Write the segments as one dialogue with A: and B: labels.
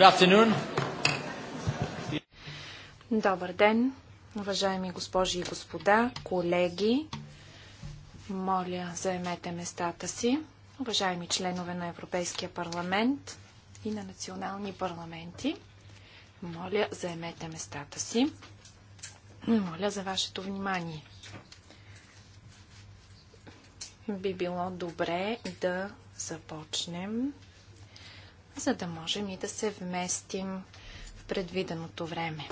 A: Good afternoon.
B: Добър ден, уважаеми госпожи и господа, колеги. Моля, заемете местата си. Уважаеми членове на Европейския парламент и на национални парламенти, моля, заемете местата си. Моля за вашето внимание. Би било добре да започнем за да можем и да се вместим в предвиденото време.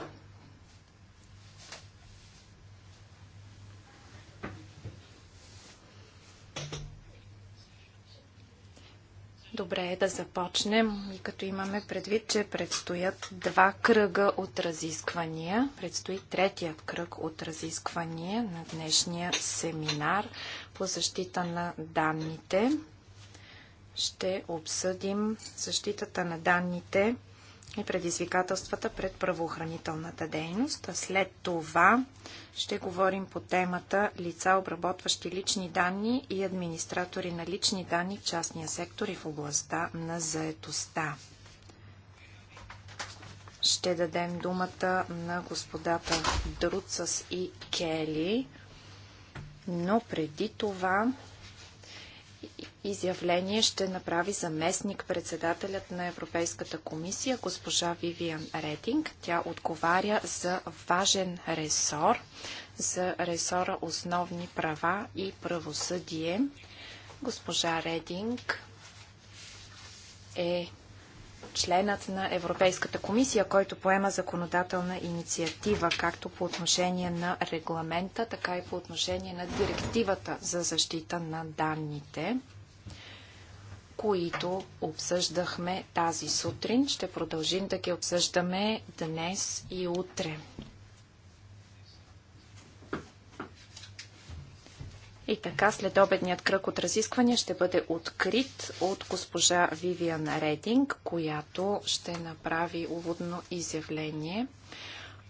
B: Добре е да започнем и като имаме предвид, че предстоят два кръга от разисквания. Предстои третият кръг от разисквания на днешния семинар по защита на данните ще обсъдим защитата на данните и предизвикателствата пред правоохранителната дейност. А след това ще говорим по темата лица, обработващи лични данни и администратори на лични данни в частния сектор и в областта на заетостта. Ще дадем думата на господата Друцас и Кели, но преди това изявление ще направи заместник председателят на Европейската комисия, госпожа Вивиан Рединг. Тя отговаря за важен ресор, за ресора основни права и правосъдие. Госпожа Рединг е членът на Европейската комисия, който поема законодателна инициатива, както по отношение на регламента, така и по отношение на директивата за защита на данните които обсъждахме тази сутрин. Ще продължим да ги обсъждаме днес и утре. И така, след обедният кръг от разисквания ще бъде открит от госпожа Вивиан Рединг, която ще направи уводно изявление.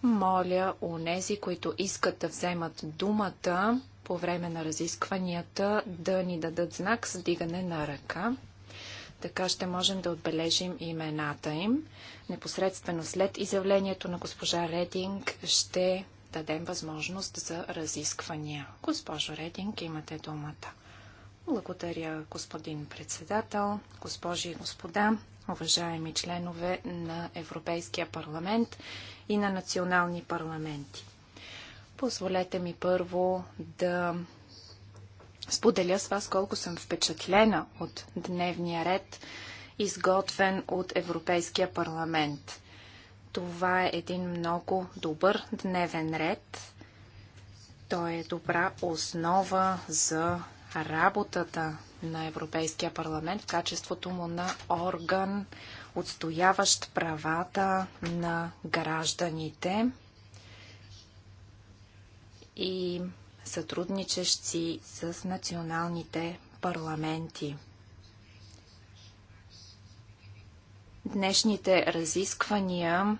B: Моля у нези, които искат да вземат думата по време на разискванията, да ни дадат знак с дигане на ръка. Така ще можем да отбележим имената им. Непосредствено след изявлението на госпожа Рединг ще дадем възможност за разисквания. Госпожо Рединг, имате думата. Благодаря, господин председател, госпожи и господа, уважаеми членове на Европейския парламент и на национални парламенти. Позволете ми първо да споделя с вас колко съм впечатлена от дневния ред, изготвен от Европейския парламент. Това е един много добър дневен ред. Той е добра основа за работата на Европейския парламент в качеството му на орган, отстояващ правата на гражданите. И сътрудничещ с националните парламенти. Днешните разисквания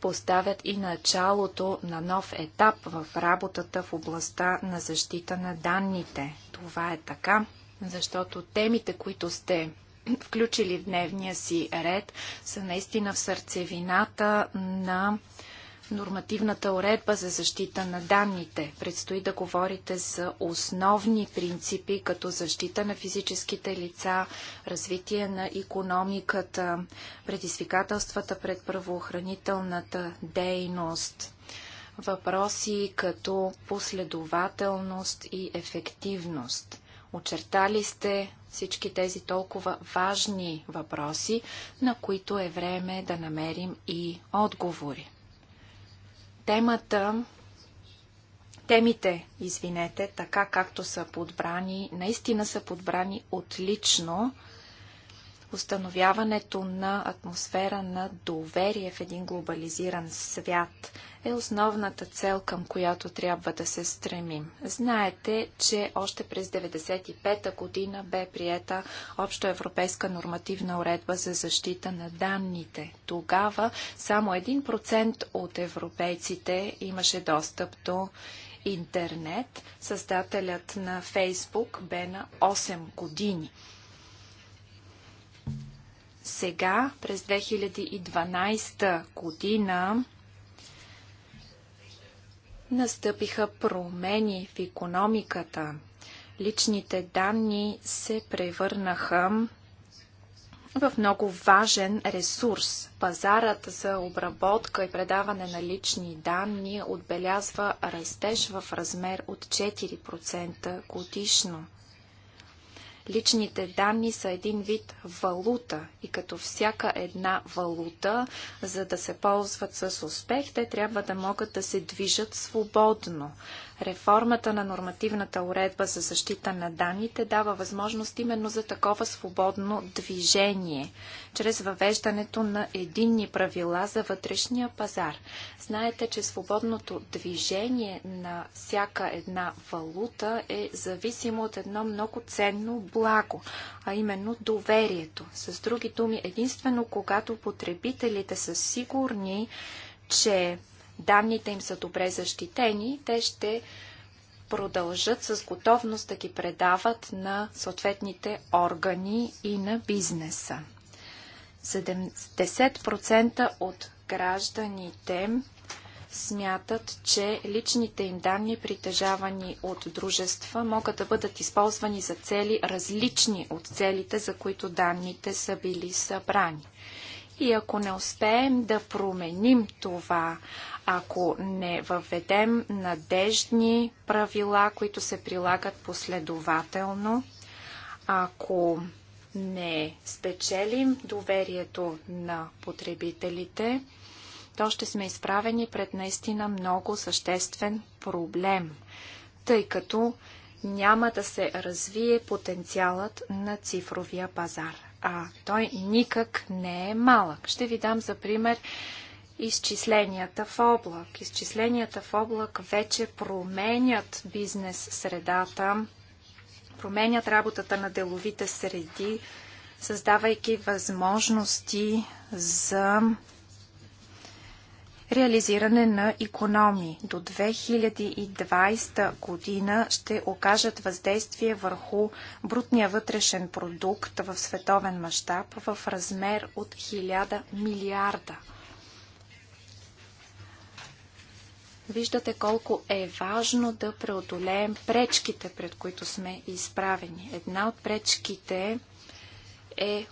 B: поставят и началото на нов етап в работата в областта на защита на данните. Това е така, защото темите, които сте включили в дневния си ред, са наистина в сърцевината на нормативната уредба за защита на данните. Предстои да говорите за основни принципи, като защита на физическите лица, развитие на економиката, предизвикателствата пред правоохранителната дейност, въпроси като последователност и ефективност. Очертали сте всички тези толкова важни въпроси, на които е време да намерим и отговори темата темите, извинете, така както са подбрани, наистина са подбрани отлично. Установяването на атмосфера на доверие в един глобализиран свят е основната цел, към която трябва да се стремим. Знаете, че още през 1995-та година бе приета европейска нормативна уредба за защита на данните. Тогава само 1% от европейците имаше достъп до интернет. Създателят на Фейсбук бе на 8 години. Сега, през 2012 година, настъпиха промени в економиката. Личните данни се превърнаха в много важен ресурс. Пазарът за обработка и предаване на лични данни отбелязва растеж в размер от 4% годишно. Личните данни са един вид валута и като всяка една валута, за да се ползват с успех, те трябва да могат да се движат свободно. Реформата на нормативната уредба за защита на данните дава възможност именно за такова свободно движение, чрез въвеждането на единни правила за вътрешния пазар. Знаете, че свободното движение на всяка една валута е зависимо от едно много ценно благо, а именно доверието. С други думи, единствено когато потребителите са сигурни, че данните им са добре защитени, те ще продължат с готовност да ги предават на съответните органи и на бизнеса. 70% от гражданите смятат, че личните им данни, притежавани от дружества, могат да бъдат използвани за цели различни от целите, за които данните са били събрани. И ако не успеем да променим това, ако не въведем надеждни правила, които се прилагат последователно, ако не спечелим доверието на потребителите, то ще сме изправени пред наистина много съществен проблем, тъй като няма да се развие потенциалът на цифровия пазар. А той никак не е малък. Ще ви дам за пример изчисленията в облак. Изчисленията в облак вече променят бизнес средата, променят работата на деловите среди, създавайки възможности за реализиране на економии. До 2020 година ще окажат въздействие върху брутния вътрешен продукт в световен мащаб в размер от 1000 милиарда – Виждате колко е важно да преодолеем пречките, пред които сме изправени. Една от пречките е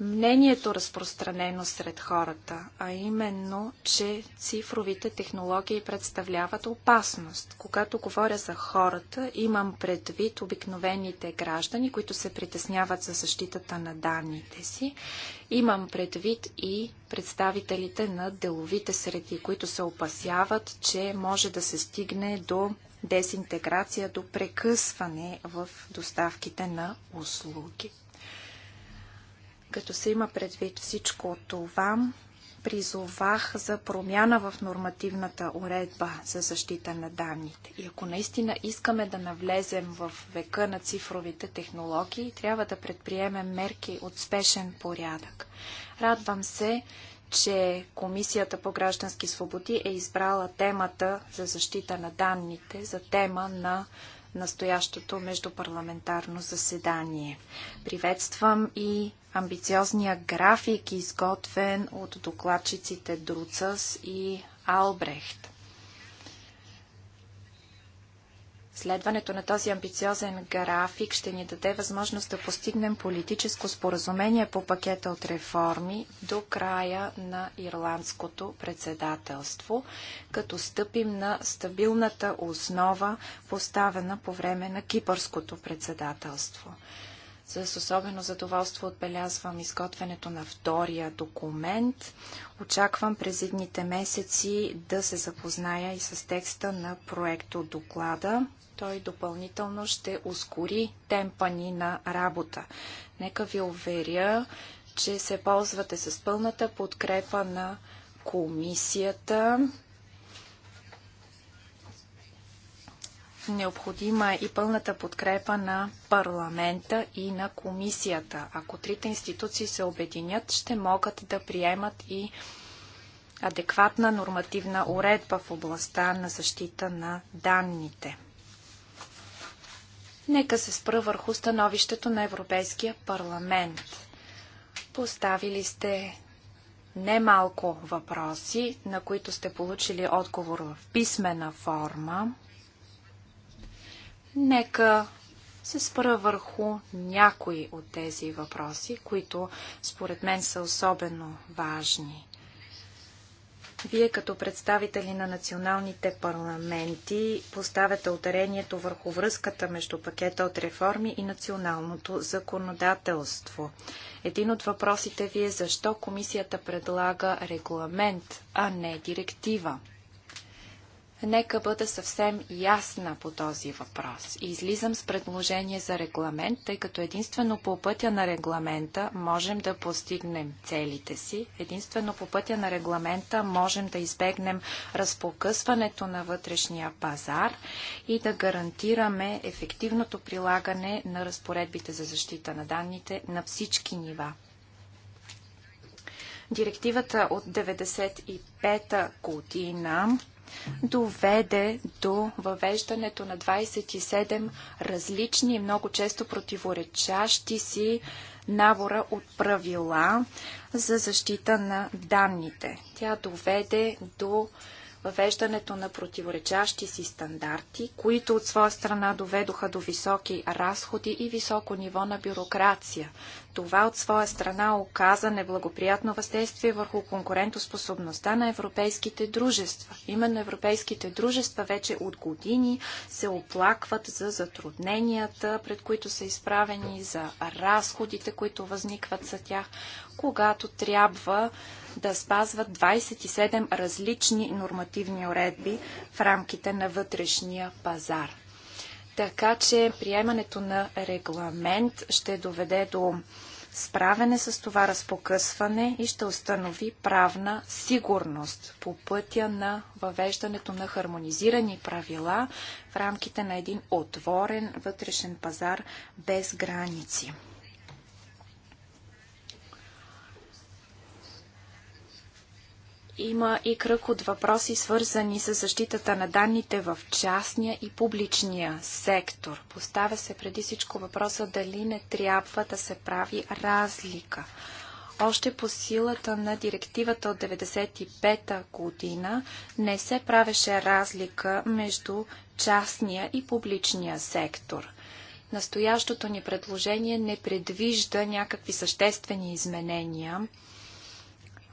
B: мнението разпространено сред хората, а именно, че цифровите технологии представляват опасност. Когато говоря за хората, имам предвид обикновените граждани, които се притесняват за защитата на данните си. Имам предвид и представителите на деловите среди, които се опасяват, че може да се стигне до дезинтеграция, до прекъсване в доставките на услуги. Като се има предвид всичко това, призовах за промяна в нормативната уредба за защита на данните. И ако наистина искаме да навлезем в века на цифровите технологии, трябва да предприемем мерки от спешен порядък. Радвам се, че Комисията по граждански свободи е избрала темата за защита на данните за тема на настоящото междупарламентарно заседание. Приветствам и амбициозния график, изготвен от докладчиците Друцъс и Албрехт. Следването на този амбициозен график ще ни даде възможност да постигнем политическо споразумение по пакета от реформи до края на ирландското председателство, като стъпим на стабилната основа, поставена по време на кипърското председателство. С особено задоволство отбелязвам изготвянето на втория документ. Очаквам през едните месеци да се запозная и с текста на проекто доклада той допълнително ще ускори темпа ни на работа. Нека ви уверя, че се ползвате с пълната подкрепа на комисията. Необходима е и пълната подкрепа на парламента и на комисията. Ако трите институции се обединят, ще могат да приемат и адекватна нормативна уредба в областта на защита на данните. Нека се спра върху становището на Европейския парламент. Поставили сте немалко въпроси, на които сте получили отговор в писмена форма. Нека се спра върху някои от тези въпроси, които според мен са особено важни. Вие като представители на националните парламенти поставяте ударението върху връзката между пакета от реформи и националното законодателство. Един от въпросите ви е защо комисията предлага регламент, а не директива. Нека бъда съвсем ясна по този въпрос. И излизам с предложение за регламент, тъй като единствено по пътя на регламента можем да постигнем целите си. Единствено по пътя на регламента можем да избегнем разпокъсването на вътрешния пазар и да гарантираме ефективното прилагане на разпоредбите за защита на данните на всички нива. Директивата от 95-та година доведе до въвеждането на 27 различни и много често противоречащи си набора от правила за защита на данните. Тя доведе до въвеждането на противоречащи си стандарти, които от своя страна доведоха до високи разходи и високо ниво на бюрокрация. Това от своя страна оказа неблагоприятно въздействие върху конкурентоспособността на европейските дружества. Именно европейските дружества вече от години се оплакват за затрудненията, пред които са изправени, за разходите, които възникват за тях, когато трябва да спазват 27 различни нормативни уредби в рамките на вътрешния пазар. Така че приемането на регламент ще доведе до справене с това разпокъсване и ще установи правна сигурност по пътя на въвеждането на хармонизирани правила в рамките на един отворен вътрешен пазар без граници. има и кръг от въпроси, свързани с защитата на данните в частния и публичния сектор. Поставя се преди всичко въпроса дали не трябва да се прави разлика. Още по силата на директивата от 1995 година не се правеше разлика между частния и публичния сектор. Настоящото ни предложение не предвижда някакви съществени изменения –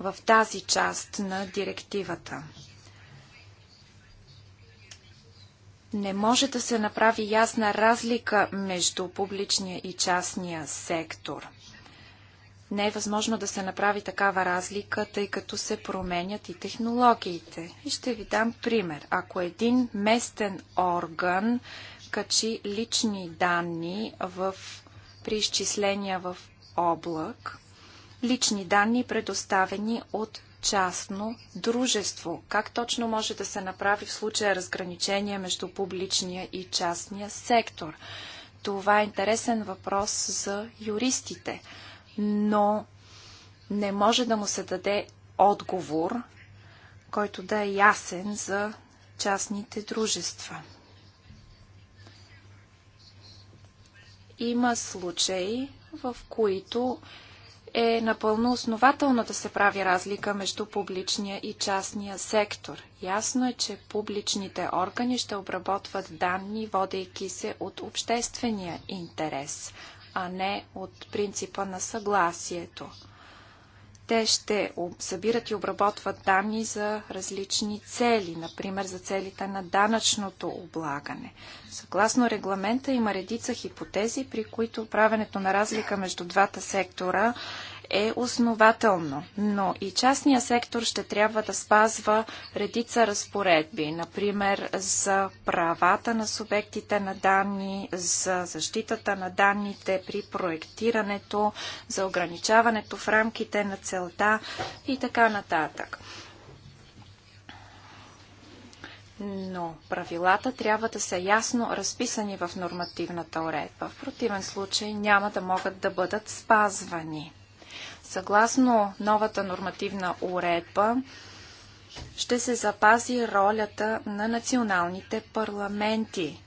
B: в тази част на директивата. Не може да се направи ясна разлика между публичния и частния сектор. Не е възможно да се направи такава разлика, тъй като се променят и технологиите. И ще ви дам пример. Ако един местен орган качи лични данни в, при изчисления в облак – лични данни, предоставени от частно дружество. Как точно може да се направи в случая разграничение между публичния и частния сектор? Това е интересен въпрос за юристите, но не може да му се даде отговор, който да е ясен за частните дружества. Има случаи, в които е напълно основателно да се прави разлика между публичния и частния сектор. Ясно е, че публичните органи ще обработват данни, водейки се от обществения интерес, а не от принципа на съгласието. Те ще събират и обработват данни за различни цели, например за целите на данъчното облагане. Съгласно регламента има редица хипотези, при които правенето на разлика между двата сектора е основателно, но и частния сектор ще трябва да спазва редица разпоредби, например за правата на субектите на данни, за защитата на данните при проектирането, за ограничаването в рамките на целта и така нататък но правилата трябва да са ясно разписани в нормативната уредба. В противен случай няма да могат да бъдат спазвани. Съгласно новата нормативна уредба, ще се запази ролята на националните парламенти.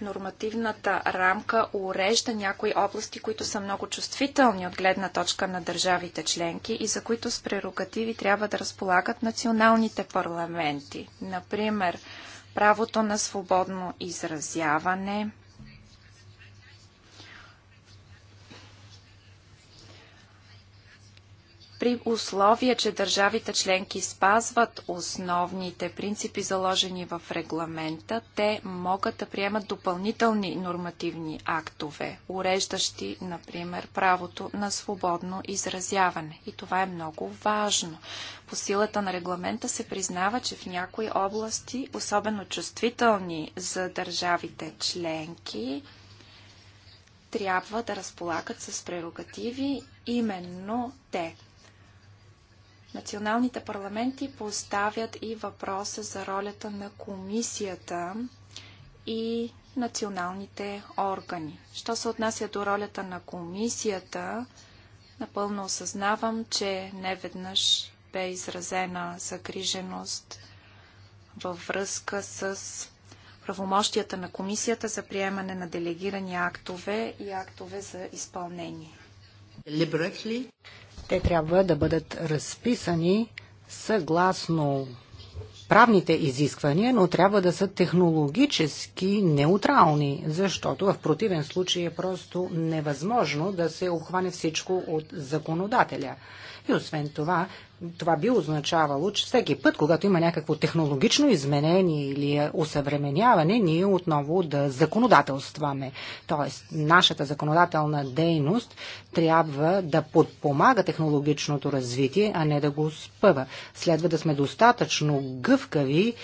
B: Нормативната рамка урежда някои области, които са много чувствителни от гледна точка на държавите членки и за които с прерогативи трябва да разполагат националните парламенти. Например, правото на свободно изразяване – при условие, че държавите членки спазват основните принципи, заложени в регламента, те могат да приемат допълнителни нормативни актове, уреждащи, например, правото на свободно изразяване. И това е много важно. По силата на регламента се признава, че в някои области, особено чувствителни за държавите членки, трябва да разполагат с прерогативи именно те. Националните парламенти поставят и въпроса за ролята на комисията и националните органи. Що се отнася до ролята на комисията, напълно осъзнавам, че неведнъж бе изразена загриженост във връзка с правомощията на комисията за приемане на делегирани актове и актове за изпълнение.
C: Те трябва да бъдат разписани съгласно правните изисквания, но трябва да са технологически неутрални, защото в противен случай е просто невъзможно да се обхване всичко от законодателя. И освен това, това би означавало, че всеки път, когато има някакво технологично изменение или усъвременяване, ние отново да законодателстваме. Тоест, нашата законодателна дейност трябва да подпомага технологичното развитие, а не да го спъва. Следва да сме достатъчно гъвкави,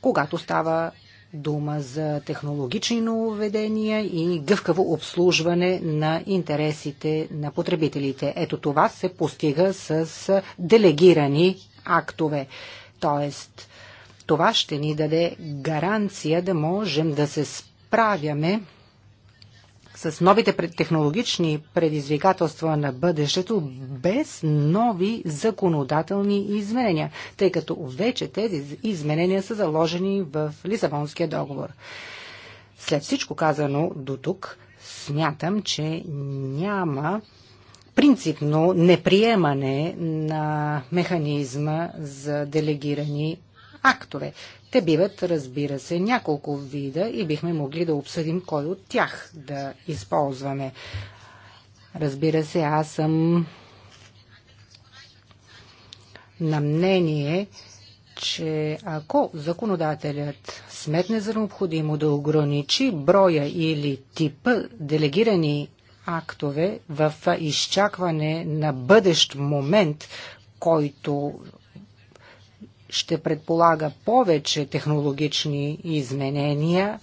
C: когато става дума за технологични нововведения и гъвкаво обслужване на интересите на потребителите. Ето това се постига с делегирани актове. Тоест, това ще ни даде гаранция да можем да се справяме с новите технологични предизвикателства на бъдещето без нови законодателни изменения, тъй като вече тези изменения са заложени в Лисабонския договор. След всичко казано до тук, смятам, че няма принципно неприемане на механизма за делегирани актове. Те биват, разбира се, няколко вида и бихме могли да обсъдим кой от тях да използваме. Разбира се, аз съм на мнение, че ако законодателят сметне за необходимо да ограничи броя или типа делегирани актове в изчакване на бъдещ момент, който ще предполага повече технологични изменения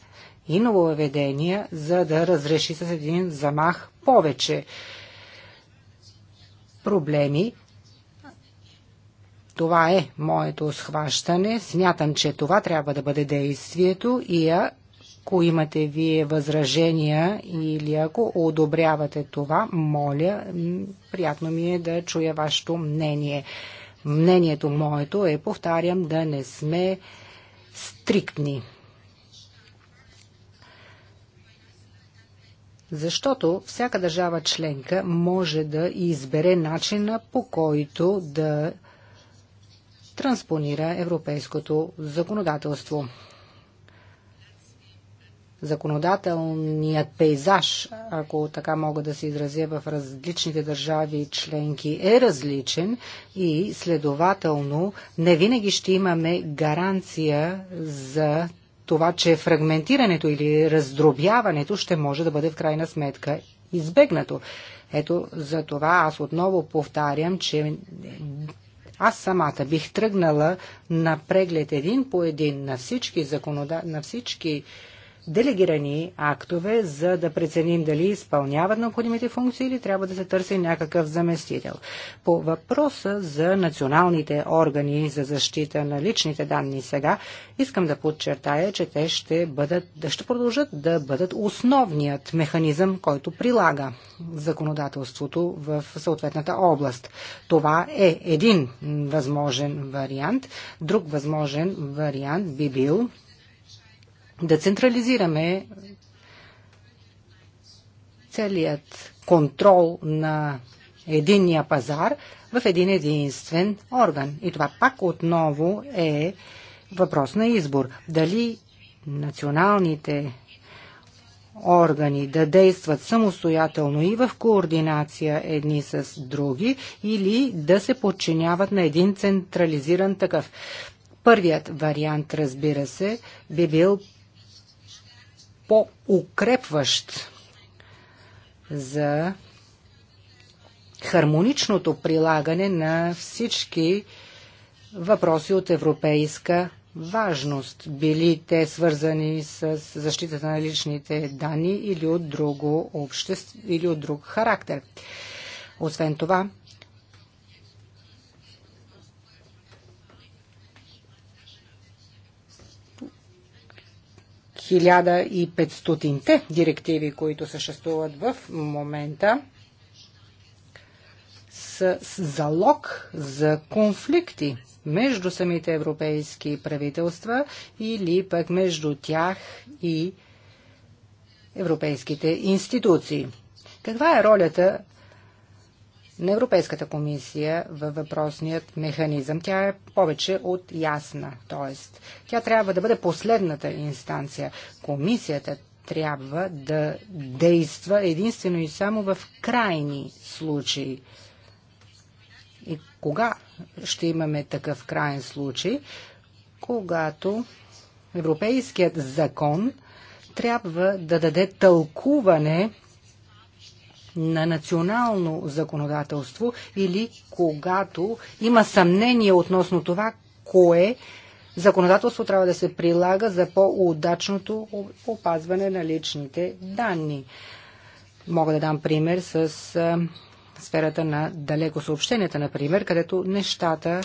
C: и нововведения, за да разреши с един замах повече проблеми. Това е моето схващане. Смятам, че това трябва да бъде действието и ако имате вие възражения или ако одобрявате това, моля, приятно ми е да чуя вашето мнение мнението моето е, повтарям, да не сме стриктни. Защото всяка държава членка може да избере начина по който да транспонира европейското законодателство законодателният пейзаж, ако така мога да се изразя в различните държави и членки, е различен и следователно не винаги ще имаме гаранция за това, че фрагментирането или раздробяването ще може да бъде в крайна сметка избегнато. Ето за това аз отново повтарям, че аз самата бих тръгнала на преглед един по един на всички, законода... на всички делегирани актове, за да преценим дали изпълняват необходимите функции или трябва да се търси някакъв заместител. По въпроса за националните органи за защита на личните данни сега, искам да подчертая, че те ще, бъдат, ще продължат да бъдат основният механизъм, който прилага законодателството в съответната област. Това е един възможен вариант. Друг възможен вариант би бил да централизираме целият контрол на единния пазар в един единствен орган. И това пак отново е въпрос на избор. Дали националните органи да действат самостоятелно и в координация едни с други или да се подчиняват на един централизиран такъв. Първият вариант, разбира се, би бил по-укрепващ за хармоничното прилагане на всички въпроси от европейска важност, били те свързани с защитата на личните данни или от, друго обществ, или от друг характер. Освен това, 1500-те директиви, които съществуват в момента, с залог за конфликти между самите европейски правителства или пък между тях и европейските институции. Каква е ролята на Европейската комисия във въпросният механизъм. Тя е повече от ясна, т.е. тя трябва да бъде последната инстанция. Комисията трябва да действа единствено и само в крайни случаи. И кога ще имаме такъв крайен случай? Когато Европейският закон трябва да даде тълкуване на национално законодателство или когато има съмнение относно това, кое законодателство трябва да се прилага за по-удачното опазване на личните данни. Мога да дам пример с сферата на далеко съобщенията, например, където нещата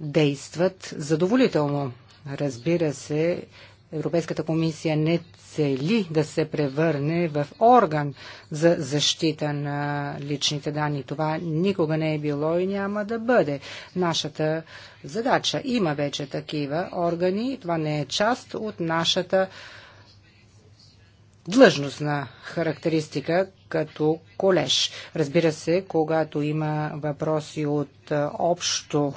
C: действат задоволително. Разбира се, Европейската комисия не цели да се превърне в орган за защита на личните данни. Това никога не е било и няма да бъде нашата задача. Има вече такива органи. Това не е част от нашата длъжностна характеристика като колеж. Разбира се, когато има въпроси от общо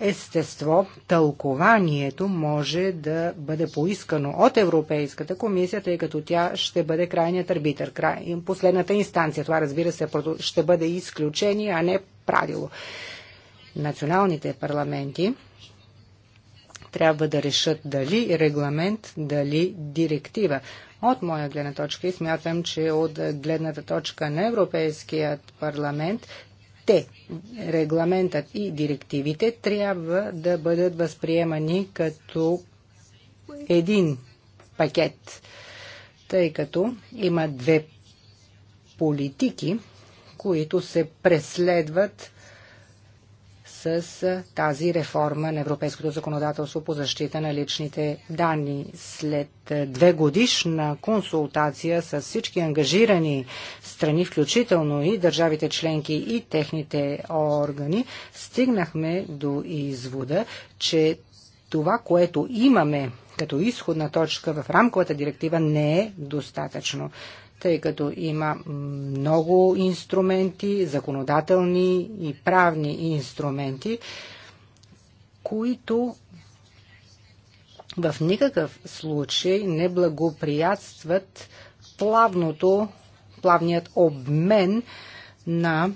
C: естество, тълкованието може да бъде поискано от Европейската комисия, тъй като тя ще бъде крайният арбитър, край, последната инстанция. Това разбира се ще бъде изключение, а не правило. Националните парламенти трябва да решат дали регламент, дали директива. От моя гледна точка и смятам, че от гледната точка на Европейският парламент те, регламентът и директивите, трябва да бъдат възприемани като един пакет, тъй като има две политики, които се преследват с тази реформа на европейското законодателство по защита на личните данни. След две годишна консултация с всички ангажирани страни, включително и държавите членки и техните органи, стигнахме до извода, че това, което имаме като изходна точка в рамковата директива не е достатъчно тъй като има много инструменти, законодателни и правни инструменти, които в никакъв случай не благоприятстват плавното, плавният обмен на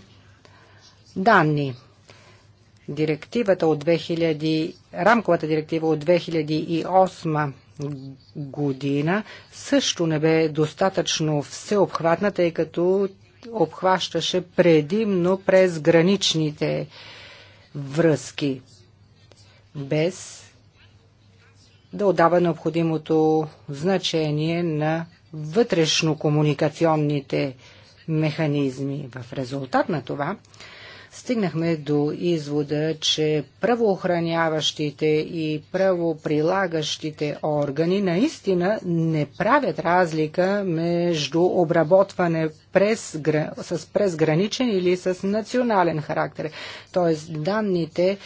C: данни. Директивата от 2000, рамковата директива от 2008 година също не бе достатъчно всеобхватна, тъй като обхващаше предимно през граничните връзки, без да отдава необходимото значение на вътрешно-комуникационните механизми. В резултат на това стигнахме до извода, че правоохраняващите и правоприлагащите органи наистина не правят разлика между обработване през, с презграничен или с национален характер. Тоест данните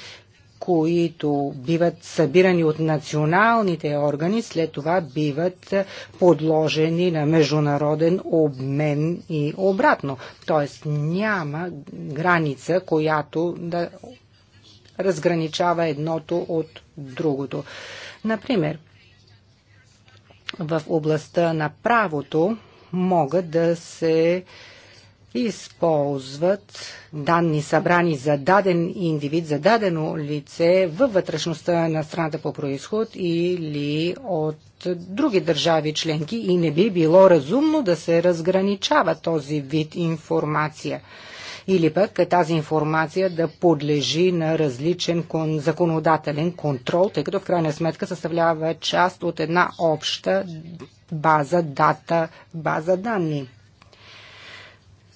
C: които биват събирани от националните органи, след това биват подложени на международен обмен и обратно. Тоест няма граница, която да разграничава едното от другото. Например, в областта на правото могат да се използват данни събрани за даден индивид, за дадено лице във вътрешността на страната по происход или от други държави членки и не би било разумно да се разграничава този вид информация или пък тази информация да подлежи на различен кон, законодателен контрол, тъй като в крайна сметка съставлява част от една обща база дата, база данни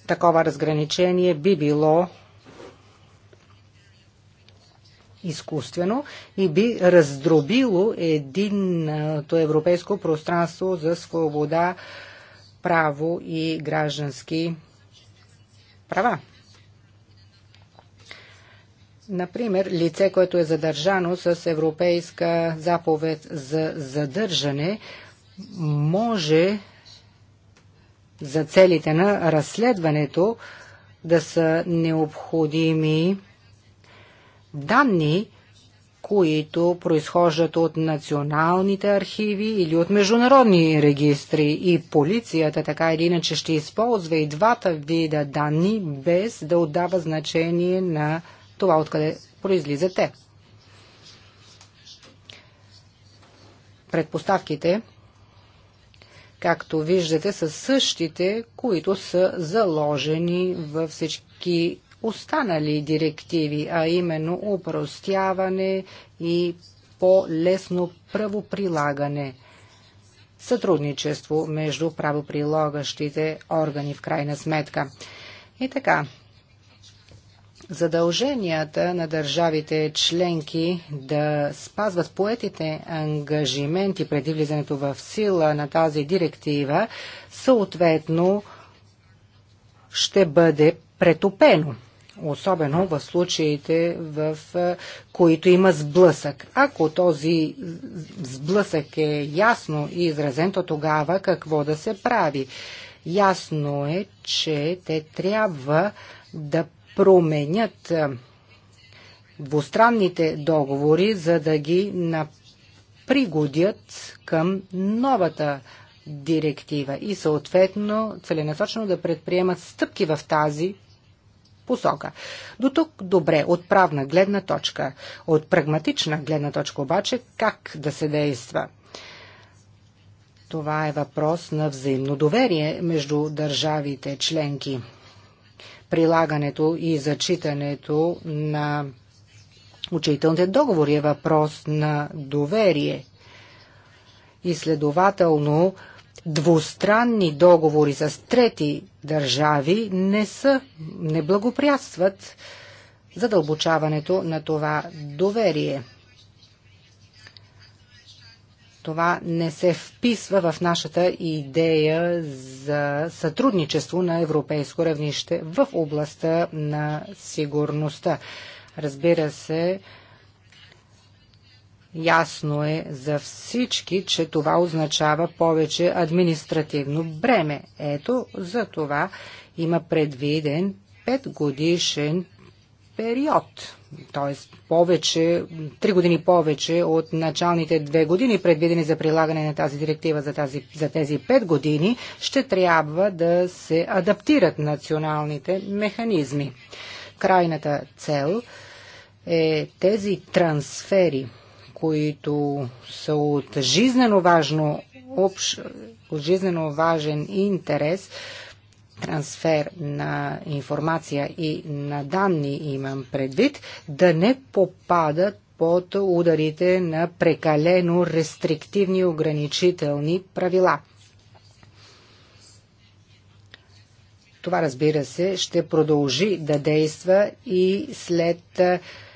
C: такова разграничение би било изкуствено и би раздробило единното европейско пространство за свобода, право и граждански права. Например, лице, което е задържано с европейска заповед за задържане, може за целите на разследването да са необходими данни, които произхождат от националните архиви или от международни регистри и полицията така или иначе ще използва и двата вида данни без да отдава значение на това откъде произлизате. те. Предпоставките както виждате, са същите, които са заложени във всички останали директиви, а именно упростяване и по-лесно правоприлагане. Сътрудничество между правоприлагащите органи в крайна сметка. И така, задълженията на държавите членки да спазват поетите ангажименти преди влизането в сила на тази директива, съответно ще бъде претопено. Особено в случаите, в които има сблъсък. Ако този сблъсък е ясно и изразен, то тогава какво да се прави? Ясно е, че те трябва да променят двустранните договори, за да ги пригодят към новата директива и съответно целенасочено да предприемат стъпки в тази посока. До тук добре, от правна гледна точка. От прагматична гледна точка обаче, как да се действа? Това е въпрос на взаимно доверие между държавите членки прилагането и зачитането на учителните договори е въпрос на доверие. И следователно, двустранни договори с трети държави не са, не благоприятстват задълбочаването на това доверие това не се вписва в нашата идея за сътрудничество на европейско равнище в областта на сигурността. Разбира се, ясно е за всички, че това означава повече административно бреме. Ето за това има предвиден 5 годишен период, т.е. повече, три години повече от началните две години, предвидени за прилагане на тази директива за, тази, за тези пет години, ще трябва да се адаптират националните механизми. Крайната цел е тези трансфери, които са от жизнено важно общ, от жизнено важен интерес, трансфер на информация и на данни, имам предвид, да не попадат под ударите на прекалено рестриктивни ограничителни правила. Това, разбира се, ще продължи да действа и след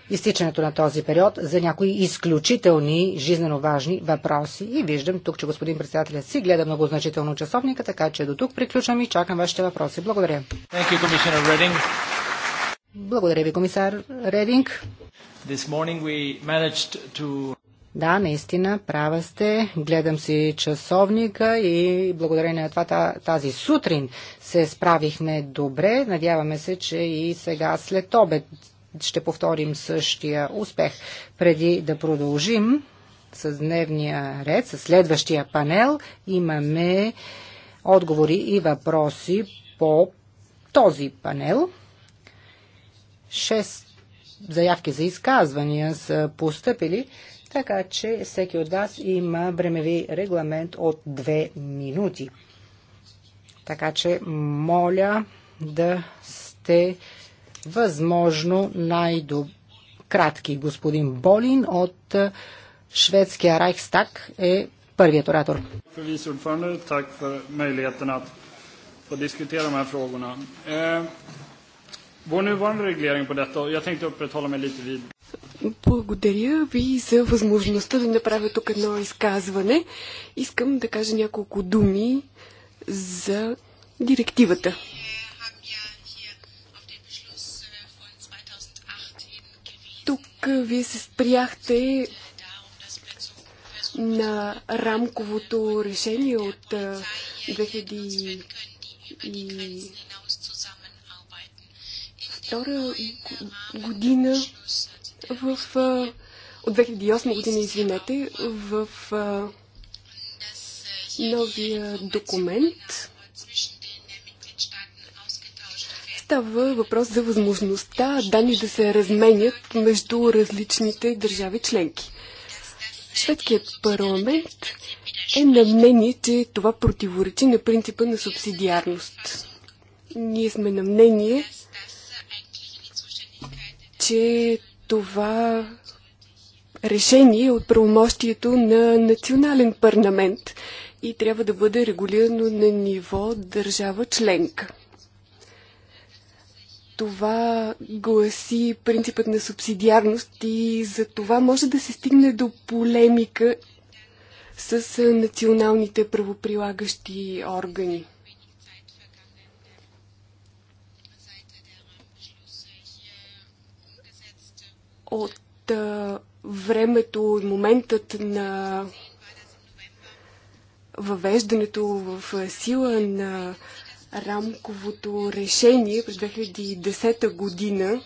C: изтичането на този период за някои изключителни жизненно важни въпроси. И виждам тук, че господин председателят си гледа много значително часовника, така че до тук приключвам и чакам вашите въпроси. Благодаря.
A: You,
C: Благодаря ви, комисар Рединг.
A: To...
C: Да, наистина, права сте. Гледам си часовника и благодарение на това тази сутрин се справихме добре. Надяваме се, че и сега след обед ще повторим същия успех. Преди да продължим с дневния ред, с следващия панел, имаме отговори и въпроси по този панел. Шест заявки за изказвания са поступили, така че всеки от вас има времеви регламент от две минути. Така че моля да сте възможно най-кратки. Господин Болин от шведския Райхстаг е първият оратор.
D: Eh, благодаря ви за възможността да направя тук едно изказване. Искам да кажа няколко думи за директивата. вие се спряхте на рамковото решение от 2000 и втора година в... от 2008 година, извинете, в новия документ Става въпрос за възможността данни да се разменят между различните държави членки. Шведският парламент е на мнение, че това противоречи на принципа на субсидиарност. Ние сме на мнение, че това решение е от правомощието на национален парламент и трябва да бъде регулирано на ниво държава членка. Това гласи принципът на субсидиарност и за това може да се стигне до полемика с националните правоприлагащи органи. От а, времето и моментът на въвеждането в сила на рамковото решение през 2010 година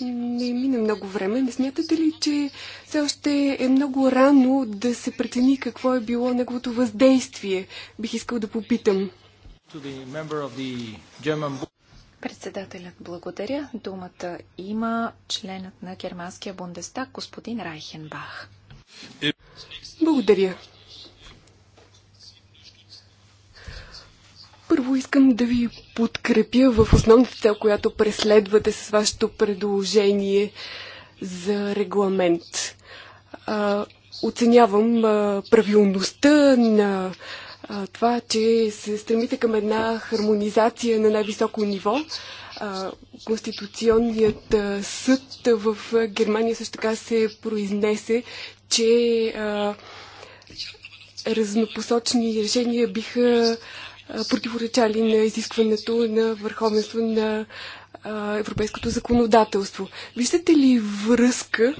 D: не мина много време. Не смятате ли, че все още е много рано да се прецени какво е било неговото въздействие? Бих искал да попитам.
B: Председателят благодаря. Думата има членът на германския Бундестаг, господин Райхенбах.
D: Благодаря. Първо искам да ви подкрепя в основната цел, която преследвате с вашето предложение за регламент. А, оценявам а, правилността на а, това, че се стремите към една хармонизация на най-високо ниво. А, Конституционният а, съд в а, Германия също така се произнесе, че а, разнопосочни решения биха противоречали на изискването на върховенство на европейското законодателство. Виждате ли връзка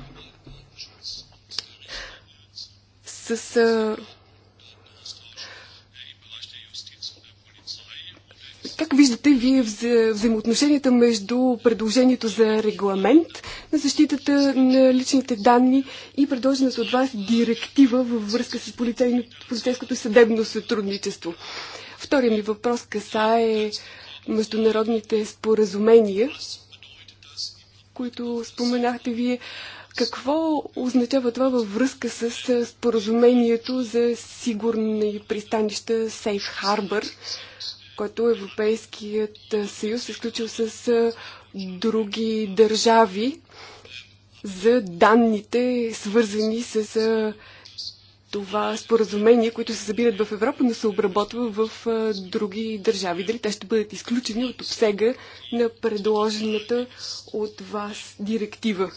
D: с а, Как виждате вие вза... взаимоотношенията между предложението за регламент на защитата на личните данни и предложената от вас директива във връзка с полицейското и съдебно сътрудничество? Втори ми въпрос касае международните споразумения, които споменахте вие. Какво означава това във връзка с споразумението за сигурни пристанища Safe Harbor, който Европейският съюз е сключил с други държави за данните, свързани с това споразумение, които се събират в Европа, но се обработва в други държави. Дали те ще бъдат изключени от обсега на предложената от вас директива?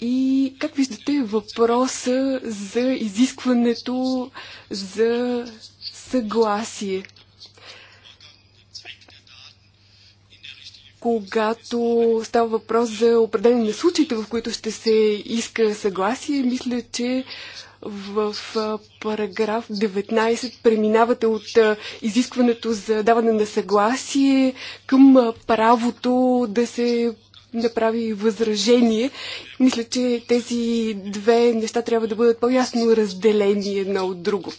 D: И как виждате въпроса за изискването за съгласие когато става въпрос за определени на случаите, в които ще се иска съгласие, мисля, че в параграф 19 преминавате от изискването за даване на съгласие към правото да се направи възражение. Мисля, че тези две неща трябва да бъдат по-ясно разделени едно от друго.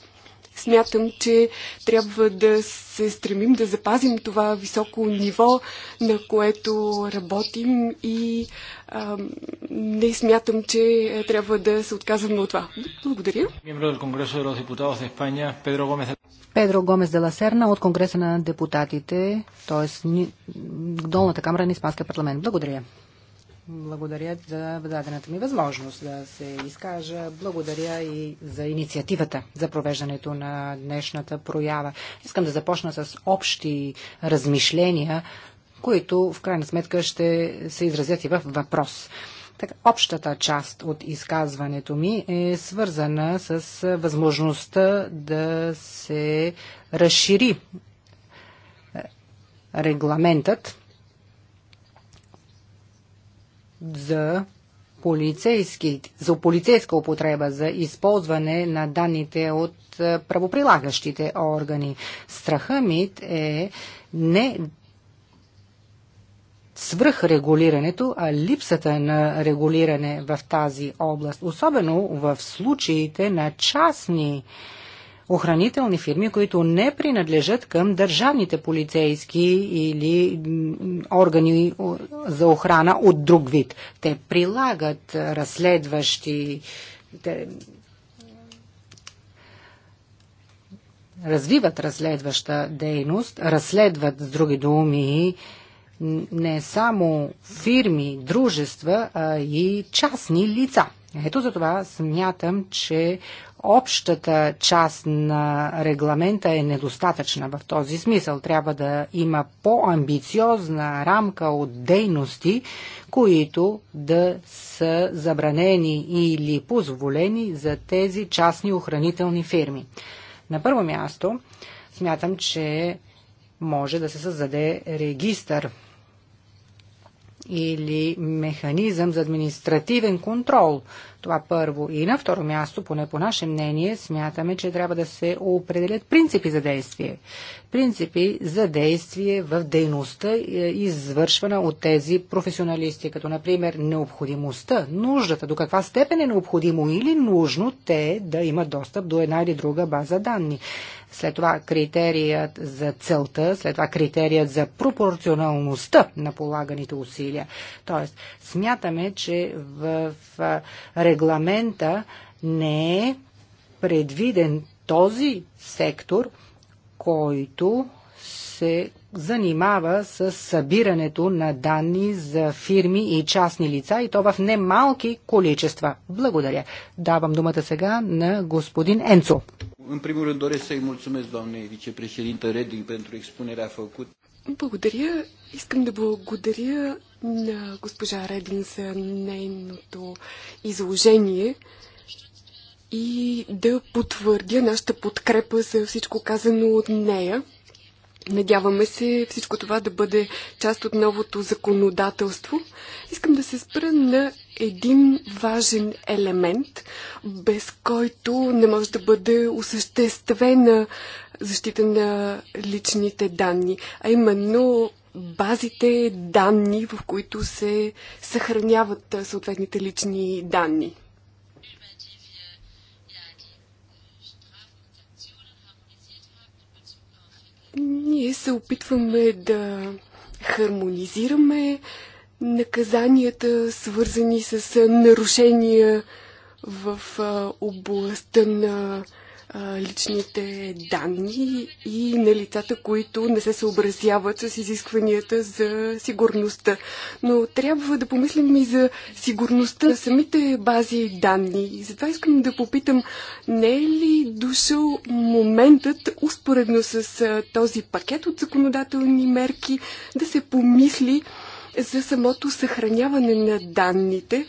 D: Смятам, че трябва да се стремим да запазим това високо ниво, на което работим и а, не смятам, че е, трябва да се отказваме от това. Благодаря. Педро Гомес де Ласерна
C: от Конгреса на депутатите, т.е. Долната камера на Испанския парламент. Благодаря. Благодаря за дадената ми възможност да се изкажа. Благодаря и за инициативата за провеждането на днешната проява. Искам да започна с общи размишления, които в крайна сметка ще се изразят и в въпрос. Така, общата част от изказването ми е свързана с възможността да се разшири е, регламентът за полицейски, за полицейска употреба, за използване на данните от е, правоприлагащите органи. Страха ми е не свръхрегулирането, а липсата на регулиране в тази област, особено в случаите на частни охранителни фирми, които не принадлежат към държавните полицейски или органи за охрана от друг вид. Те прилагат разследващи те развиват разследваща дейност, разследват с други думи не само фирми, дружества, а и частни лица. Ето за това смятам, че общата част на регламента е недостатъчна в този смисъл. Трябва да има по-амбициозна рамка от дейности, които да са забранени или позволени за тези частни охранителни фирми. На първо място смятам, че може да се създаде регистър или механизъм за административен контрол – това първо. И на второ място, поне по наше мнение, смятаме, че трябва да се определят принципи за действие. Принципи за действие в дейността, е, извършвана от тези професионалисти, като например необходимостта, нуждата, до каква степен е необходимо или нужно те да имат достъп до една или друга база данни след това критерият за целта, след това критерият за пропорционалността на полаганите усилия. Тоест, смятаме, че в регламента не е предвиден този сектор, който се занимава с събирането на данни за фирми и частни лица и то в немалки количества. Благодаря. Давам думата
D: сега на господин Енцо.
E: În primul rând doresc să-i mulțumesc doamnei vicepreședintă Reding pentru expunerea făcută.
D: Благодаря. Искам да благодаря на госпожа Редин за нейното изложение и да потвърдя нашата подкрепа за всичко казано от нея. Надяваме се всичко това да бъде част от новото законодателство. Искам да се спра на един важен елемент, без който не може да бъде осъществена защита на личните данни, а именно базите данни, в които се съхраняват съответните лични данни. Ние се опитваме да хармонизираме наказанията, свързани с нарушения в областта на личните данни и на лицата, които не се съобразяват с изискванията за сигурността. Но трябва да помислим и за сигурността на самите бази данни. И затова искам да попитам, не е ли дошъл моментът, успоредно с този пакет от законодателни мерки, да се помисли за самото съхраняване на данните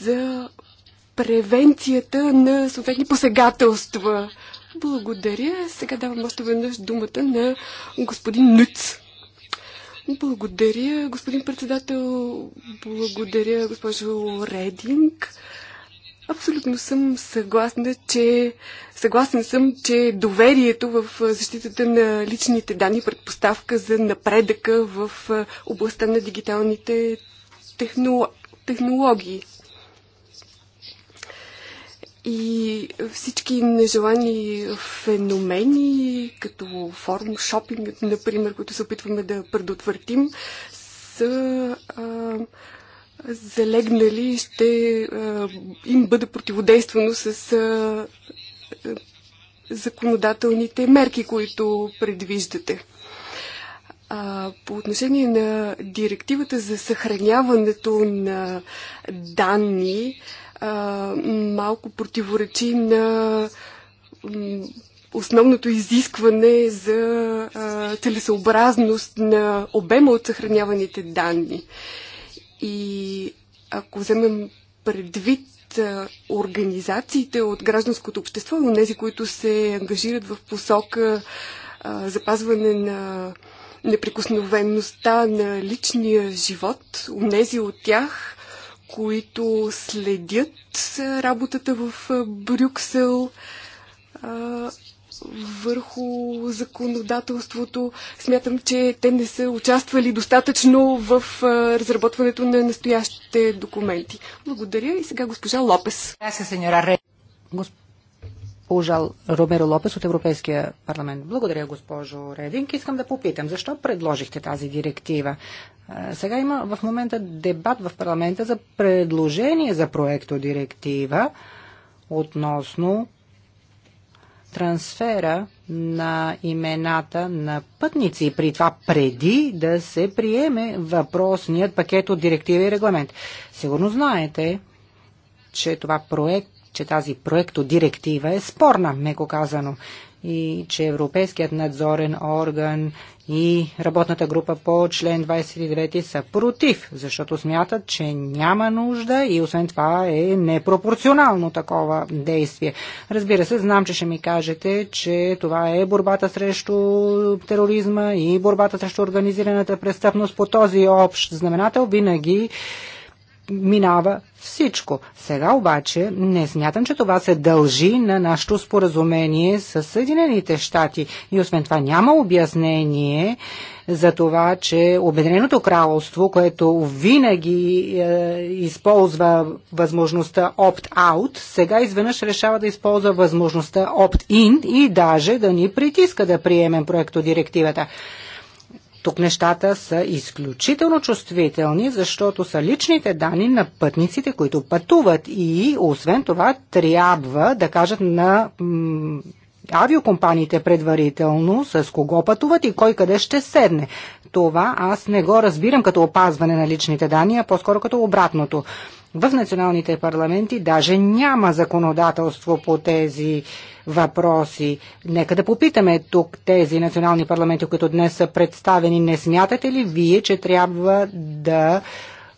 D: за превенцията на съответни посегателства. Благодаря. Сега давам още веднъж думата на господин Нюц. Благодаря, господин председател. Благодаря, госпожо Рединг. Абсолютно съм съгласна, че съгласен съм, че доверието в защитата на личните данни е предпоставка за напредъка в областта на дигиталните техно... технологии. И всички нежелани феномени, като форум шопинг, например, които се опитваме да предотвратим, са а, залегнали, ще а, им бъде противодействано с а, законодателните мерки, които предвиждате. А, по отношение на директивата за съхраняването на данни, а, малко противоречи на основното изискване за целесообразност на обема от съхраняваните данни. И ако вземем предвид организациите от гражданското общество и тези, които се ангажират в посока запазване на неприкосновеността на личния живот, унези от тях, които следят работата в Брюксел върху законодателството. Смятам, че те не са участвали достатъчно в разработването на настоящите документи. Благодаря и сега госпожа Лопес.
C: Госпожа Ромеро Лопес от Европейския парламент.
D: Благодаря, госпожо
C: Рединг. Искам да попитам, защо предложихте тази директива? Сега има в момента дебат в парламента за предложение за проекто директива относно трансфера на имената на пътници, при това преди да се приеме въпросният пакет от директива и регламент. Сигурно знаете, че това проект че тази проектодиректива е спорна, меко казано и че Европейският надзорен орган и работната група по член 29 са против, защото смятат, че няма нужда и освен това е непропорционално такова действие. Разбира се, знам, че ще ми кажете, че това е борбата срещу тероризма и борбата срещу организираната престъпност по този общ знаменател винаги минава всичко. Сега обаче не смятам, че това се дължи на нашето споразумение с Съединените щати. И освен това няма обяснение за това, че Обединеното кралство, което винаги е, използва възможността opt-out, сега изведнъж решава да използва възможността opt-in и даже да ни притиска да приемем проекто директивата. Тук нещата са изключително чувствителни, защото са личните данни на пътниците, които пътуват и освен това трябва да кажат на авиокомпаниите предварително с кого пътуват и кой къде ще седне. Това аз не го разбирам като опазване на личните данни, а по-скоро като обратното в националните парламенти даже няма законодателство по тези въпроси. Нека да попитаме тук тези национални парламенти, които днес са представени. Не смятате ли вие, че трябва да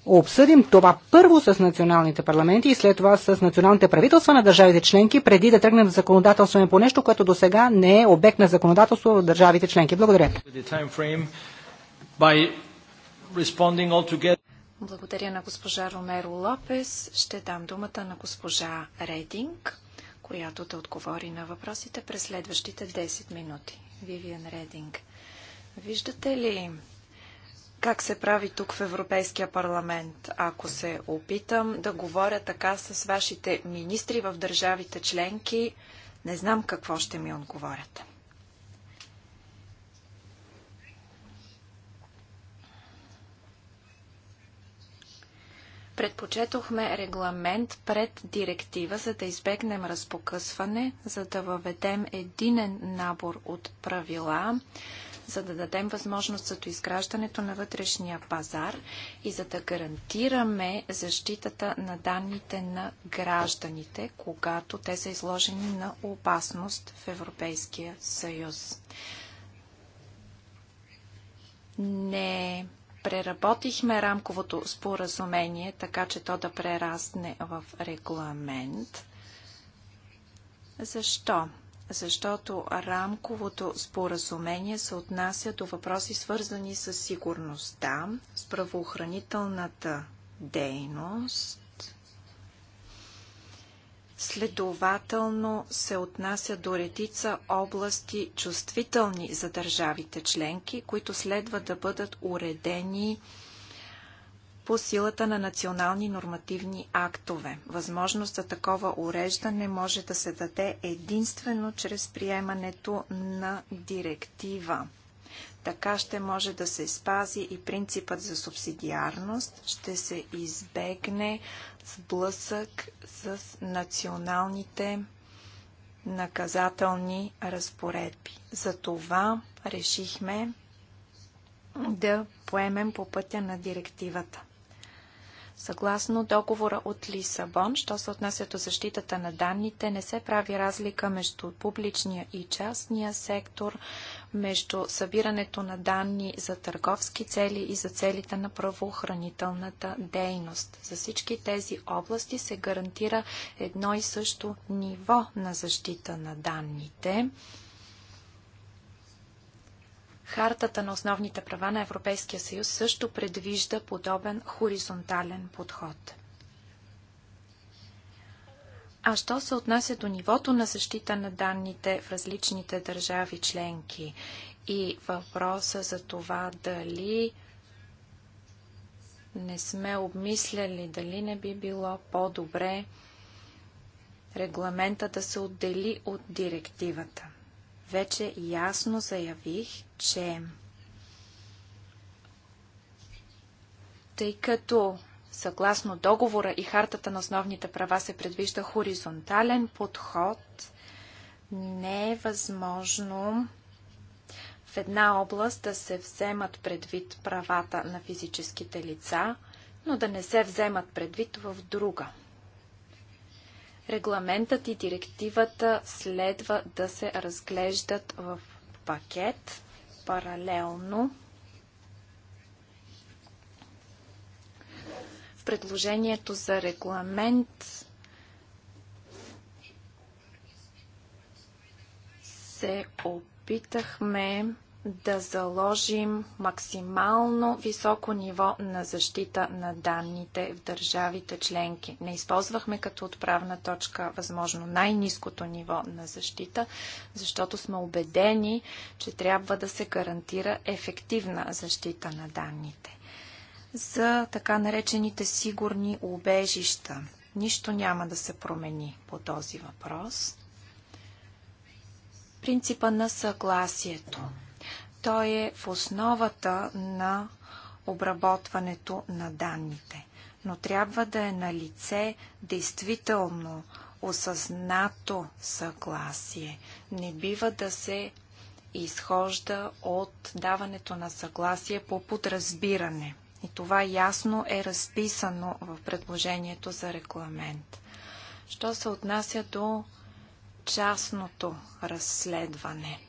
C: обсъдим това първо с националните парламенти и след това с националните правителства на държавите членки, преди да тръгнем законодателство по нещо, което до сега не е обект на законодателство в държавите членки. Благодаря.
B: Благодаря на госпожа Ромеро Лопес. Ще дам думата на госпожа Рединг, която да отговори на въпросите през следващите 10 минути. Вивиан Рединг. Виждате ли как се прави тук в Европейския парламент? Ако се опитам да говоря така с вашите министри в държавите членки, не знам какво ще ми отговорят. Предпочетохме регламент пред директива, за да избегнем разпокъсване, за да въведем единен набор от правила, за да дадем възможност за изграждането на вътрешния пазар и за да гарантираме защитата на данните на гражданите, когато те са изложени на опасност в Европейския съюз. Не е преработихме рамковото споразумение, така че то да прерасне в регламент. Защо? Защото рамковото споразумение се отнася до въпроси свързани с сигурността, с правоохранителната дейност, следователно се отнася до редица области чувствителни за държавите членки, които следва да бъдат уредени по силата на национални нормативни актове. Възможност за такова уреждане може да се даде единствено чрез приемането на директива. Така ще може да се спази и принципът за субсидиарност, ще се избегне сблъсък с националните наказателни разпоредби. Затова решихме да поемем по пътя на директивата. Съгласно договора от Лисабон, що се отнася до защитата на данните, не се прави разлика между публичния и частния сектор между събирането на данни за търговски цели и за целите на правоохранителната дейност. За всички тези области се гарантира едно и също ниво на защита на данните. Хартата на основните права на Европейския съюз също предвижда подобен хоризонтален подход. А що се отнася до нивото на защита на данните в различните държави членки и въпроса за това дали не сме обмисляли, дали не би било по-добре регламента да се отдели от директивата. Вече ясно заявих, че тъй като Съгласно договора и хартата на основните права се предвижда хоризонтален подход. Не е възможно в една област да се вземат предвид правата на физическите лица, но да не се вземат предвид в друга. Регламентът и директивата следва да се разглеждат в пакет паралелно предложението за регламент се опитахме да заложим максимално високо ниво на защита на данните в държавите членки. Не използвахме като отправна точка възможно най-низкото ниво на защита, защото сме убедени, че трябва да се гарантира ефективна защита на данните за така наречените сигурни убежища. Нищо няма да се промени по този въпрос. Принципа на съгласието. Той е в основата на обработването на данните. Но трябва да е на лице действително осъзнато съгласие. Не бива да се изхожда от даването на съгласие по подразбиране. И това ясно е разписано в предложението за регламент. Що се отнася до частното разследване?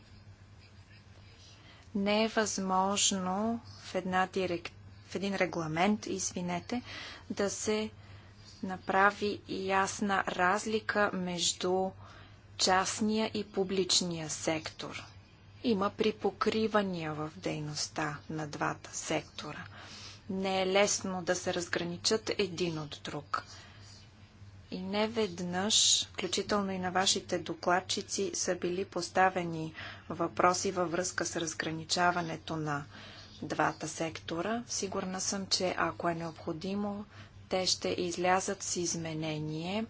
B: Не е възможно в, една директ... в един регламент, извинете, да се направи ясна разлика между частния и публичния сектор. Има припокривания в дейността на двата сектора – не е лесно да се разграничат един от друг. И не веднъж, включително и на вашите докладчици, са били поставени въпроси във връзка с разграничаването на двата сектора. Сигурна съм, че ако е необходимо, те ще излязат с изменение,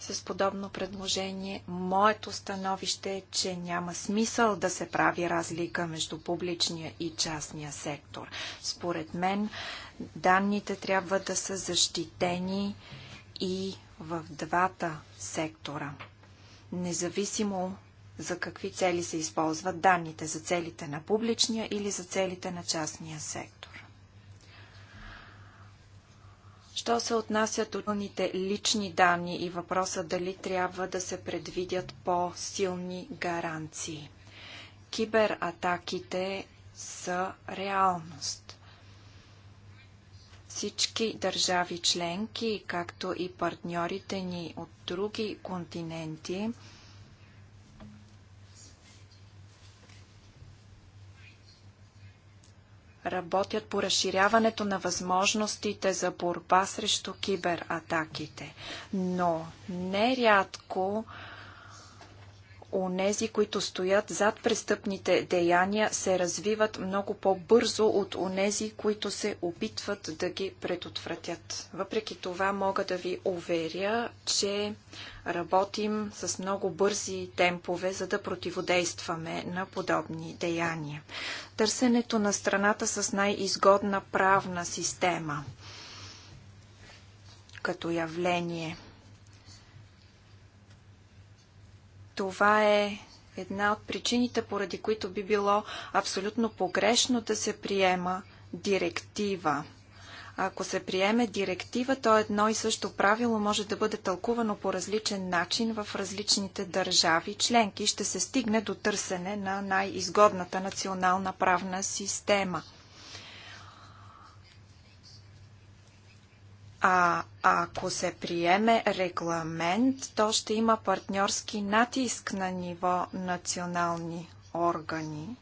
B: с подобно предложение. Моето становище е, че няма смисъл да се прави разлика между публичния и частния сектор. Според мен данните трябва да са защитени и в двата сектора. Независимо за какви цели се използват данните, за целите на публичния или за целите на частния сектор. Що се отнасят от лични данни и въпроса дали трябва да се предвидят по-силни гаранции? Кибератаките са реалност. Всички държави членки, както и партньорите ни от други континенти, работят по разширяването на възможностите за борба срещу кибератаките. Но нерядко рядко онези, които стоят зад престъпните деяния, се развиват много по-бързо от онези, които се опитват да ги предотвратят. Въпреки това мога да ви уверя, че работим с много бързи темпове, за да противодействаме на подобни деяния. Търсенето на страната с най-изгодна правна система като явление – Това е една от причините, поради които би било абсолютно погрешно да се приема директива. Ако се приеме директива, то едно и също правило може да бъде тълкувано по различен начин в различните държави членки. Ще се стигне до търсене на най-изгодната национална правна система. А ако се приеме регламент, то ще има партньорски натиск на ниво национални органи.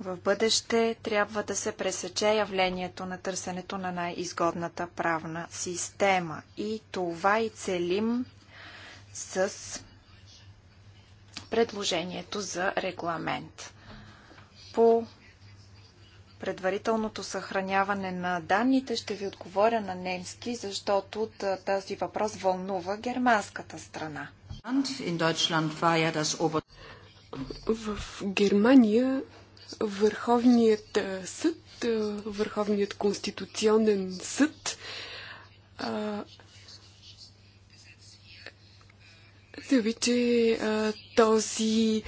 B: В бъдеще трябва да се пресече явлението на търсенето на най-изгодната правна система. И това и целим с предложението за регламент по предварителното съхраняване на данните ще ви отговоря на немски, защото тази въпрос вълнува
D: германската страна. В Германия Върховният съд, Върховният конституционен съд заяви, че този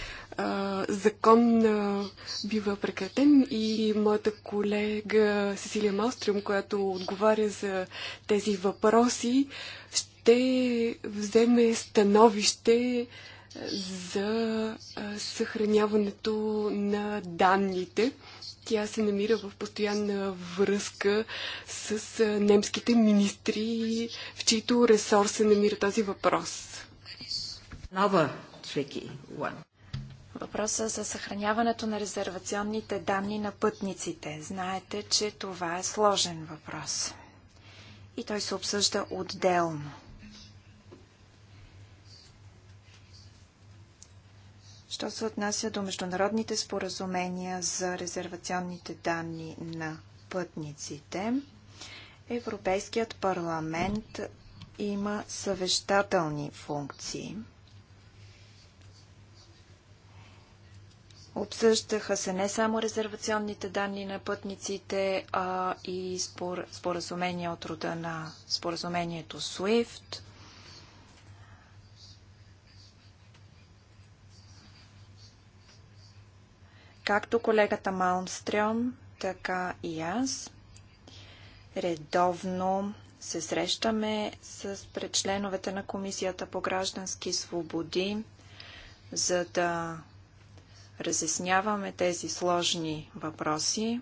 D: закон а, бива прекратен и моята колега Сесилия Малстрюм, която отговаря за тези въпроси, ще вземе становище за съхраняването на данните. Тя се намира в постоянна връзка с немските министри, в чийто ресор се намира този въпрос. Another tricky one. Въпросът за
B: съхраняването на резервационните данни на пътниците. Знаете, че това е сложен въпрос. И той се обсъжда отделно. Що се отнася до международните споразумения за резервационните данни на пътниците, Европейският парламент има съвещателни функции – Обсъждаха се не само резервационните данни на пътниците, а и спор... споразумения от рода на споразумението SWIFT. Както колегата Малмстрём, така и аз редовно се срещаме с предчленовете на Комисията по граждански свободи, за да Разясняваме тези сложни въпроси.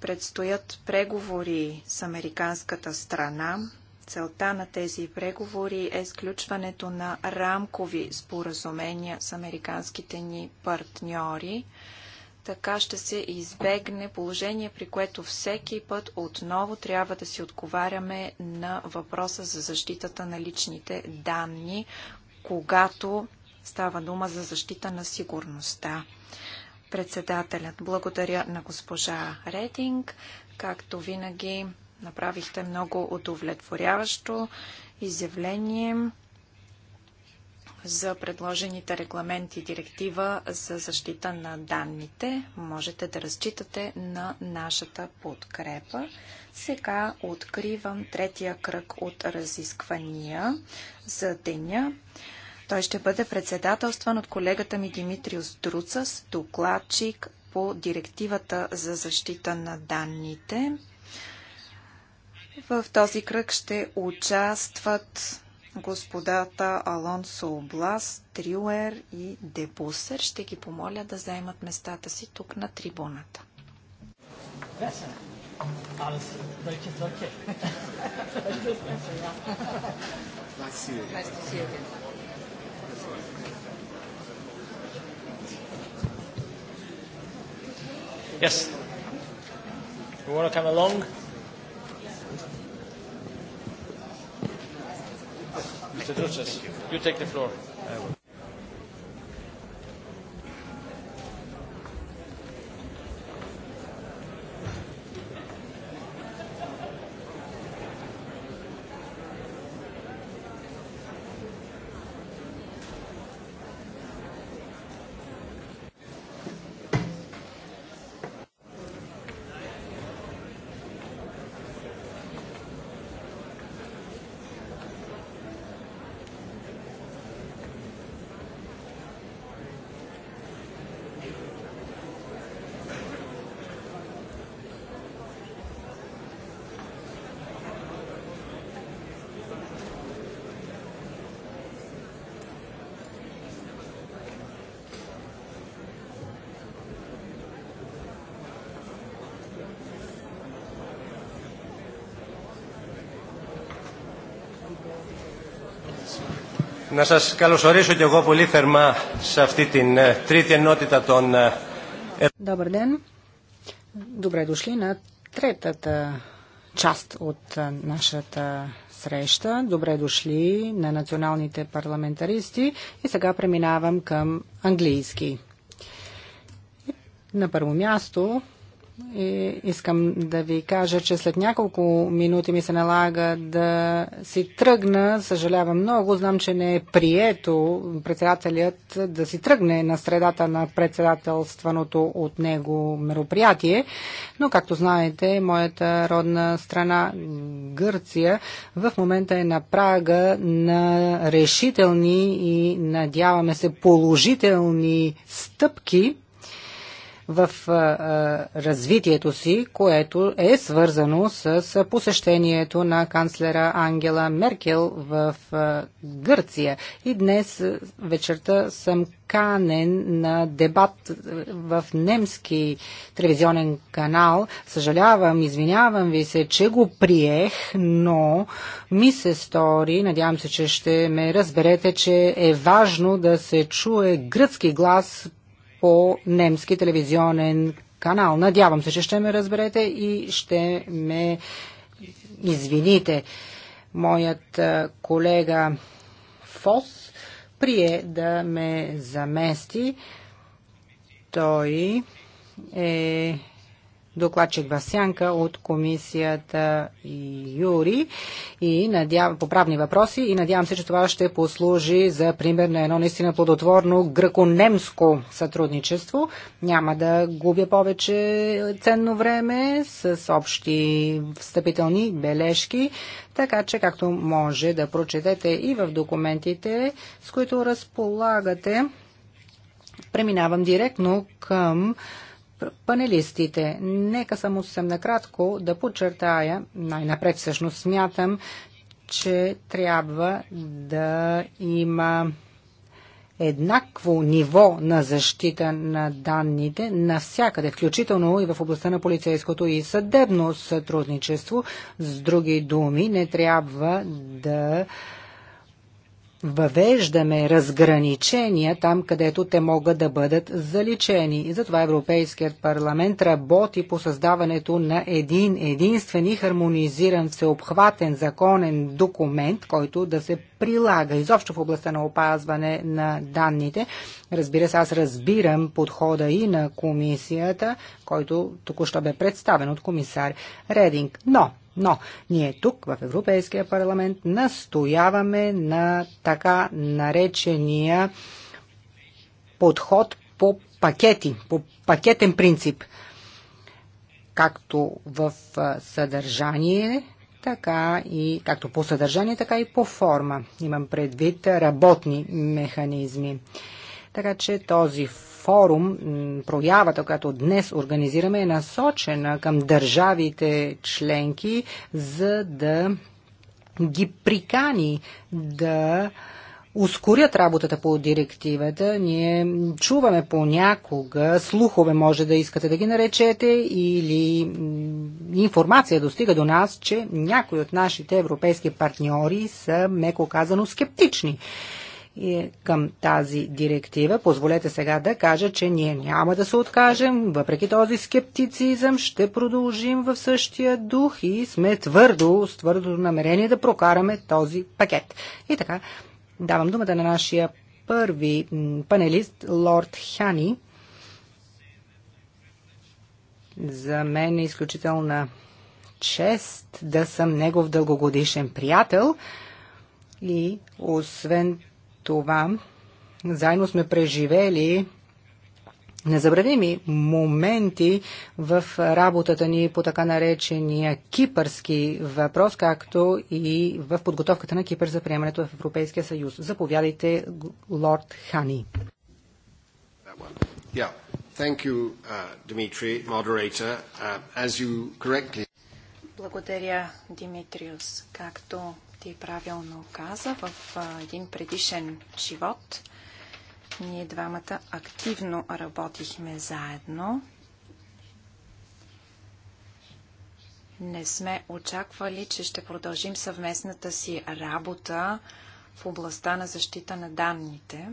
B: Предстоят преговори с американската страна. Целта на тези преговори е сключването на рамкови споразумения с американските ни партньори. Така ще се избегне положение, при което всеки път отново трябва да си отговаряме на въпроса за защитата на личните данни, когато става дума за защита на сигурността. Председателят, благодаря на госпожа Рединг. Както винаги, направихте много удовлетворяващо изявление за предложените регламенти директива за защита на данните. Можете да разчитате на нашата подкрепа. Сега откривам третия кръг от разисквания за деня. Той ще бъде председателстван от колегата ми Димитриус Друцас, докладчик по директивата за защита на данните. В този кръг ще участват господата Алонсо Облас, Трюер и Дебусер. Ще ги помоля да заемат местата си тук на трибуната.
D: Nice to see you again.
F: Yes.
A: You want to come along? Mr. Duchess, you take the floor. I will. Να σας καλωσορίσω και εγώ πολύ θερμά σε αυτή την τρίτη ενότητα των...
C: Добър ден! Добре дошли на третата част от е, нашата среща. Добре дошли на националните парламентаристи и сега преминавам към английски. На първо място и искам да ви кажа, че след няколко минути ми се налага да си тръгна. Съжалявам много. Знам, че не е прието председателят да си тръгне на средата на председателстваното от него мероприятие. Но, както знаете, моята родна страна Гърция в момента е на прага на решителни и надяваме се положителни стъпки в развитието си, което е свързано с посещението на канцлера Ангела Меркел в Гърция. И днес вечерта съм канен на дебат в немски телевизионен канал. Съжалявам, извинявам ви се, че го приех, но ми се стори, надявам се, че ще ме разберете, че е важно да се чуе гръцки глас по немски телевизионен канал. Надявам се, че ще ме разберете и ще ме извините. Моят колега Фос прие да ме замести. Той е докладчик Васянка от комисията Юри и надявам, по правни въпроси и надявам се, че това ще послужи за пример на едно наистина плодотворно гръконемско сътрудничество. Няма да губя повече ценно време с общи встъпителни бележки, така че както може да прочетете и в документите, с които разполагате, преминавам директно към панелистите. Нека само съм накратко да подчертая, най-напред всъщност смятам, че трябва да има еднакво ниво на защита на данните навсякъде, включително и в областта на полицейското и съдебно сътрудничество. С други думи, не трябва да въвеждаме разграничения там, където те могат да бъдат заличени. И затова Европейският парламент работи по създаването на един единствен и хармонизиран всеобхватен законен документ, който да се прилага изобщо в областта на опазване на данните. Разбира се, аз разбирам подхода и на комисията, който току-що бе представен от комисар Рединг. Но но ние тук в Европейския парламент настояваме на така наречения подход по пакети, по пакетен принцип, както в съдържание, така и както по съдържание, така и по форма. Имам предвид работни механизми. Така че този форум, проявата, която днес организираме, е насочена към държавите членки, за да ги прикани да ускорят работата по директивата. Ние чуваме понякога, слухове може да искате да ги наречете, или информация достига до нас, че някои от нашите европейски партньори са, меко казано, скептични и е към тази директива. Позволете сега да кажа, че ние няма да се откажем, въпреки този скептицизъм ще продължим в същия дух и сме твърдо, с твърдо намерение да прокараме този пакет. И така, давам думата на нашия първи панелист, лорд Хани. За мен е изключителна чест да съм негов дългогодишен приятел и освен това заедно сме преживели незабравими моменти в работата ни по така наречения кипърски въпрос, както и в подготовката на Кипър за приемането в Европейския съюз. Заповядайте, лорд Хани.
D: Uh, uh,
B: Благодаря, Димитриус. Както ти правилно каза, в един предишен живот ние двамата активно работихме заедно. Не сме очаквали, че ще продължим съвместната си работа в областта на защита на данните.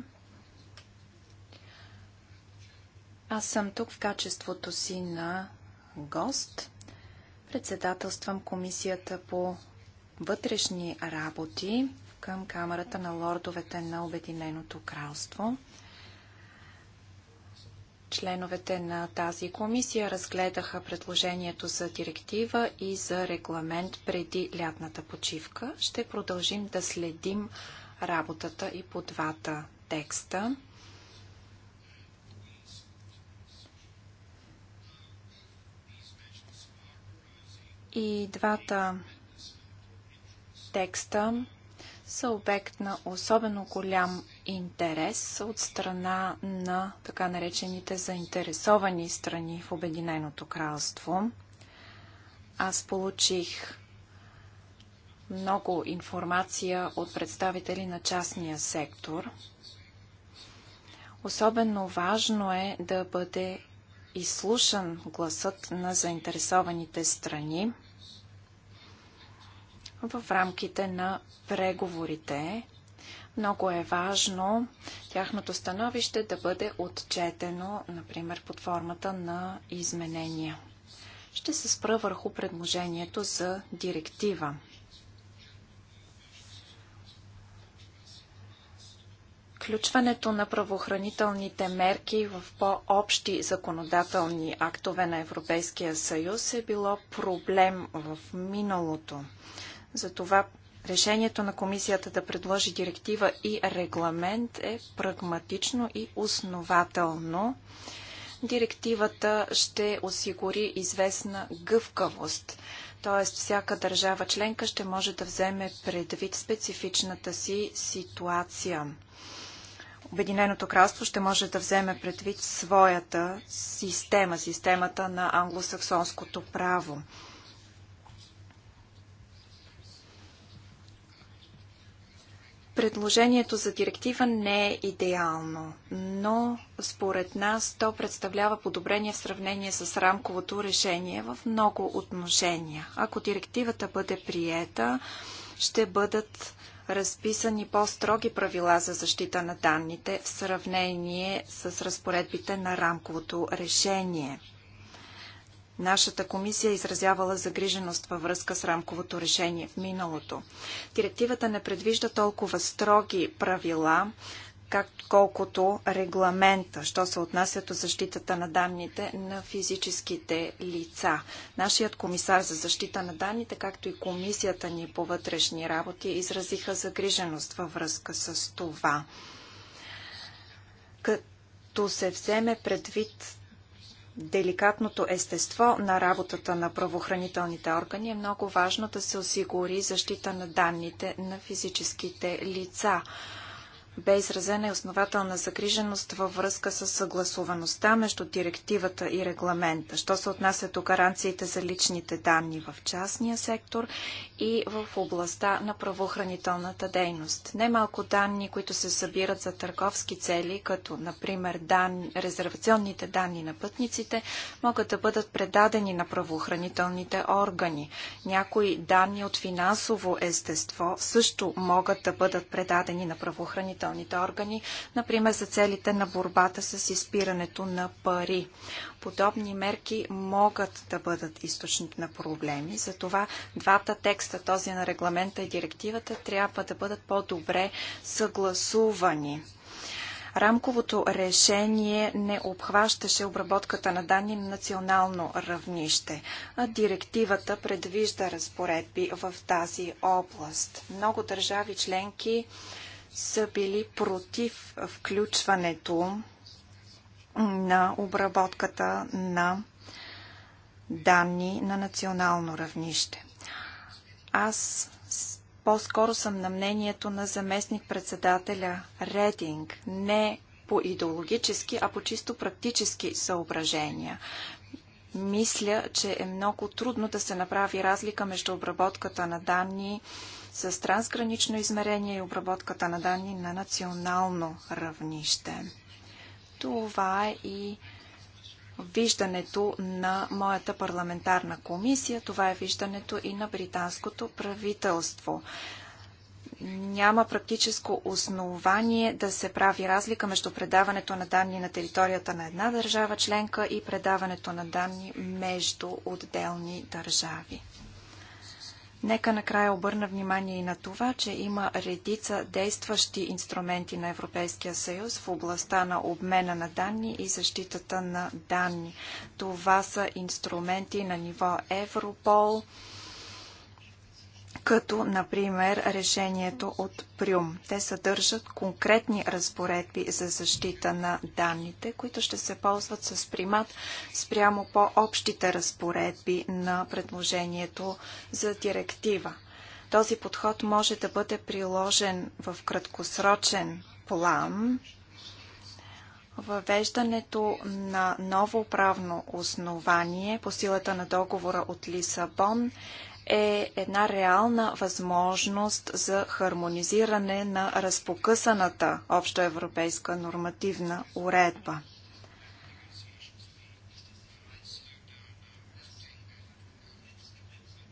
B: Аз съм тук в качеството си на гост. Председателствам комисията по вътрешни работи към Камерата на лордовете на Обединеното кралство. Членовете на тази комисия разгледаха предложението за директива и за регламент преди лятната почивка. Ще продължим да следим работата и по двата текста. И двата текста са обект на особено голям интерес от страна на така наречените заинтересовани страни в Обединеното кралство. Аз получих много информация от представители на частния сектор. Особено важно е да бъде изслушан гласът на заинтересованите страни – в рамките на преговорите. Много е важно тяхното становище да бъде отчетено, например, под формата на изменения. Ще се спра върху предложението за директива. включването на правоохранителните мерки в по-общи законодателни актове на Европейския съюз е било проблем в миналото. Затова решението на комисията да предложи директива и регламент е прагматично и основателно. Директивата ще осигури известна гъвкавост т.е. всяка държава членка ще може да вземе предвид специфичната си ситуация. Обединеното кралство ще може да вземе предвид своята система, системата на англосаксонското право. Предложението за директива не е идеално, но според нас то представлява подобрение в сравнение с рамковото решение в много отношения. Ако директивата бъде приета, ще бъдат разписани по-строги правила за защита на данните в сравнение с разпоредбите на рамковото решение. Нашата комисия е изразявала загриженост във връзка с рамковото решение в миналото. Директивата не предвижда толкова строги правила, как, колкото регламента, що се отнася до защитата на данните на физическите лица. Нашият комисар за защита на данните, както и комисията ни по вътрешни работи, изразиха загриженост във връзка с това. Като се вземе предвид деликатното естество на работата на правоохранителните органи е много важно да се осигури защита на данните на физическите лица бе изразена и основателна загриженост във връзка с съгласуваността между директивата и регламента, що се отнася до гаранциите за личните данни в частния сектор и в областта на правоохранителната дейност. Немалко данни, които се събират за търговски цели, като например дан... резервационните данни на пътниците, могат да бъдат предадени на правоохранителните органи. Някои данни от финансово естество също могат да бъдат предадени на правоохранителните правоохранителните органи, например за целите на борбата с изпирането на пари. Подобни мерки могат да бъдат източник на проблеми, затова двата текста, този на регламента и директивата, трябва да бъдат по-добре съгласувани. Рамковото решение не обхващаше обработката на данни на национално равнище, а директивата предвижда разпоредби в тази област. Много държави членки са били против включването на обработката на данни на национално равнище. Аз по-скоро съм на мнението на заместник-председателя Рединг, не по идеологически, а по чисто практически съображения. Мисля, че е много трудно да се направи разлика между обработката на данни, с трансгранично измерение и обработката на данни на национално равнище. Това е и виждането на моята парламентарна комисия, това е виждането и на британското правителство. Няма практическо основание да се прави разлика между предаването на данни на територията на една държава членка и предаването на данни между отделни държави. Нека накрая обърна внимание и на това, че има редица действащи инструменти на Европейския съюз в областта на обмена на данни и защитата на данни. Това са инструменти на ниво Европол, като например решението от Прюм. Те съдържат конкретни разпоредби за защита на данните, които ще се ползват с примат спрямо по-общите разпоредби на предложението за директива. Този подход може да бъде приложен в краткосрочен план. Въвеждането на ново правно основание по силата на договора от Лисабон е една реална възможност за хармонизиране на разпокъсаната общоевропейска нормативна уредба.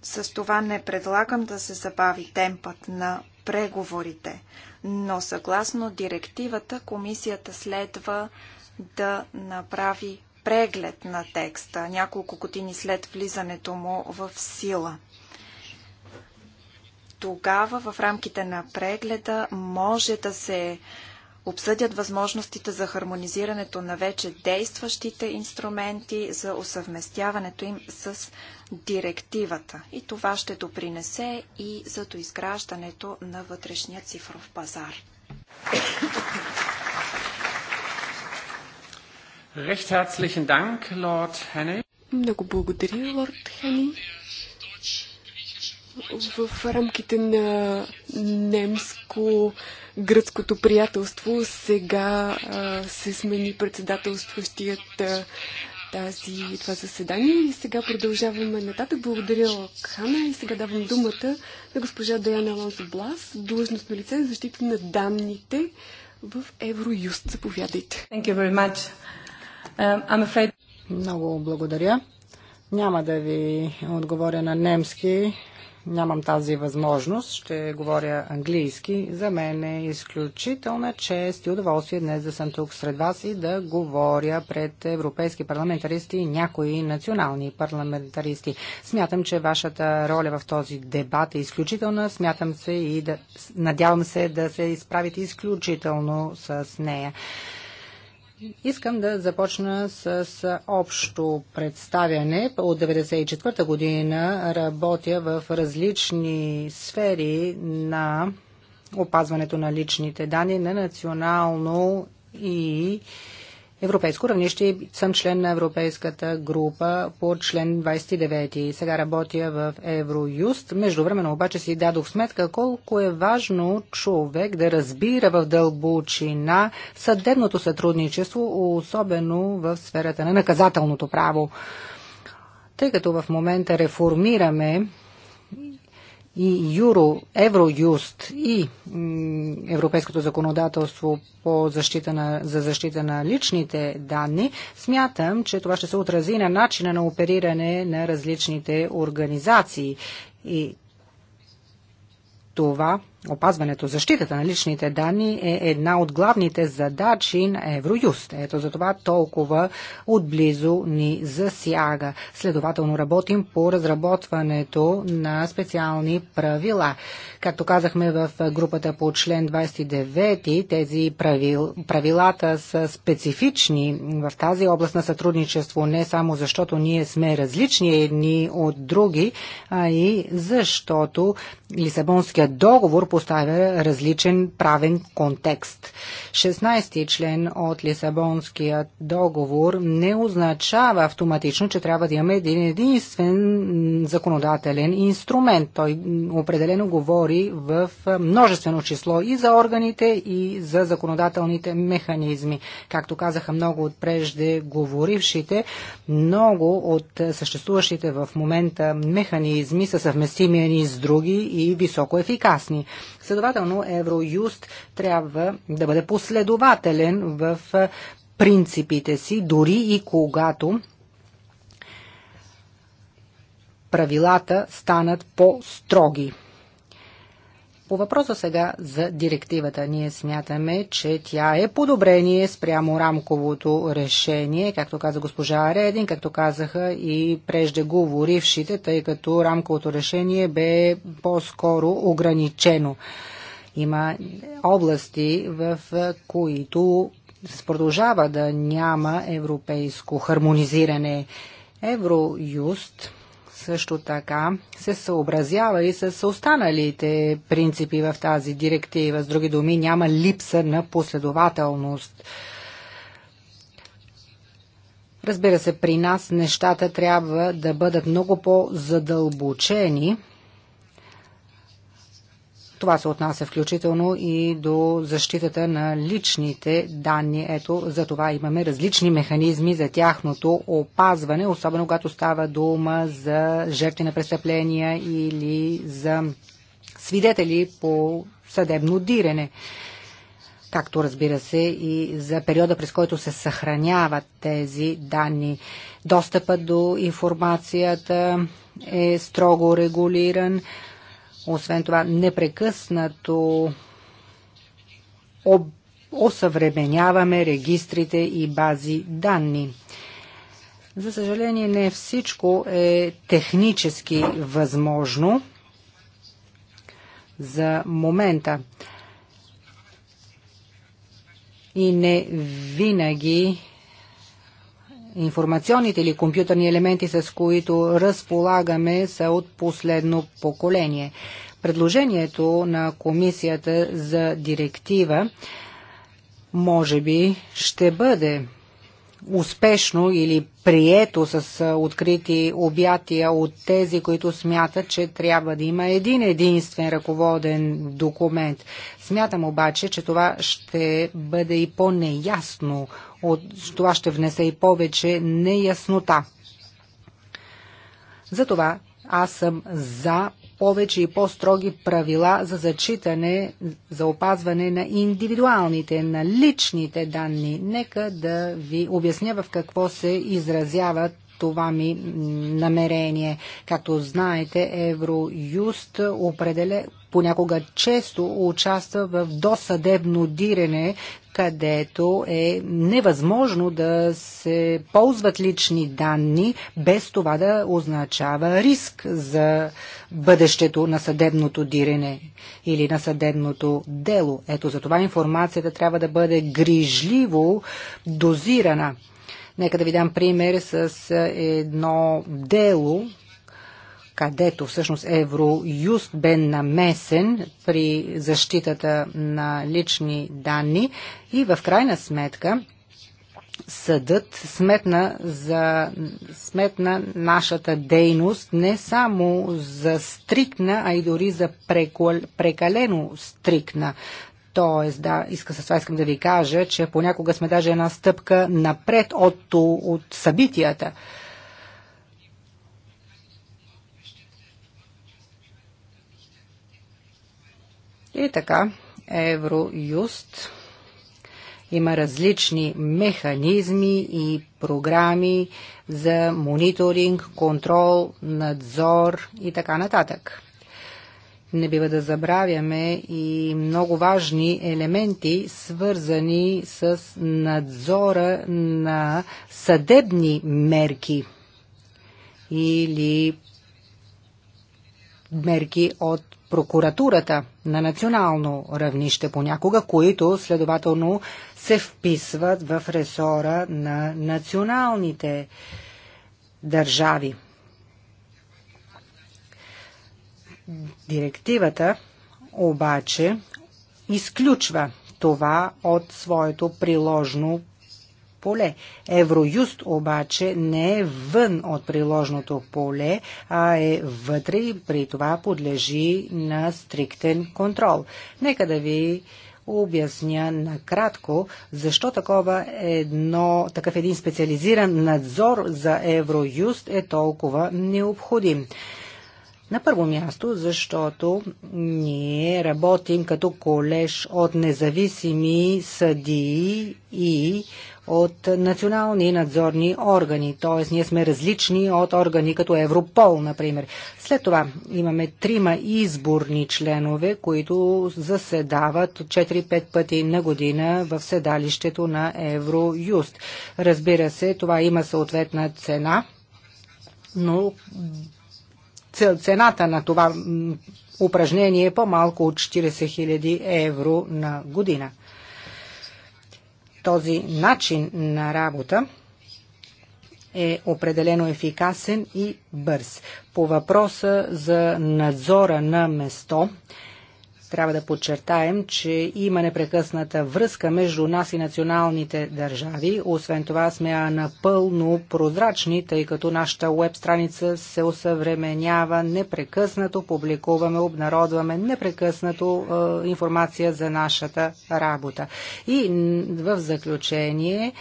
B: С това не предлагам да се забави темпът на преговорите, но съгласно директивата комисията следва да направи преглед на текста няколко години след влизането му в сила – тогава в рамките на прегледа може да се обсъдят възможностите за хармонизирането на вече действащите инструменти, за усъвместяването им с директивата. И това ще допринесе и за доизграждането на вътрешния цифров пазар.
D: Много благодаря, лорд Хени в рамките на немско-гръцкото приятелство сега а, се смени председателстващият а, тази, това заседание и сега продължаваме нататък. Благодаря Хана и сега давам думата на госпожа Даяна Алонсо Длъжност длъжностно лице за защита на данните в Евроюст. Заповядайте. Thank you very much. Um, I'm afraid...
C: Много благодаря. Няма да ви отговоря на немски, нямам тази възможност, ще говоря английски. За мен е изключителна чест и удоволствие днес да съм тук сред вас и да говоря пред европейски парламентаристи и някои национални парламентаристи. Смятам, че вашата роля в този дебат е изключителна. Смятам се и да, надявам се да се изправите изключително с нея. Искам да започна с общо представяне. От 1994 година работя в различни сфери на опазването на личните данни на национално и европейско равнище и съм член на Европейската група по член 29. Сега работя в Евроюст. Междувременно обаче си дадох сметка колко е важно човек да разбира в дълбочина съдебното сътрудничество, особено в сферата на наказателното право. Тъй като в момента реформираме и Юро, Евроюст и европейското законодателство по защита на, за защита на личните данни, смятам, че това ще се отрази на начина на опериране на различните организации. И това опазването, защитата на личните данни е една от главните задачи на Евроюст. Ето за това толкова отблизо ни засяга. Следователно работим по разработването на специални правила. Както казахме в групата по член 29, тези правил, правилата са специфични в тази област на сътрудничество, не само защото ние сме различни едни от други, а и защото Лисабонският договор поставя различен правен контекст. 16 член от Лисабонския договор не означава автоматично, че трябва да имаме един единствен законодателен инструмент. Той определено говори в множествено число и за органите, и за законодателните механизми. Както казаха много от прежде говорившите, много от съществуващите в момента механизми са съвместими с други и високо ефикасни. Следователно, Евроюст трябва да бъде последователен в принципите си, дори и когато правилата станат по-строги. По въпроса сега за директивата. Ние смятаме, че тя е подобрение спрямо рамковото решение, както каза госпожа Редин, както казаха и преждеговорившите, тъй като рамковото решение бе по-скоро ограничено. Има области, в които продължава да няма европейско хармонизиране. Евроюст – също така се съобразява и с останалите принципи в тази директива. С други думи, няма липса на последователност. Разбира се, при нас нещата трябва да бъдат много по-задълбочени това се отнася включително и до защитата на личните данни. Ето, за това имаме различни механизми за тяхното опазване, особено когато става дума за жертви на престъпления или за свидетели по съдебно дирене както разбира се и за периода, през който се съхраняват тези данни. Достъпът до информацията е строго регулиран. Освен това, непрекъснато об... осъвременяваме регистрите и бази данни. За съжаление, не всичко е технически възможно за момента. И не винаги информационните или компютърни елементи, с които разполагаме, са от последно поколение. Предложението на комисията за директива може би ще бъде успешно или прието с открити обятия от тези, които смятат, че трябва да има един единствен ръководен документ. Смятам обаче, че това ще бъде и по-неясно от това ще внесе и повече неяснота. Затова аз съм за повече и по-строги правила за зачитане, за опазване на индивидуалните, на личните данни. Нека да ви обясня в какво се изразяват това ми намерение. Както знаете, Евроюст определя понякога често участва в досъдебно дирене, където е невъзможно да се ползват лични данни, без това да означава риск за бъдещето на съдебното дирене или на съдебното дело. Ето за това информацията трябва да бъде грижливо дозирана. Нека да ви дам пример с е, едно дело, където всъщност Евроюст бе намесен при защитата на лични данни и в крайна сметка съдът сметна, за, сметна нашата дейност не само за стрикна, а и дори за прекалено стрикна. Тоест, да, иска, с това искам да ви кажа, че понякога сме даже една стъпка напред от, от събитията. И така, Евроюст има различни механизми и програми за мониторинг, контрол, надзор и така нататък не бива да забравяме и много важни елементи, свързани с надзора на съдебни мерки или мерки от прокуратурата на национално равнище понякога, които следователно се вписват в ресора на националните държави. Директивата обаче изключва това от своето приложно поле. Евроюст обаче не е вън от приложното поле, а е вътре и при това подлежи на стриктен контрол. Нека да ви обясня накратко защо такова едно, такъв един специализиран надзор за Евроюст е толкова необходим. На първо място, защото ние работим като колеж от независими съдии и от национални надзорни органи, т.е. ние сме различни от органи като Европол, например. След това имаме трима изборни членове, които заседават 4-5 пъти на година в седалището на Евроюст. Разбира се, това има съответна цена, но цената на това упражнение е по-малко от 40 000 евро на година. Този начин на работа е определено ефикасен и бърз. По въпроса за надзора на место, трябва да подчертаем, че има непрекъсната връзка между нас и националните държави. Освен това сме напълно прозрачни, тъй като нашата веб страница се осъвременява непрекъснато, публикуваме, обнародваме непрекъснато е, информация за нашата работа. И в заключение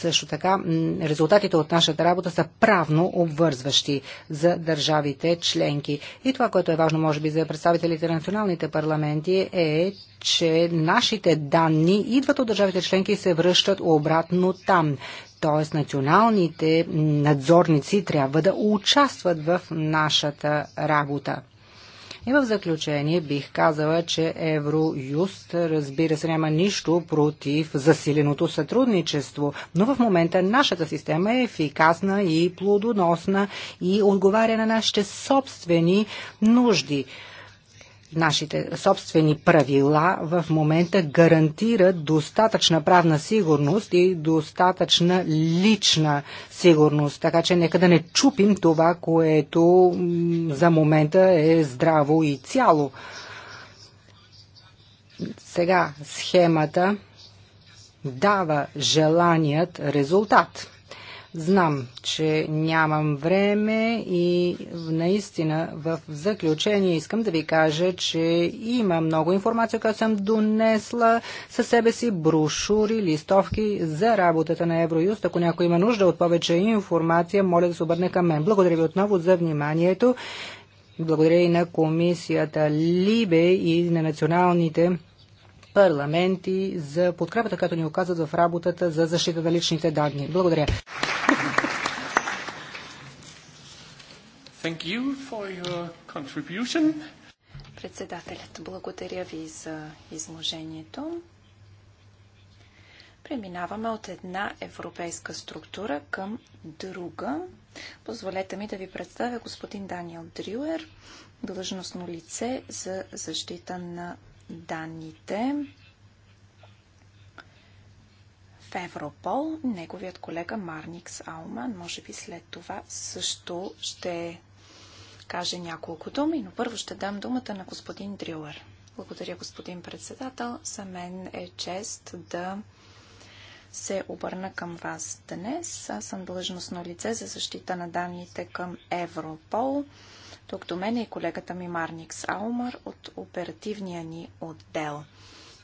C: също така, резултатите от нашата работа са правно обвързващи за държавите членки. И това, което е важно, може би, за представителите на националните парламенти е, че нашите данни идват от държавите членки и се връщат обратно там. Т.е. националните надзорници трябва да участват в нашата работа. И в заключение бих казала, че Евроюст, разбира се, няма нищо против засиленото сътрудничество, но в момента нашата система е ефикасна и плодоносна и отговаря на нашите собствени нужди нашите собствени правила в момента гарантират достатъчна правна сигурност и достатъчна лична сигурност. Така че нека да не чупим това, което за момента е здраво и цяло. Сега схемата дава желаният резултат. Знам, че нямам време и наистина в заключение искам да ви кажа, че има много информация, която съм донесла със себе си, брошури, листовки за работата на Евроюст. Ако някой има нужда от повече информация, моля да се обърне към мен. Благодаря ви отново за вниманието. Благодаря и на комисията Либе и на националните парламенти за подкрепата, която ни оказват в работата за защита на личните данни. Благодаря.
A: Thank you for your contribution.
B: Председателят, благодаря ви за изложението. Преминаваме от една европейска структура към друга. Позволете ми да ви представя господин Даниел Дрюер, длъжностно лице за защита на данните в Европол. Неговият колега Марникс Ауман, може би след това също ще каже няколко думи, но първо ще дам думата на господин Дрилър. Благодаря, господин председател. За мен е чест да се обърна към вас днес. Аз съм длъжностно лице за защита на данните към Европол. Тук до мен е и колегата ми Марникс Аумър от оперативния ни отдел.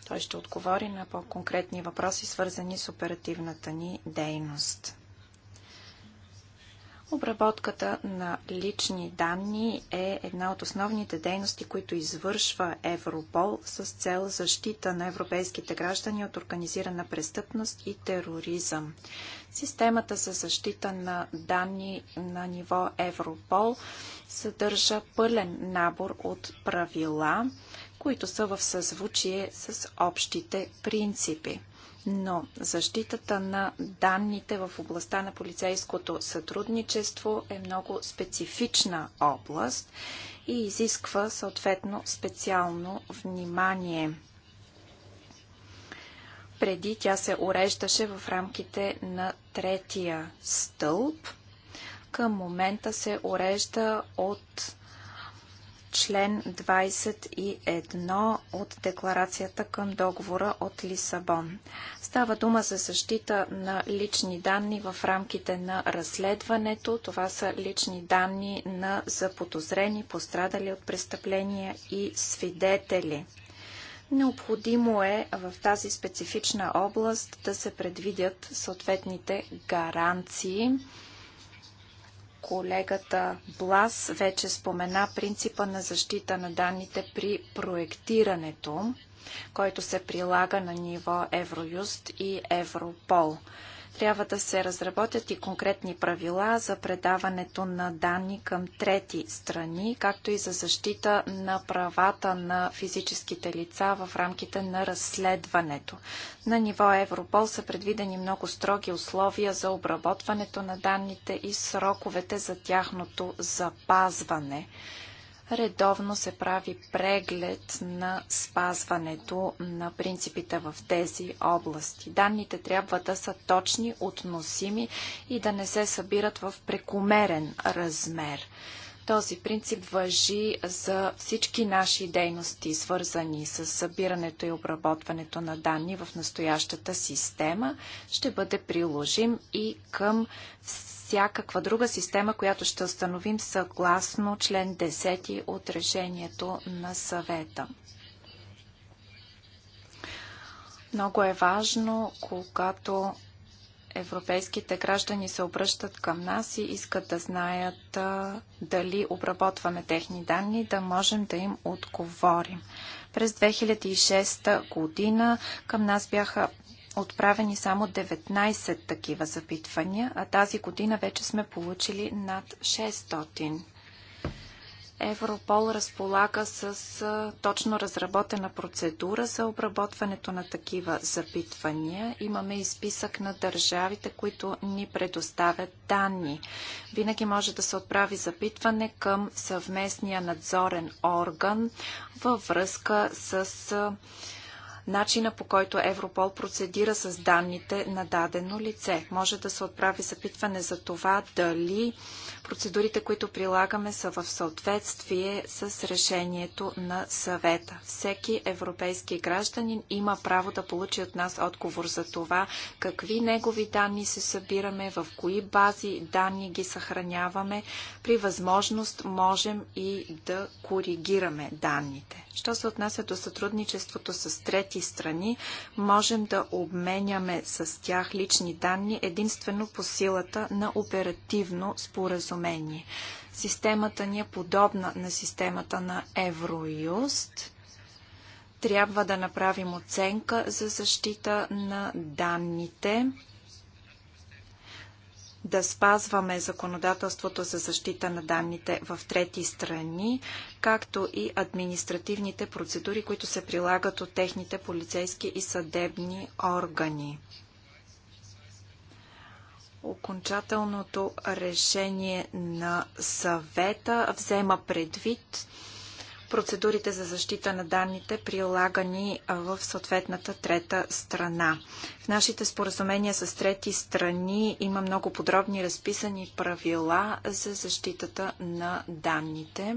B: Той ще отговори на по-конкретни въпроси, свързани с оперативната ни дейност. Обработката на лични данни е една от основните дейности, които извършва Европол с цел защита на европейските граждани от организирана престъпност и тероризъм. Системата за защита на данни на ниво Европол съдържа пълен набор от правила, които са в съзвучие с общите принципи но защитата на данните в областта на полицейското сътрудничество е много специфична област и изисква съответно специално внимание. Преди тя се уреждаше в рамките на третия стълб. Към момента се урежда от член 21 от декларацията към договора от Лисабон. Става дума за защита на лични данни в рамките на разследването. Това са лични данни на заподозрени, пострадали от престъпления и свидетели. Необходимо е в тази специфична област да се предвидят съответните гаранции Колегата Блас вече спомена принципа на защита на данните при проектирането, който се прилага на ниво Евроюст и Европол. Трябва да се разработят и конкретни правила за предаването на данни към трети страни, както и за защита на правата на физическите лица в рамките на разследването. На ниво Европол са предвидени много строги условия за обработването на данните и сроковете за тяхното запазване редовно се прави преглед на спазването на принципите в тези области. Данните трябва да са точни, относими и да не се събират в прекомерен размер. Този принцип въжи за всички наши дейности, свързани с събирането и обработването на данни в настоящата система. Ще бъде приложим и към всякаква друга система, която ще установим съгласно член 10 от решението на съвета. Много е важно, когато европейските граждани се обръщат към нас и искат да знаят дали обработваме техни данни, да можем да им отговорим. През 2006 година към нас бяха отправени само 19 такива запитвания, а тази година вече сме получили над 600. Европол разполага с точно разработена процедура за обработването на такива запитвания. Имаме и списък на държавите, които ни предоставят данни. Винаги може да се отправи запитване към съвместния надзорен орган във връзка с начина по който Европол процедира с данните на дадено лице. Може да се отправи запитване за това дали Процедурите, които прилагаме, са в съответствие с решението на съвета. Всеки европейски гражданин има право да получи от нас отговор за това, какви негови данни се събираме, в кои бази данни ги съхраняваме. При възможност можем и да коригираме данните. Що се отнася до сътрудничеството с трети страни, можем да обменяме с тях лични данни единствено по силата на оперативно споразумение споразумение. Системата ни е подобна на системата на Евроюст. Трябва да направим оценка за защита на данните, да спазваме законодателството за защита на данните в трети страни, както и административните процедури, които се прилагат от техните полицейски и съдебни органи. Окончателното решение на съвета взема предвид процедурите за защита на данните, прилагани в съответната трета страна. В нашите споразумения с трети страни има много подробни разписани правила за защитата на данните.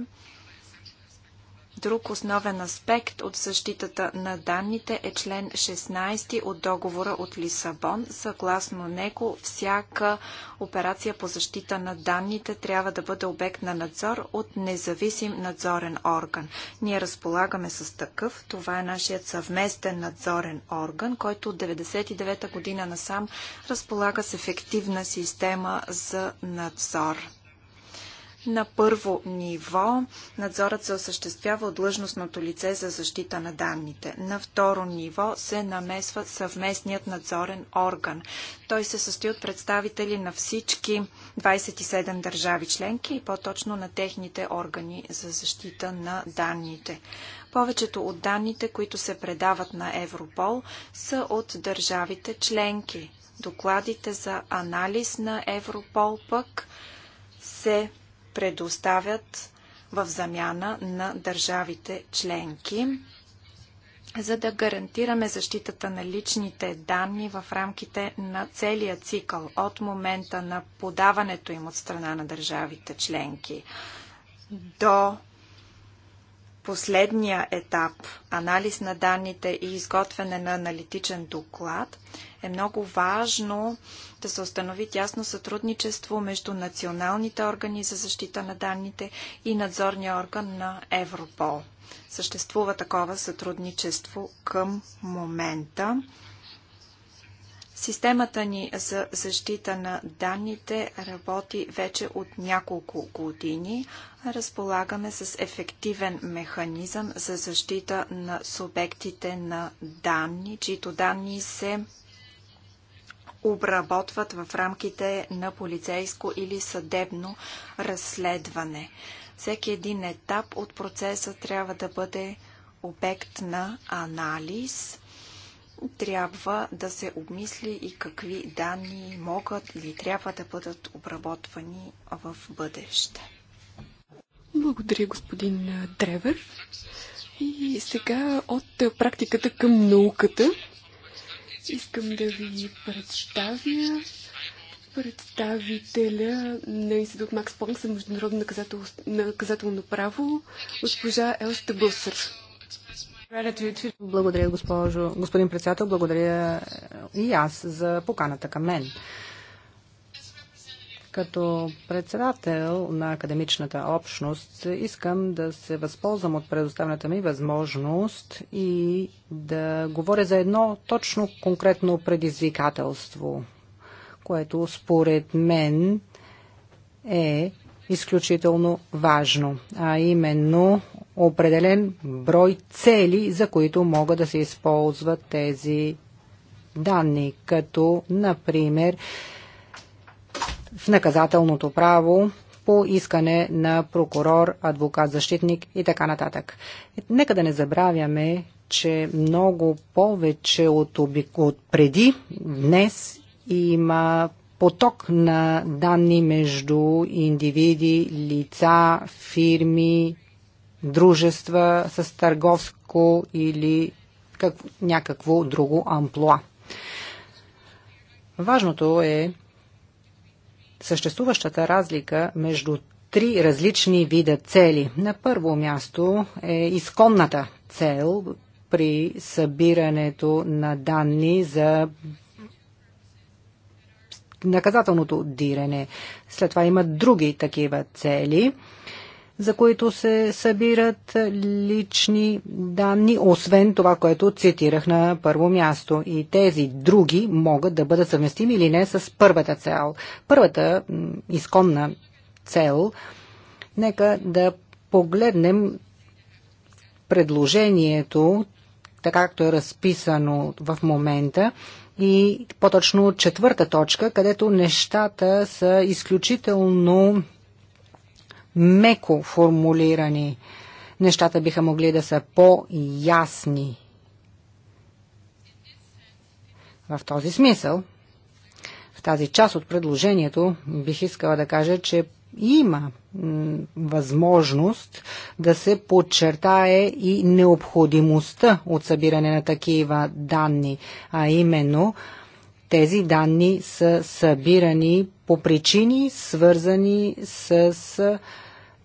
B: Друг основен аспект от защитата на данните е член 16 от договора от Лисабон. Съгласно него, всяка операция по защита на данните трябва да бъде обект на надзор от независим надзорен орган. Ние разполагаме с такъв. Това е нашият съвместен надзорен орган, който от 1999 година насам разполага с ефективна система за надзор. На първо ниво надзорът се осъществява от длъжностното лице за защита на данните. На второ ниво се намесва съвместният надзорен орган. Той се състои от представители на всички 27 държави членки и по-точно на техните органи за защита на данните. Повечето от данните, които се предават на Европол, са от държавите членки. Докладите за анализ на Европол пък се предоставят в замяна на държавите членки, за да гарантираме защитата на личните данни в рамките на целия цикъл от момента на подаването им от страна на държавите членки до последния етап анализ на данните и изготвяне на аналитичен доклад е много важно да се установи тясно сътрудничество между националните органи за защита на данните и надзорния орган на Европол. Съществува такова сътрудничество към момента. Системата ни за защита на данните работи вече от няколко години. Разполагаме с ефективен механизъм за защита на субектите на данни, чието данни се обработват в рамките на полицейско или съдебно разследване. Всеки един етап от процеса трябва да бъде обект на анализ трябва да се обмисли и какви данни могат или трябва да бъдат обработвани в бъдеще.
D: Благодаря, господин Древер. И сега от практиката към науката искам да ви представя представителя на Институт Макс Понг за международно наказателно право, госпожа Елста Бълсър.
C: Благодаря, госпожо, господин председател. Благодаря и аз за поканата към мен. Като председател на академичната общност искам да се възползвам от предоставената ми възможност и да говоря за едно точно конкретно предизвикателство, което според мен е изключително важно, а именно определен брой цели, за които могат да се използват тези данни, като, например, в наказателното право по искане на прокурор, адвокат, защитник и така нататък. Нека да не забравяме, че много повече от, обик... от преди днес има поток на данни между индивиди, лица, фирми, дружества с търговско или как, някакво друго амплуа. Важното е съществуващата разлика между три различни вида цели. На първо място е изконната цел при събирането на данни за наказателното дирене. След това има други такива цели за които се събират лични данни, освен това, което цитирах на първо място. И тези други могат да бъдат съвместими или не с първата цел. Първата изконна цел, нека да погледнем предложението, така както е разписано в момента, и по-точно четвърта точка, където нещата са изключително меко формулирани. Нещата биха могли да са по-ясни. В този смисъл, в тази част от предложението бих искала да кажа, че има възможност да се подчертае и необходимостта от събиране на такива данни, а именно тези данни са събирани по причини, свързани с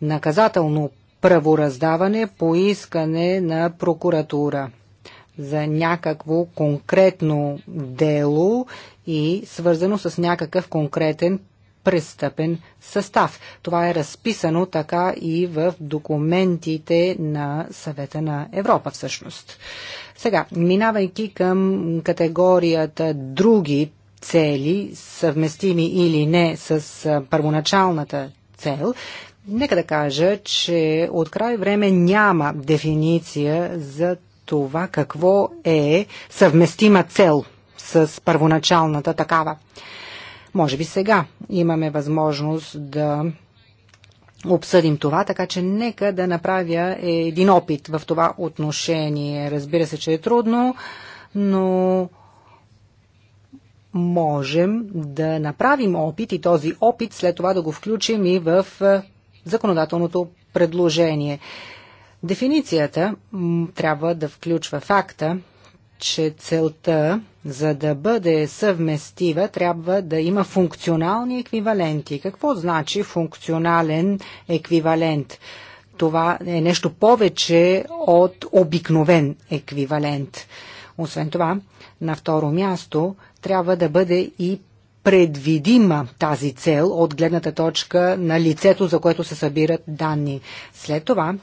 C: наказателно правораздаване по искане на прокуратура за някакво конкретно дело и свързано с някакъв конкретен престъпен състав. Това е разписано така и в документите на съвета на Европа всъщност. Сега, минавайки към категорията други цели, съвместими или не с първоначалната цел, Нека да кажа, че от край време няма дефиниция за това какво е съвместима цел с първоначалната такава. Може би сега имаме възможност да обсъдим това, така че нека да направя е, един опит в това отношение. Разбира се, че е трудно, но можем да направим опит и този опит след това да го включим и в е, законодателното предложение. Дефиницията трябва да включва факта, че целта, за да бъде съвместива, трябва да има функционални еквиваленти. Какво значи функционален еквивалент? Това е нещо повече от обикновен еквивалент. Освен това, на второ място трябва да бъде и предвидима тази цел от гледната точка на лицето, за което се събират данни. След това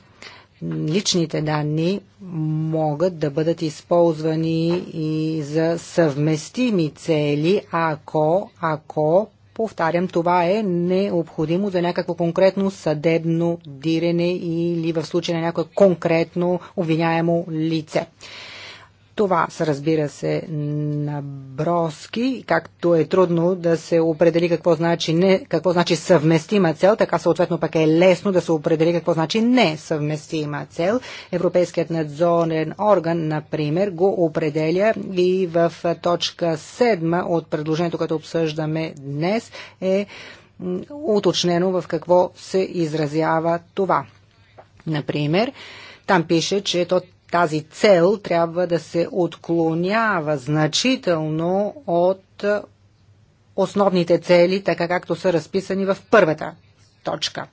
C: личните данни могат да бъдат използвани и за съвместими цели, ако, ако повтарям, това е необходимо за някакво конкретно съдебно диране или в случай на някое конкретно обвиняемо лице. Това са, разбира се, наброски, както е трудно да се определи какво значи, не, какво значи съвместима цел, така съответно пък е лесно да се определи какво значи несъвместима цел. Европейският надзорен орган, например, го определя и в точка 7 от предложението, което обсъждаме днес, е уточнено в какво се изразява това. Например, там пише, че то тази цел трябва да се отклонява значително от основните цели, така както са разписани в първата точка.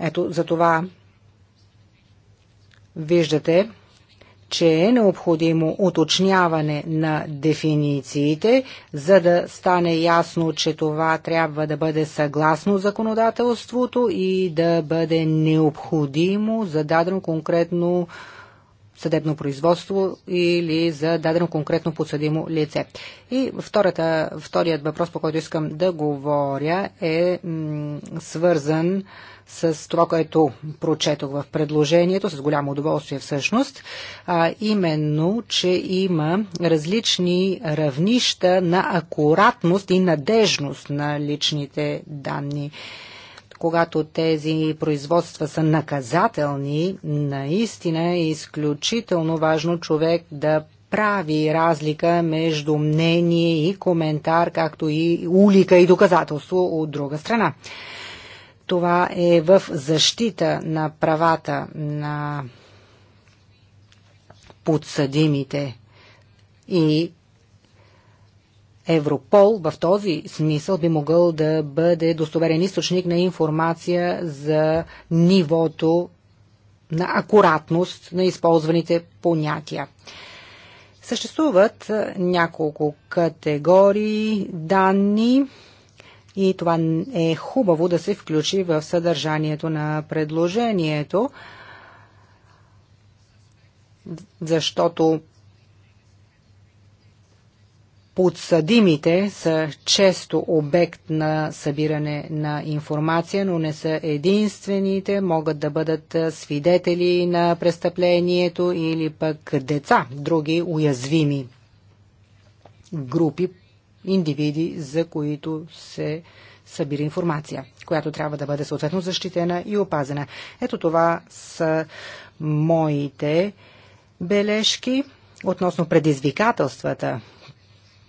C: Ето за това виждате, че е необходимо уточняване на дефинициите, за да стане ясно, че това трябва да бъде съгласно законодателството и да бъде необходимо за дадено конкретно съдебно производство или за дадено конкретно подсъдимо лице. И втората, вторият въпрос, по който искам да говоря, е свързан с с това, което прочетох в предложението, с голямо удоволствие всъщност, а именно, че има различни равнища на акуратност и надежност на личните данни когато тези производства са наказателни, наистина е изключително важно човек да прави разлика между мнение и коментар, както и улика и доказателство от друга страна. Това е в защита на правата на подсъдимите и Европол в този смисъл би могъл да бъде достоверен източник на информация за нивото на акуратност на използваните понятия. Съществуват няколко категории данни, и това е хубаво да се включи в съдържанието на предложението, защото подсъдимите са често обект на събиране на информация, но не са единствените, могат да бъдат свидетели на престъплението или пък деца, други уязвими групи индивиди, за които се събира информация, която трябва да бъде съответно защитена и опазена. Ето това са моите бележки относно предизвикателствата,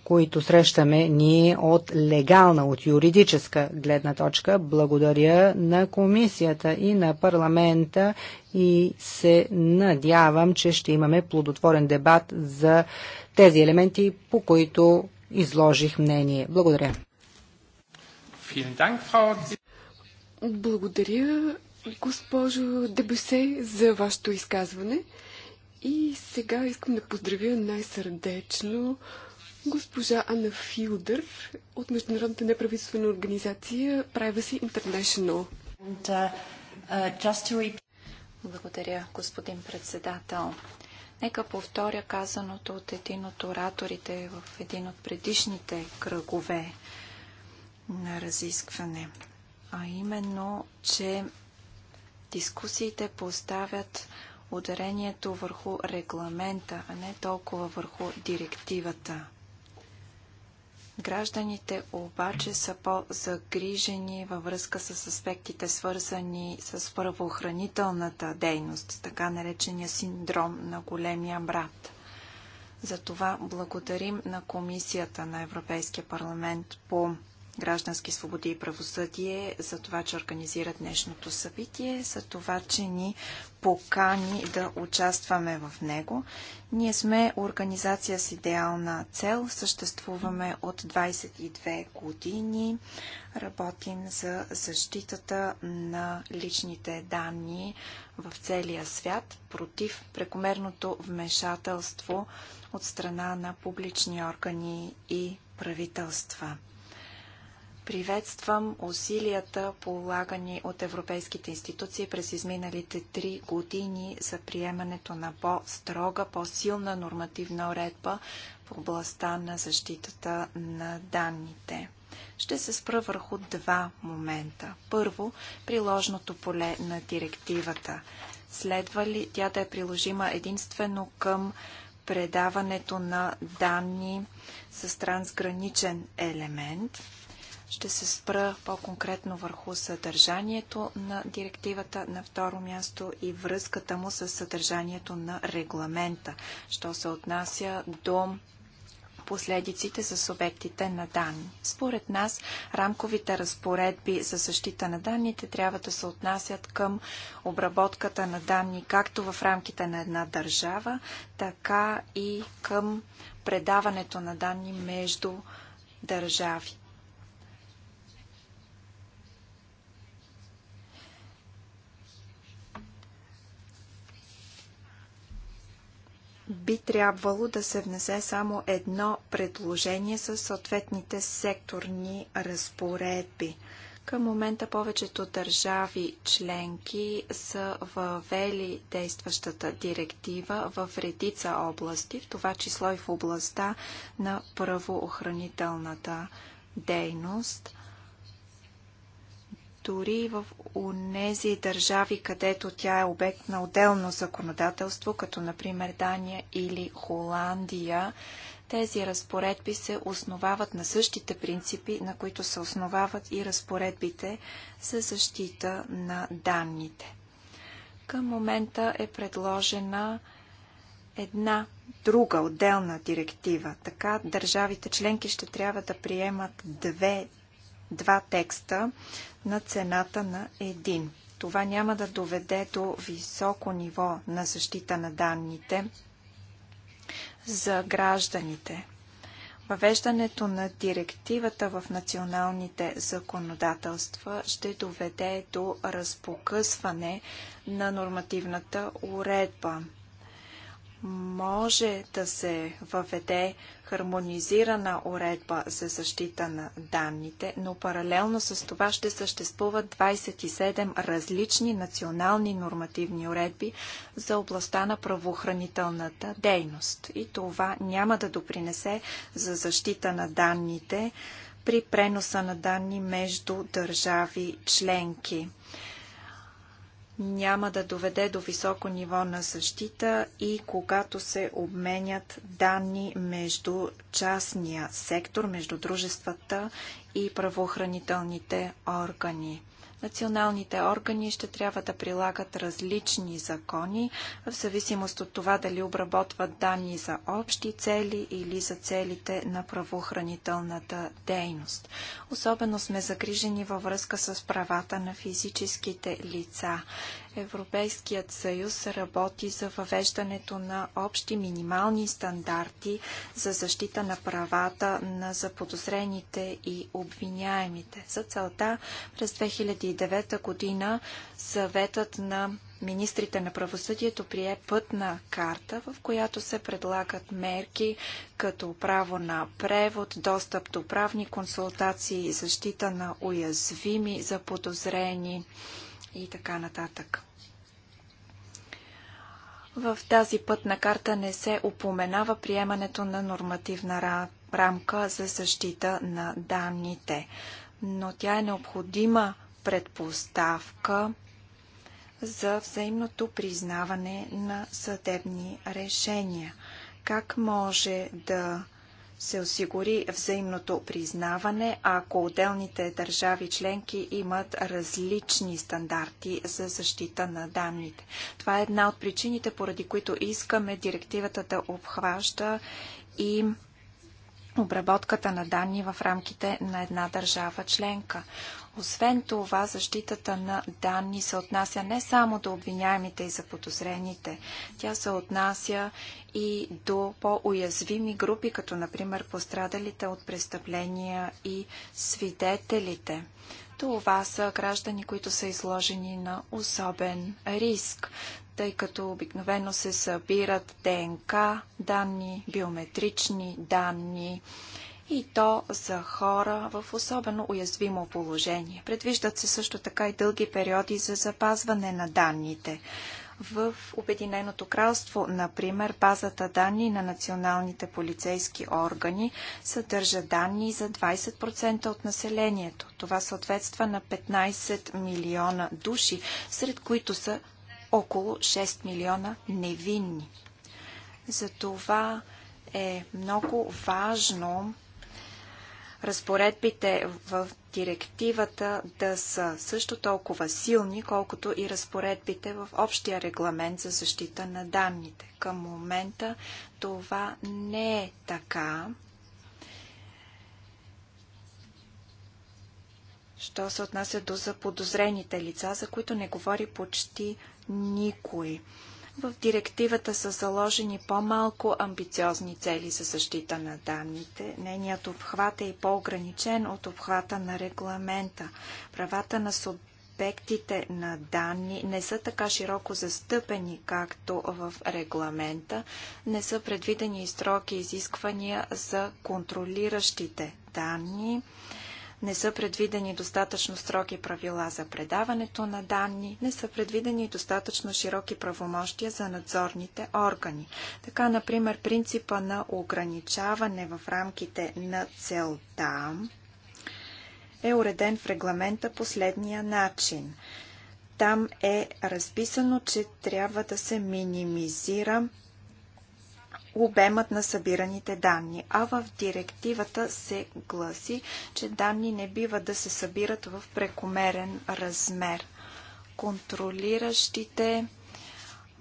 C: които срещаме ние от легална, от юридическа гледна точка. Благодаря на комисията и на парламента и се надявам, че ще имаме плодотворен дебат за тези елементи, по които изложих мнение. Благодаря.
D: Благодаря, госпожо Дебюсе, за вашето изказване. И сега искам да поздравя най-сърдечно госпожа Анна Филдър от Международната неправителствена организация Privacy International. And, uh, uh, to... Благодаря,
B: господин председател. Нека повторя казаното от един от ораторите в един от предишните кръгове на разискване, а именно, че дискусиите поставят ударението върху регламента, а не толкова върху директивата – Гражданите обаче са по-загрижени във връзка с аспектите, свързани с правоохранителната дейност, така наречения синдром на големия брат. Затова благодарим на Комисията на Европейския парламент по граждански свободи и правосъдие за това, че организира днешното събитие, за това, че ни покани да участваме в него. Ние сме организация с идеална цел, съществуваме от 22 години, работим за защитата на личните данни в целия свят против прекомерното вмешателство от страна на публични органи и правителства. Приветствам усилията, полагани от европейските институции през изминалите три години за приемането на по-строга, по-силна нормативна уредба в областта на защитата на данните. Ще се спра върху два момента. Първо, приложното поле на директивата. Следва ли тя да е приложима единствено към предаването на данни с трансграничен елемент – ще се спра по-конкретно върху съдържанието на директивата на второ място и връзката му с съдържанието на регламента, що се отнася до последиците за субектите на данни. Според нас, рамковите разпоредби за защита на данните трябва да се отнасят към обработката на данни както в рамките на една държава, така и към предаването на данни между държави. би трябвало да се внесе само едно предложение с съответните секторни разпоредби. Към момента повечето държави членки са въвели действащата директива в редица области, в това число и в областта на правоохранителната дейност – дори в унези държави, където тя е обект на отделно законодателство, като например Дания или Холандия, тези разпоредби се основават на същите принципи, на които се основават и разпоредбите за защита на данните. Към момента е предложена една друга отделна директива. Така държавите членки ще трябва да приемат две, два текста на цената на един. Това няма да доведе до високо ниво на защита на данните за гражданите. Въвеждането на директивата в националните законодателства ще доведе до разпокъсване на нормативната уредба може да се въведе хармонизирана уредба за защита на данните, но паралелно с това ще съществуват 27 различни национални нормативни уредби за областта на правоохранителната дейност. И това няма да допринесе за защита на данните при преноса на данни между държави членки няма да доведе до високо ниво на защита и когато се обменят данни между частния сектор, между дружествата и правоохранителните органи. Националните органи ще трябва да прилагат различни закони в зависимост от това дали обработват данни за общи цели или за целите на правоохранителната дейност. Особено сме загрижени във връзка с правата на физическите лица. Европейският съюз работи за въвеждането на общи минимални стандарти за защита на правата на заподозрените и обвиняемите. За целта през 2009 година съветът на министрите на правосъдието прие пътна карта, в която се предлагат мерки като право на превод, достъп до правни консултации, защита на уязвими, заподозрени, и така нататък. В тази пътна карта не се упоменава приемането на нормативна рамка за защита на данните, но тя е необходима предпоставка за взаимното признаване на съдебни решения. Как може да се осигури взаимното признаване, ако отделните държави членки имат различни стандарти за защита на данните. Това е една от причините, поради които искаме директивата да обхваща и обработката на данни в рамките на една държава членка. Освен това, защитата на данни се отнася не само до обвиняемите и заподозрените, тя се отнася и до по-уязвими групи, като например пострадалите от престъпления и свидетелите. Това са граждани, които са изложени на особен риск, тъй като обикновено се събират ДНК данни, биометрични данни, и то за хора в особено уязвимо положение. Предвиждат се също така и дълги периоди за запазване на данните. В Обединеното кралство, например, базата данни на националните полицейски органи съдържа данни за 20% от населението. Това съответства на 15 милиона души, сред които са около 6 милиона невинни. Затова е много важно разпоредбите в директивата да са също толкова силни, колкото и разпоредбите в общия регламент за защита на данните. Към момента това не е така. Що се отнася до заподозрените лица, за които не говори почти никой. В директивата са заложени по-малко амбициозни цели за защита на данните. Нейният обхват е и по-ограничен от обхвата на регламента. Правата на субектите на данни не са така широко застъпени, както в регламента. Не са предвидени и строки изисквания за контролиращите данни. Не са предвидени достатъчно строги правила за предаването на данни, не са предвидени достатъчно широки правомощия за надзорните органи. Така, например, принципа на ограничаване в рамките на целта е уреден в регламента последния начин. Там е разписано, че трябва да се минимизира обемът на събираните данни, а в директивата се гласи, че данни не бива да се събират в прекомерен размер. Контролиращите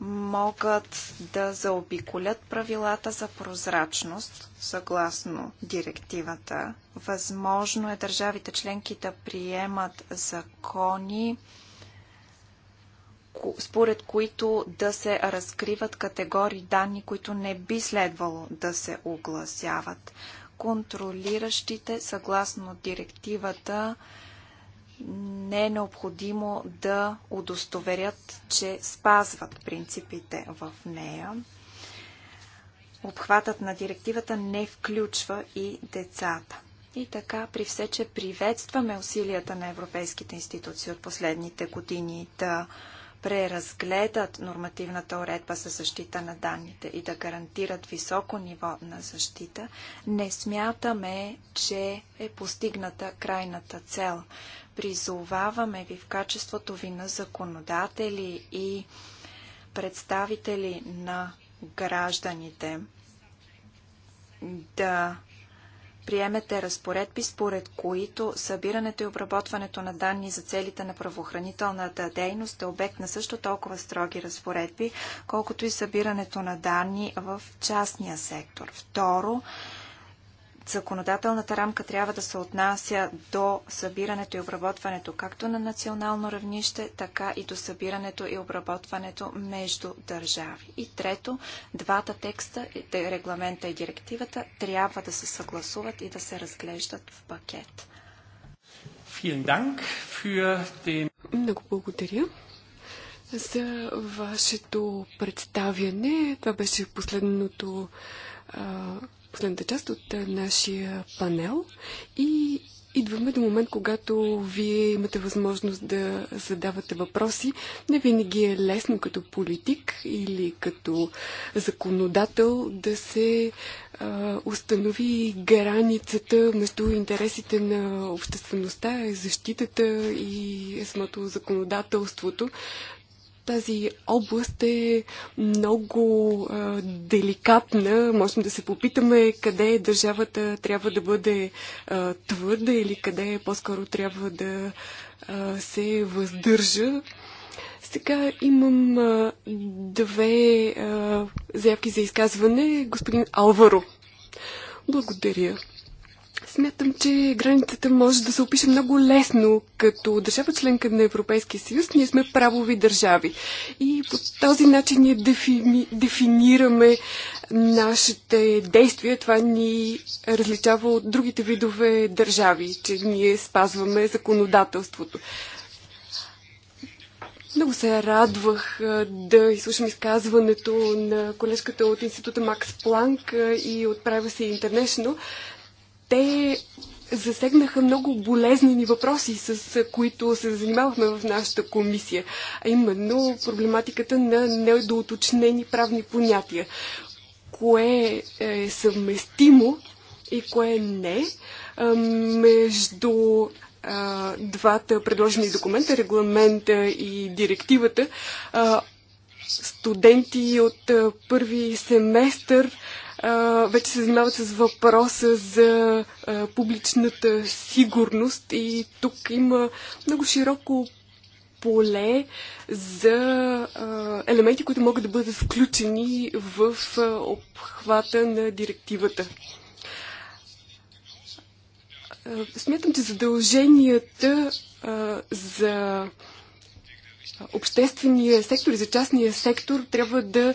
B: могат да заобиколят правилата за прозрачност, съгласно директивата. Възможно е държавите членки да приемат закони, според които да се разкриват категории данни, които не би следвало да се огласяват. Контролиращите, съгласно директивата, не е необходимо да удостоверят, че спазват принципите в нея. Обхватът на директивата не включва и децата. И така, при все, че приветстваме усилията на европейските институции от последните години да преразгледат нормативната уредба за защита на данните и да гарантират високо ниво на защита, не смятаме, че е постигната крайната цел. Призоваваме ви в качеството ви на законодатели и представители на гражданите да приемете разпоредби, според които събирането и обработването на данни за целите на правоохранителната дейност е обект на също толкова строги разпоредби, колкото и събирането на данни в частния сектор. Второ, законодателната рамка трябва да се отнася до събирането и обработването както на национално равнище, така и до събирането и обработването между държави. И трето, двата текста, регламента и директивата, трябва да се
D: съгласуват и да се разглеждат в пакет. Много благодаря за вашето представяне. Това беше последното последната част от нашия панел и идваме до момент, когато вие имате възможност да задавате въпроси. Не винаги е лесно като политик или като законодател да се а, установи границата между интересите на обществеността, защитата и самото законодателството. Тази област е много а, деликатна. Можем да се попитаме къде държавата трябва да бъде а, твърда или къде по-скоро трябва да а, се въздържа. Сега имам а, две а, заявки за изказване. Господин Алваро. Благодаря. Смятам, че границата може да се опише много лесно. Като държава членка на Европейския съюз, ние сме правови държави. И по този начин ние дефини, дефинираме нашите действия. Това ни различава от другите видове държави, че ние спазваме законодателството. Много се радвах да изслушам изказването на колежката от Института Макс Планк и от Privacy International те засегнаха много болезнени въпроси, с които се занимавахме в нашата комисия, а именно проблематиката на недоуточнени правни понятия. Кое е съвместимо и кое не между двата предложени документа, регламента и директивата, студенти от първи семестър вече се занимават с въпроса за публичната сигурност и тук има много широко поле за елементи, които могат да бъдат включени в обхвата на директивата. Смятам, че задълженията за обществения сектор и за частния сектор трябва да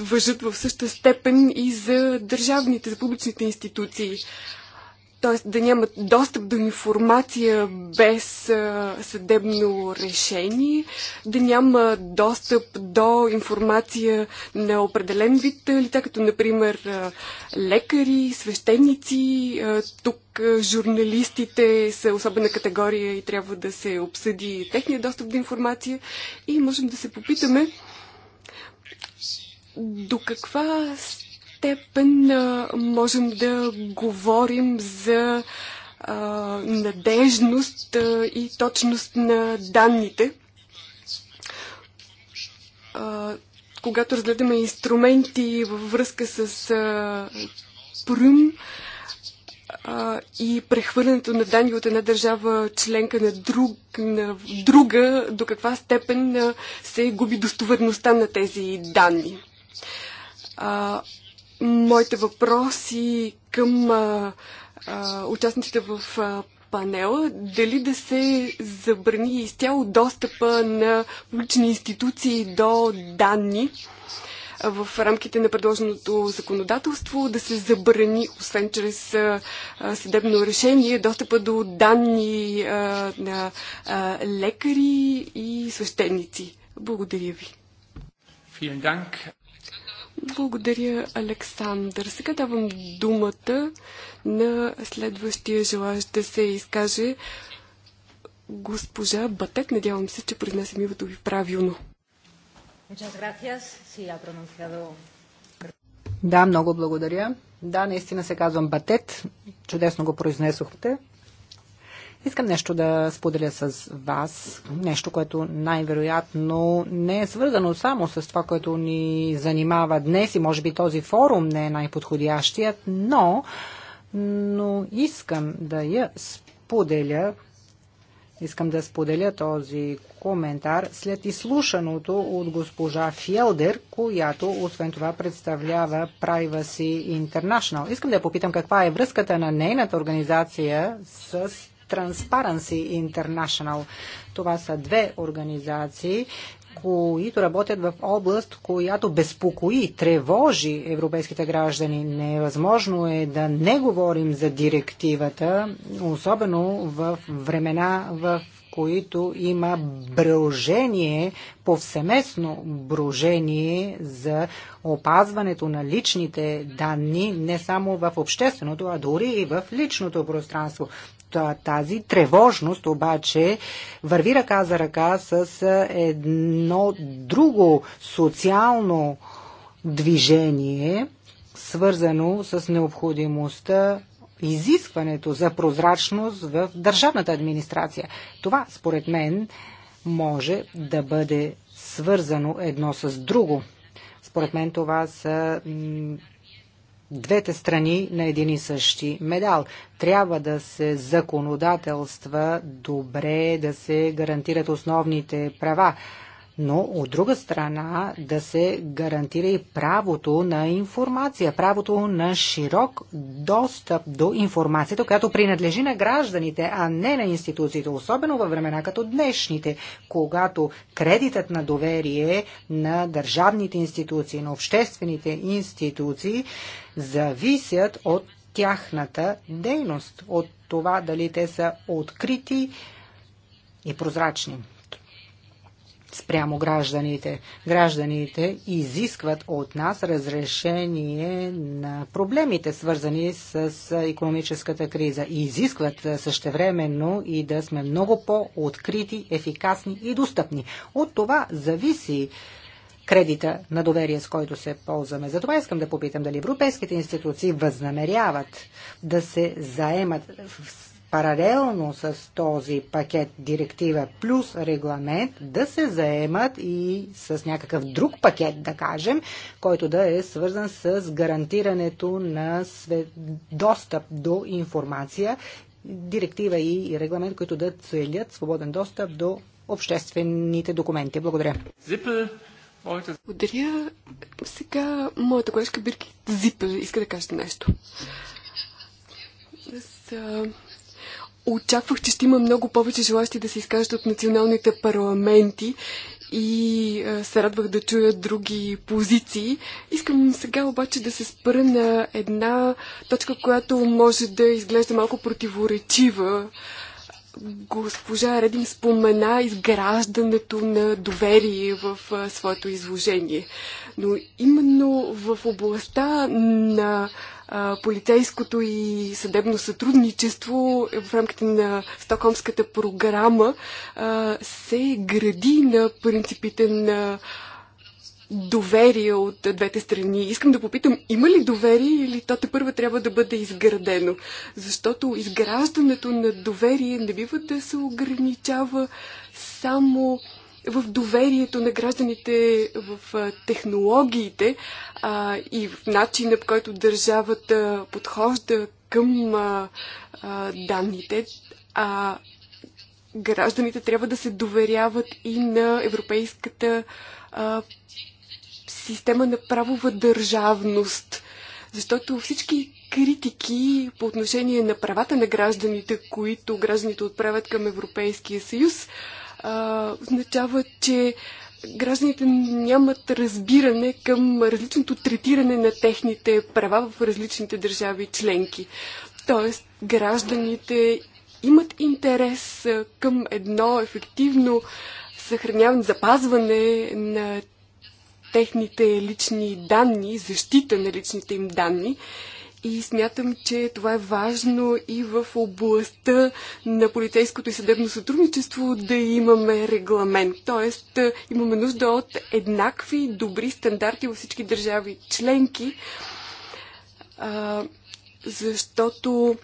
D: въжат в същата степен и за държавните, за публичните институции т.е. да нямат достъп до информация без съдебно решение, да няма достъп до информация на определен вид лица, като например лекари, свещеници. Тук журналистите са особена категория и трябва да се обсъди техния достъп до информация и можем да се попитаме до каква степен степен можем да говорим за надежност и точност на данните. Когато разгледаме инструменти във връзка с ПРУМ и прехвърлянето на данни от една държава членка на, друг, на друга, до каква степен се губи достоверността на тези данни моите въпроси към а, а, участниците в а, панела, дали да се забрани изцяло достъпа на публични институции до данни в рамките на предложеното законодателство, да се забрани, освен чрез съдебно решение, достъпа до данни на лекари и свещеници. Благодаря ви. Благодаря, Александър. Сега давам думата на следващия желаящ да се изкаже госпожа Батет. Надявам се, че произнесе името ви правилно.
C: Да, много благодаря. Да, наистина се казвам Батет. Чудесно го произнесохте. Искам нещо да споделя с вас, нещо, което най-вероятно не е свързано само с това, което ни занимава днес и може би този форум не е най-подходящият, но, но искам да я споделя Искам да споделя този коментар след изслушаното от госпожа Фелдер, която освен това представлява Privacy International. Искам да я попитам каква е връзката на нейната организация с Transparency International. Това са две организации, които работят в област, която безпокои, тревожи европейските граждани. Невъзможно е да не говорим за директивата, особено в времена, в които има брожение, повсеместно брожение за опазването на личните данни не само в общественото, а дори и в личното пространство тази тревожност обаче върви ръка за ръка с едно друго социално движение, свързано с необходимостта изискването за прозрачност в държавната администрация. Това, според мен, може да бъде свързано едно с друго. Според мен това са двете страни на един и същи медал. Трябва да се законодателства добре, да се гарантират основните права но от друга страна да се гарантира и правото на информация, правото на широк достъп до информацията, която принадлежи на гражданите, а не на институциите, особено във времена като днешните, когато кредитът на доверие на държавните институции, на обществените институции зависят от тяхната дейност, от това дали те са открити и прозрачни спрямо гражданите. Гражданите изискват от нас разрешение на проблемите, свързани с економическата криза. И изискват същевременно и да сме много по-открити, ефикасни и достъпни. От това зависи кредита на доверие, с който се ползваме. Затова искам да попитам дали европейските институции възнамеряват да се заемат паралелно с този пакет директива плюс регламент да се заемат и с някакъв друг пакет, да кажем, който да е свързан с гарантирането на достъп до информация, директива и регламент, които да целят свободен достъп
D: до обществените документи. Благодаря. Благодаря. Сега моята колежка Бирки Зипел иска да каже нещо. а, очаквах, че ще има много повече желащи да се изкажат от националните парламенти и се радвах да чуя други позиции. Искам сега обаче да се спра на една точка, която може да изглежда малко противоречива. Госпожа Редим спомена изграждането на доверие в своето изложение. Но именно в областта на полицейското и съдебно сътрудничество в рамките на Стокхомската програма се гради на принципите на доверие от двете страни. Искам да попитам, има ли доверие или то те първо трябва да бъде изградено? Защото изграждането на доверие не бива да се ограничава само в доверието на гражданите в технологиите а, и в начина, по който държавата подхожда към а, а, данните, а гражданите трябва да се доверяват и на европейската а, система на правова държавност. Защото всички критики по отношение на правата на гражданите, които гражданите отправят към Европейския съюз, а, означава, че гражданите нямат разбиране към различното третиране на техните права в различните държави членки. Тоест, гражданите имат интерес към едно ефективно съхраняване, запазване на техните лични данни, защита на личните им данни и смятам, че това е важно и в областта на полицейското и съдебно сътрудничество да имаме регламент. Тоест е, имаме нужда от еднакви добри стандарти във всички държави членки, защото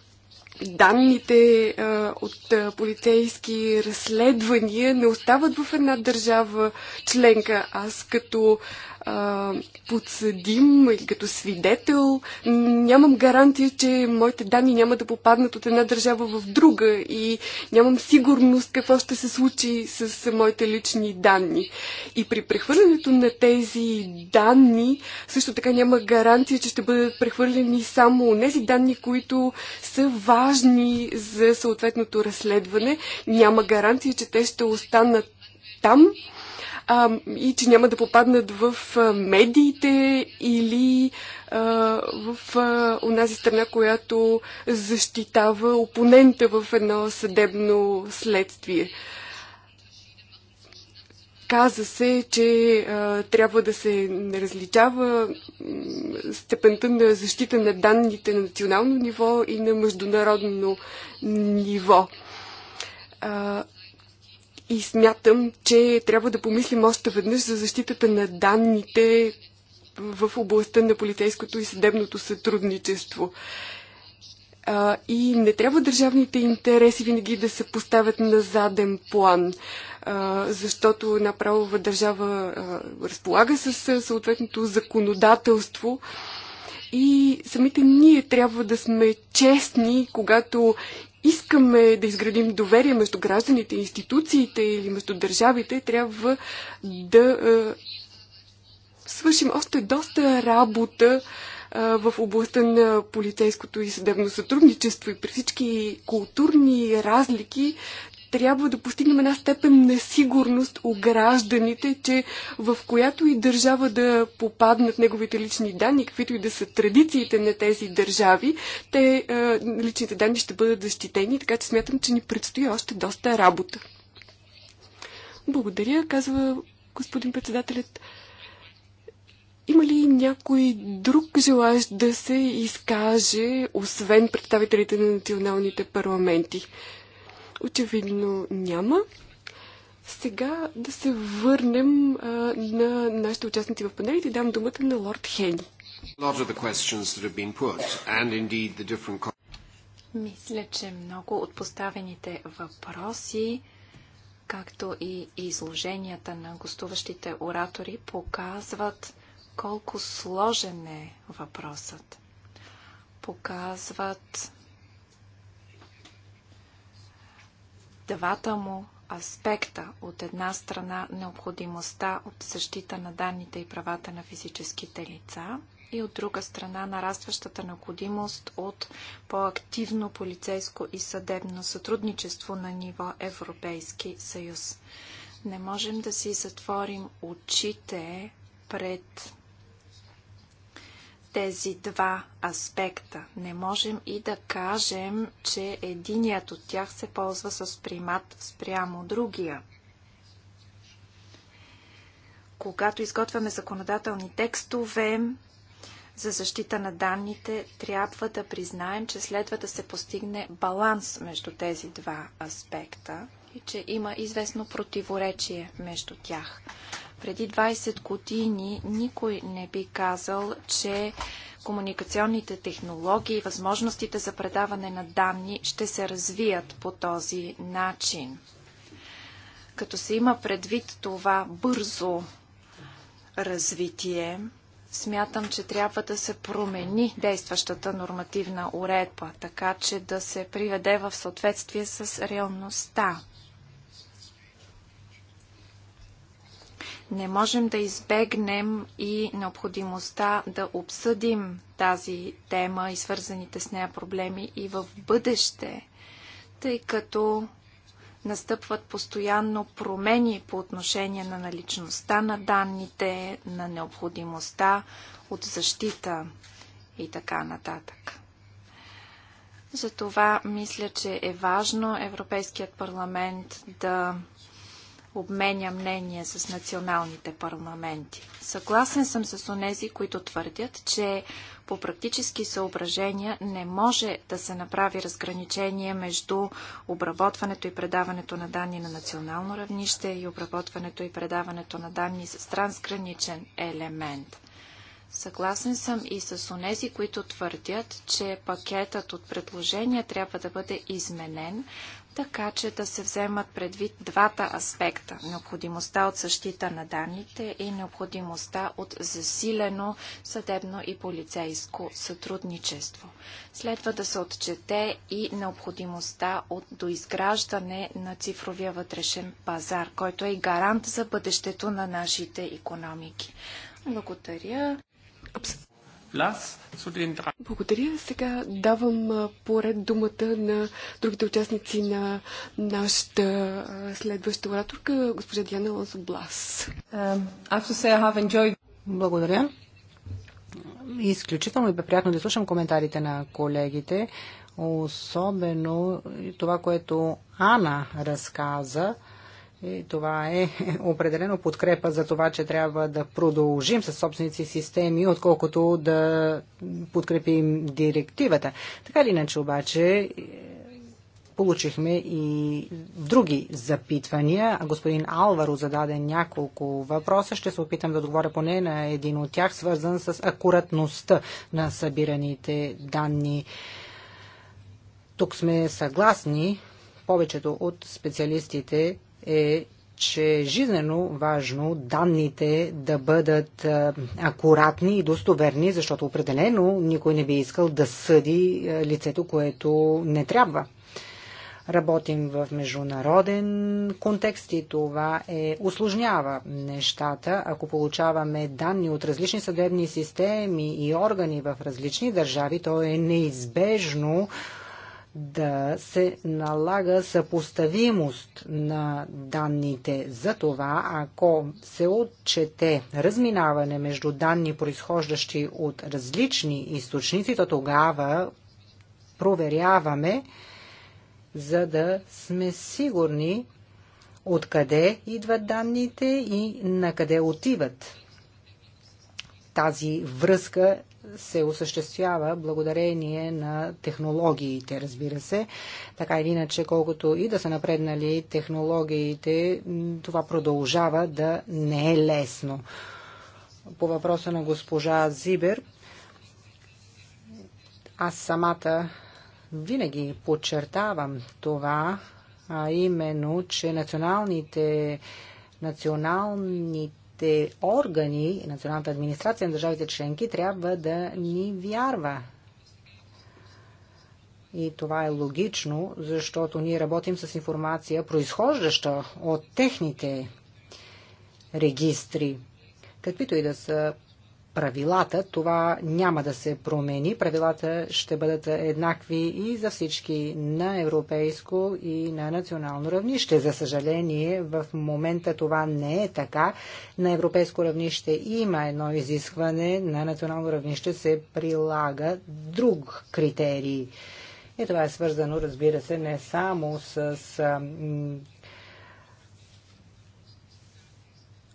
D: данните от полицейски разследвания не остават в една държава членка. Аз като а, подсъдим или като свидетел, нямам гарантия, че моите данни няма да попаднат от една държава в друга и нямам сигурност какво ще се случи с моите лични данни. И при прехвърлянето на тези данни също така няма гарантия, че ще бъдат прехвърлени само тези данни, които са важни за съответното разследване. Няма гарантия, че те ще останат там а, и че няма да попаднат в медиите или а, в а, онази страна, която защитава опонента в едно съдебно следствие. Каза се, че а, трябва да се различава степента на защита на данните на национално ниво и на международно ниво. А, и смятам, че трябва да помислим още веднъж за защитата на данните в областта на полицейското и съдебното сътрудничество. и не трябва държавните интереси винаги да се поставят на заден план, защото една правова държава разполага с съответното законодателство и самите ние трябва да сме честни, когато искаме да изградим доверие между гражданите, институциите или между държавите, трябва да е, свършим още доста работа е, в областта на полицейското и съдебно сътрудничество и при всички културни разлики трябва да постигнем една степен несигурност у гражданите, че в която и държава да попаднат неговите лични данни, каквито и да са традициите на тези държави, те е, личните данни ще бъдат защитени, така че смятам, че ни предстои още доста работа. Благодаря, казва господин председателят. Има ли някой друг желаещ да се изкаже, освен представителите на националните парламенти? Очевидно няма. Сега да се върнем а, на нашите участници в панелите. Дам думата на лорд Хени.
E: Different...
B: Мисля, че много от поставените въпроси, както и изложенията на гостуващите оратори, показват колко сложен е въпросът. Показват двата му аспекта. От една страна необходимостта от защита на данните и правата на физическите лица и от друга страна нарастващата необходимост от по-активно полицейско и съдебно сътрудничество на ниво Европейски съюз. Не можем да си затворим очите пред тези два аспекта. Не можем и да кажем, че единият от тях се ползва с примат спрямо другия. Когато изготвяме законодателни текстове за защита на данните, трябва да признаем, че следва да се постигне баланс между тези два аспекта и че има известно противоречие между тях. Преди 20 години никой не би казал, че комуникационните технологии и възможностите за предаване на данни ще се развият по този начин. Като се има предвид това бързо развитие, смятам, че трябва да се промени действащата нормативна уредба, така че да се приведе в съответствие с реалността. Не можем да избегнем и необходимостта да обсъдим тази тема и свързаните с нея проблеми и в бъдеще, тъй като настъпват постоянно промени по отношение на наличността на данните, на необходимостта от защита и така нататък. Затова мисля, че е важно Европейският парламент да обменя мнение с националните парламенти. Съгласен съм с онези, които твърдят, че по практически съображения не може да се направи разграничение между обработването и предаването на данни на национално равнище и обработването и предаването на данни с трансграничен елемент. Съгласен съм и с онези, които твърдят, че пакетът от предложения трябва да бъде изменен, така че да се вземат предвид двата аспекта – необходимостта от защита на данните и необходимостта от засилено съдебно и полицейско сътрудничество. Следва да се отчете и необходимостта от доизграждане на цифровия вътрешен пазар, който е и гарант за бъдещето на нашите економики. Благодаря.
D: Благодаря. Сега давам поред думата на другите участници на нашата следваща ораторка, госпожа Диана Лонсо Блас.
C: Благодаря. Изключително и бе приятно да слушам коментарите на колегите, особено това, което Ана разказа и това е определено подкрепа за това, че трябва да продължим с собственици системи, отколкото да подкрепим директивата. Така ли иначе обаче е, получихме и други запитвания. Господин Алваро зададе няколко въпроса. Ще се опитам да отговоря поне на един от тях, свързан с акуратността на събираните данни. Тук сме съгласни повечето от специалистите е, че е жизнено важно данните да бъдат е, акуратни и достоверни, защото определено никой не би искал да съди е, лицето, което не трябва. Работим в международен контекст и това е, усложнява нещата. Ако получаваме данни от различни съдебни системи и органи в различни държави, то е неизбежно да се налага съпоставимост на данните. За това, ако се отчете разминаване между данни, произхождащи от различни източници, то тогава проверяваме, за да сме сигурни откъде идват данните и на къде отиват. Тази връзка се осъществява благодарение на технологиите, разбира се. Така или иначе, колкото и да са напреднали технологиите, това продължава да не е лесно. По въпроса на госпожа Зибер, аз самата винаги подчертавам това, а именно, че националните националните държавните органи, националната администрация на държавите членки трябва да ни вярва. И това е логично, защото ние работим с информация, произхождаща от техните регистри, каквито и да са правилата. Това няма да се промени. Правилата ще бъдат еднакви и за всички на европейско и на национално равнище. За съжаление, в момента това не е така. На европейско равнище има едно изискване, на национално равнище се прилага друг критерий. И това е свързано, разбира се, не само с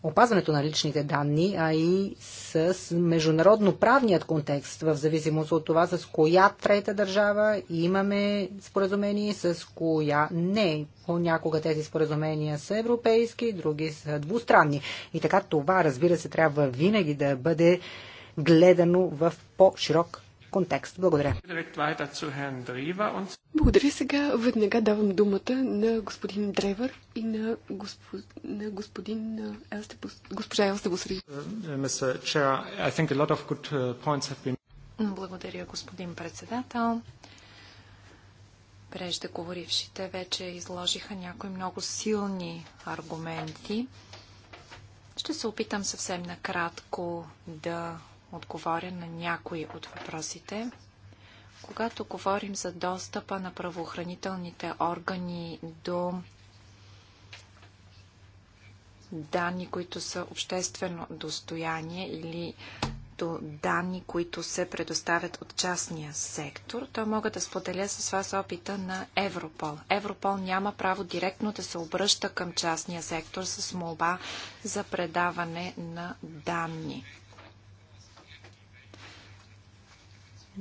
C: опазването на личните данни, а и с международно-правният контекст, в зависимост от това с коя трета държава имаме споразумение, с коя не. Понякога тези споразумения са европейски, други са двустранни. И така това, разбира се, трябва винаги да бъде
D: гледано в по-широк контекст. Благодаря. Благодаря сега. Веднага давам думата на господин Древър и на, госпо... на господин Елстебус... госпожа Елстебусри.
F: Uh, uh,
D: Благодаря, господин председател.
B: Преждеговорившите вече изложиха някои много силни аргументи. Ще се опитам съвсем накратко да отговоря на някои от въпросите. Когато говорим за достъпа на правоохранителните органи до данни, които са обществено достояние или до данни, които се предоставят от частния сектор, то мога да споделя с вас опита на Европол. Европол няма право директно да се обръща към частния сектор с молба за предаване на данни.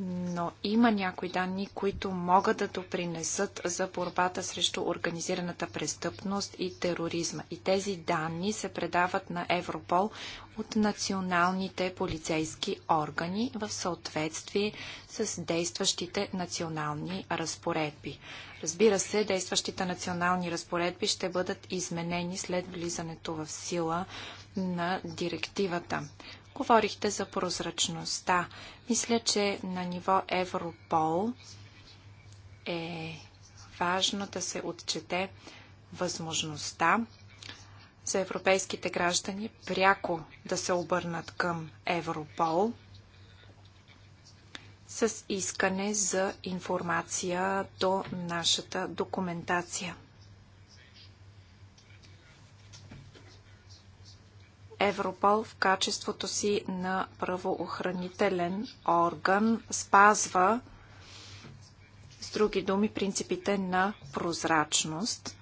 B: но има някои данни, които могат да допринесат за борбата срещу организираната престъпност и тероризма. И тези данни се предават на Европол от националните полицейски органи в съответствие с действащите национални разпоредби. Разбира се, действащите национални разпоредби ще бъдат изменени след влизането в сила на директивата. Говорихте за прозрачността. Мисля, че на ниво Европол е важно да се отчете възможността за европейските граждани пряко да се обърнат към Европол с искане за информация до нашата документация. Европол в качеството си на правоохранителен орган спазва с други думи принципите на прозрачност.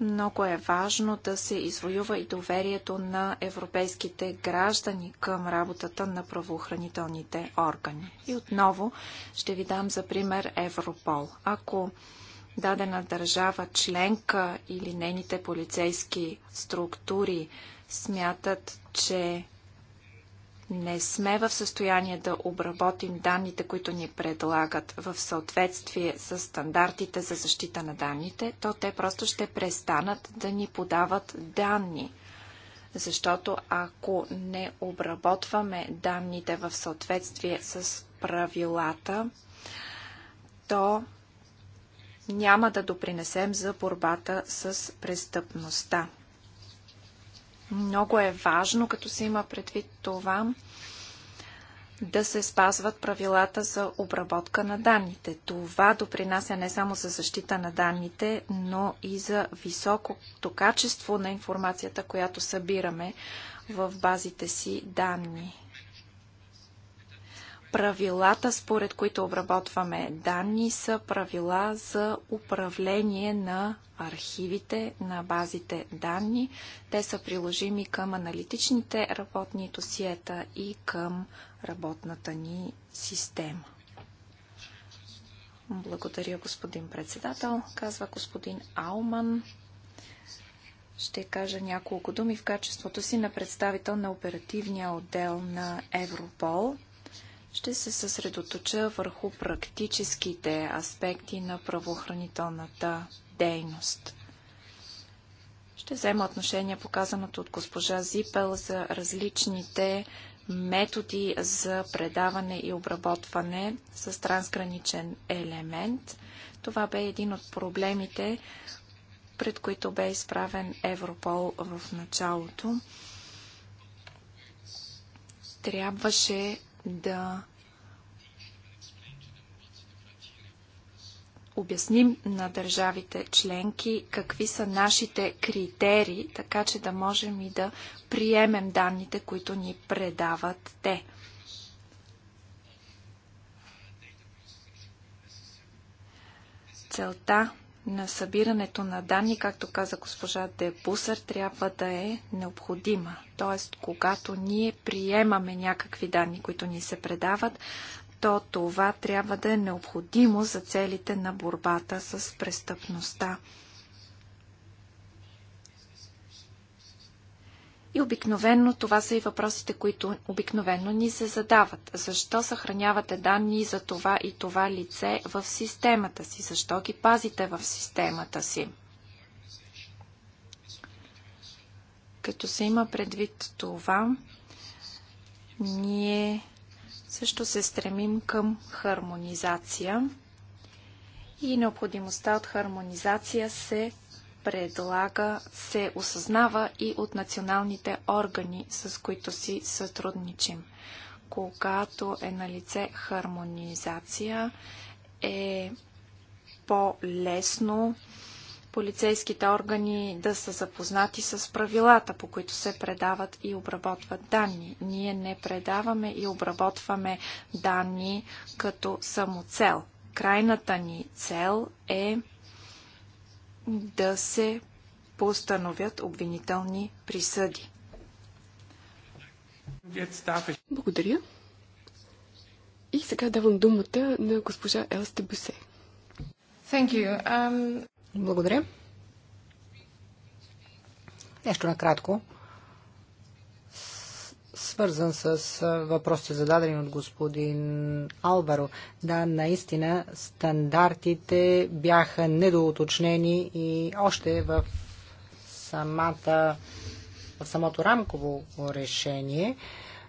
B: Много е важно да се извоюва и доверието на европейските граждани към работата на правоохранителните органи. И отново ще ви дам за пример Европол. Ако дадена държава членка или нейните полицейски структури смятат, че не сме в състояние да обработим данните, които ни предлагат в съответствие с стандартите за защита на данните, то те просто ще престанат да ни подават данни. Защото ако не обработваме данните в съответствие с правилата, то няма да допринесем за борбата с престъпността. Много е важно, като се има предвид това, да се спазват правилата за обработка на данните. Това допринася не само за защита на данните, но и за високото качество на информацията, която събираме в базите си данни. Правилата, според които обработваме данни, са правила за управление на архивите, на базите данни. Те са приложими към аналитичните работни досиета и към работната ни система. Благодаря, господин председател. Казва господин Ауман. Ще кажа няколко думи в качеството си на представител на оперативния отдел на Европол. Ще се съсредоточа върху практическите аспекти на правоохранителната дейност. Ще взема отношение показаното от госпожа Зипел за различните методи за предаване и обработване с трансграничен елемент. Това бе един от проблемите, пред които бе изправен Европол в началото. Трябваше да обясним на държавите членки какви са нашите критерии, така че да можем и да приемем данните, които ни предават те. Целта на събирането на данни, както каза госпожа Дебусър, трябва да е необходима. Тоест, когато ние приемаме някакви данни, които ни се предават, то това трябва да е необходимо за целите на борбата с престъпността. И обикновенно това са и въпросите, които обикновенно ни се задават. Защо съхранявате данни за това и това лице в системата си? Защо ги пазите в системата си? Като се има предвид това, ние също се стремим към хармонизация и необходимостта от хармонизация се предлага, се осъзнава и от националните органи, с които си сътрудничим. Когато е на лице хармонизация, е по-лесно полицейските органи да са запознати с правилата, по които се предават и обработват данни. Ние не предаваме и обработваме данни като самоцел. Крайната ни цел е да се
D: постановят обвинителни присъди. Благодаря. И сега давам думата на госпожа Елсте Бусе. Um... Благодаря.
C: Нещо накратко свързан с въпросите зададени от господин Алваро. Да, наистина стандартите бяха недоуточнени и още в самата в самото рамково решение.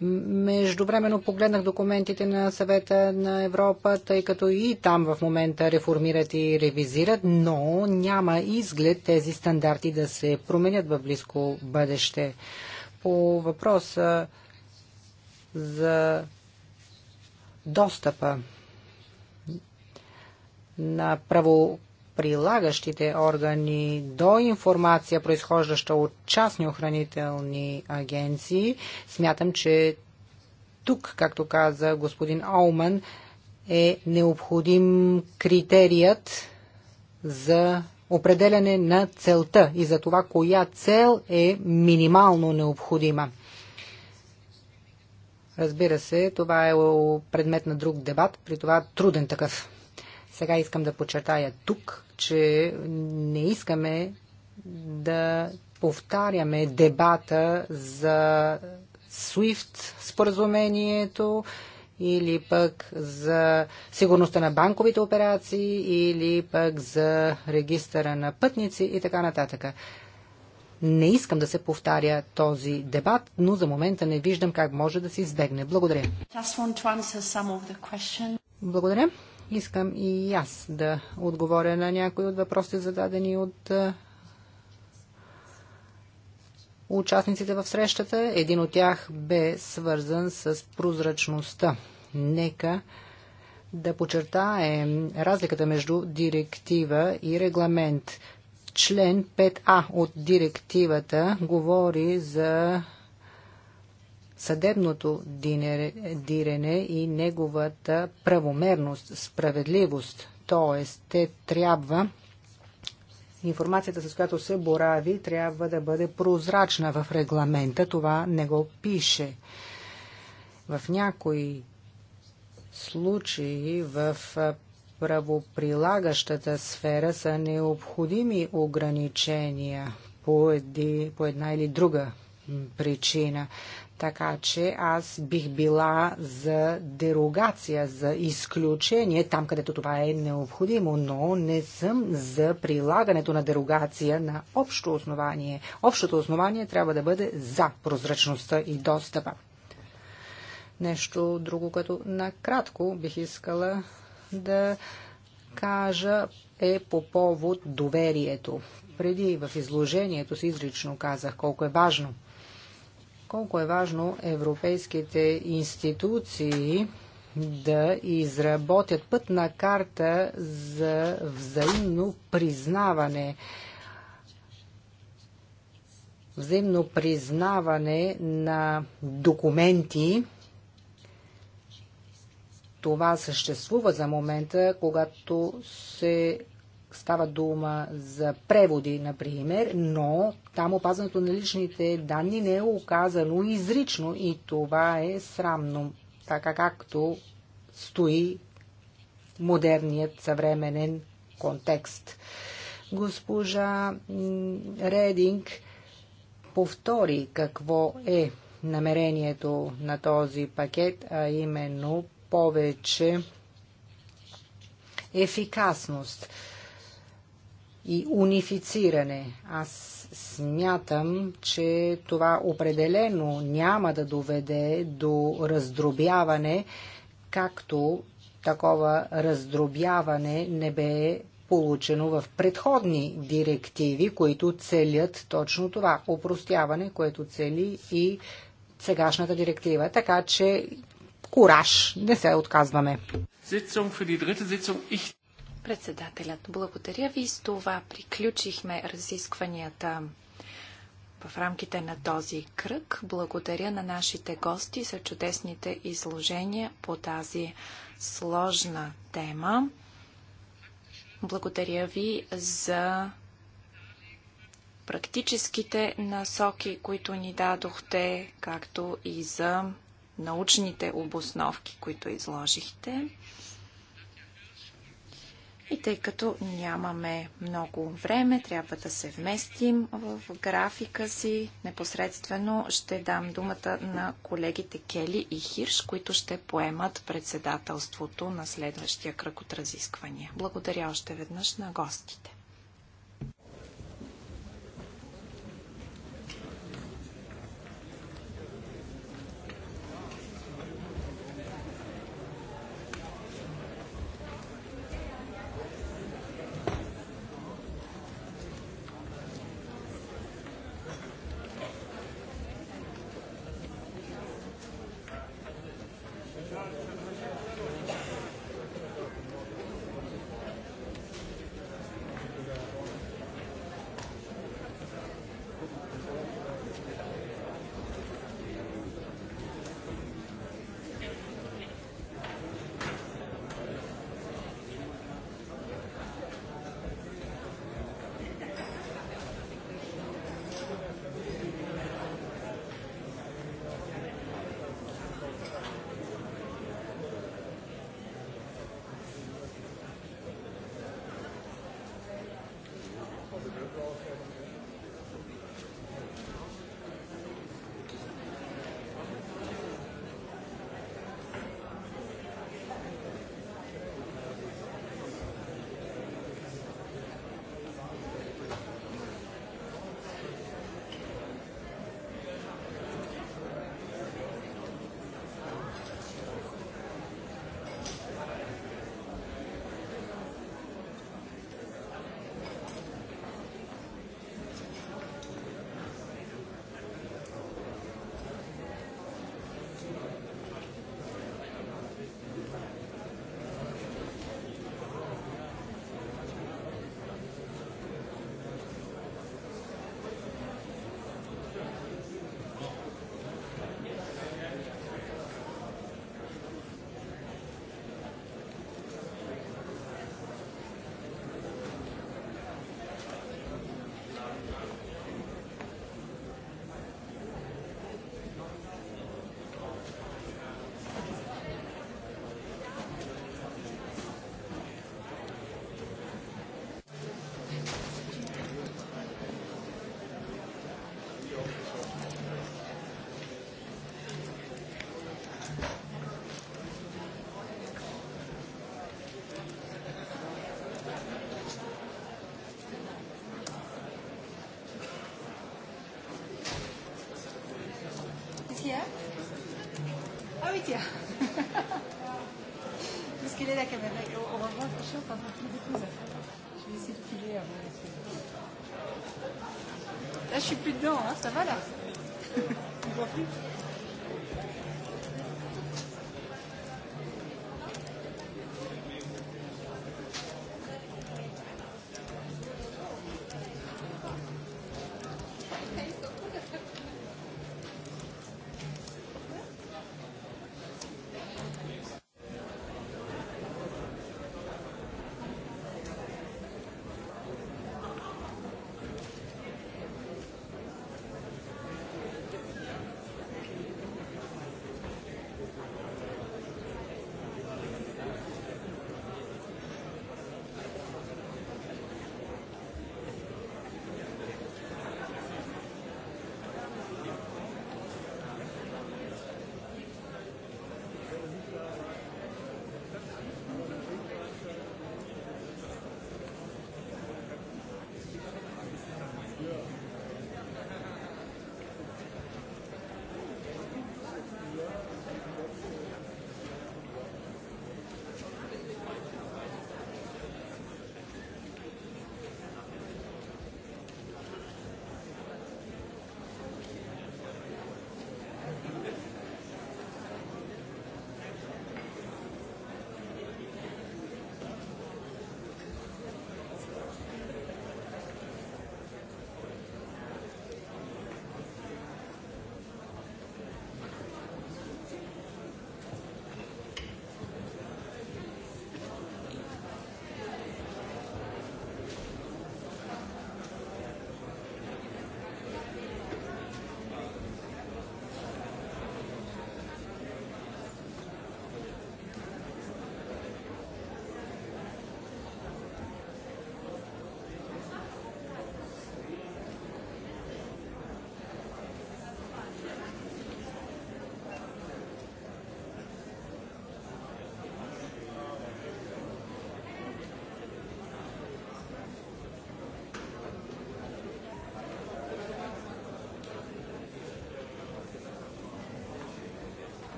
C: Междувременно погледнах документите на съвета на Европа, тъй като и там в момента реформират и ревизират, но няма изглед тези стандарти да се променят в близко бъдеще по въпроса за достъпа на правоприлагащите органи до информация, произхождаща от частни охранителни агенции, смятам, че тук, както каза господин Олман, е необходим критерият за определяне на целта и за това коя цел е минимално необходима. Разбира се, това е предмет на друг дебат, при това труден такъв. Сега искам да подчертая тук, че не искаме да повтаряме дебата за SWIFT споразумението или пък за сигурността на банковите операции, или пък за регистъра на пътници и така нататък. Не искам да се повтаря този дебат, но за момента не виждам как може да се избегне. Благодаря. Благодаря. Искам и аз да отговоря на някои от въпросите, зададени от участниците в срещата. Един от тях бе свързан с прозрачността. Нека да почертаем разликата между директива и регламент. Член 5А от директивата говори за съдебното дирене и неговата правомерност, справедливост. Тоест, те трябва информацията, с която се борави, трябва да бъде прозрачна в регламента. Това не го пише. В някои случаи в правоприлагащата сфера са необходими ограничения по, една или друга причина. Така че аз бих била за дерогация, за изключение, там където това е необходимо, но не съм за прилагането на дерогация на общо основание. Общото основание трябва да бъде за прозрачността и достъпа. Нещо друго, като накратко бих искала да кажа е по повод доверието. Преди в изложението си изрично казах колко е важно – колко е важно европейските институции да изработят пътна карта за взаимно признаване взаимно признаване на документи. Това съществува за момента, когато се става дума за преводи, например, но там опазването на личните данни не е оказано изрично и това е срамно, така както стои модерният съвременен контекст. Госпожа Рединг повтори какво е намерението на този пакет, а именно повече ефикасност и унифициране. Аз смятам, че това определено няма да доведе до раздробяване, както такова раздробяване не бе получено в предходни директиви, които целят точно това опростяване, което цели и сегашната директива. Така че кураж, не се отказваме.
B: Председателят, благодаря ви. С това приключихме разискванията в рамките на този кръг. Благодаря на нашите гости за чудесните изложения по тази сложна тема. Благодаря ви за практическите насоки, които ни дадохте, както и за научните обосновки, които изложихте. И тъй като нямаме много време, трябва да се вместим в графика си. Непосредствено ще дам думата на колегите Кели и Хирш, които ще поемат председателството на следващия кръг от разисквания. Благодаря още веднъж на гостите.
C: Patricia. Parce est là quand même. On va voir, franchement,
D: on plus beaucoup à faire. Je vais essayer de filer avant. Là, je suis plus dedans, hein. ça va là Tu vois plus.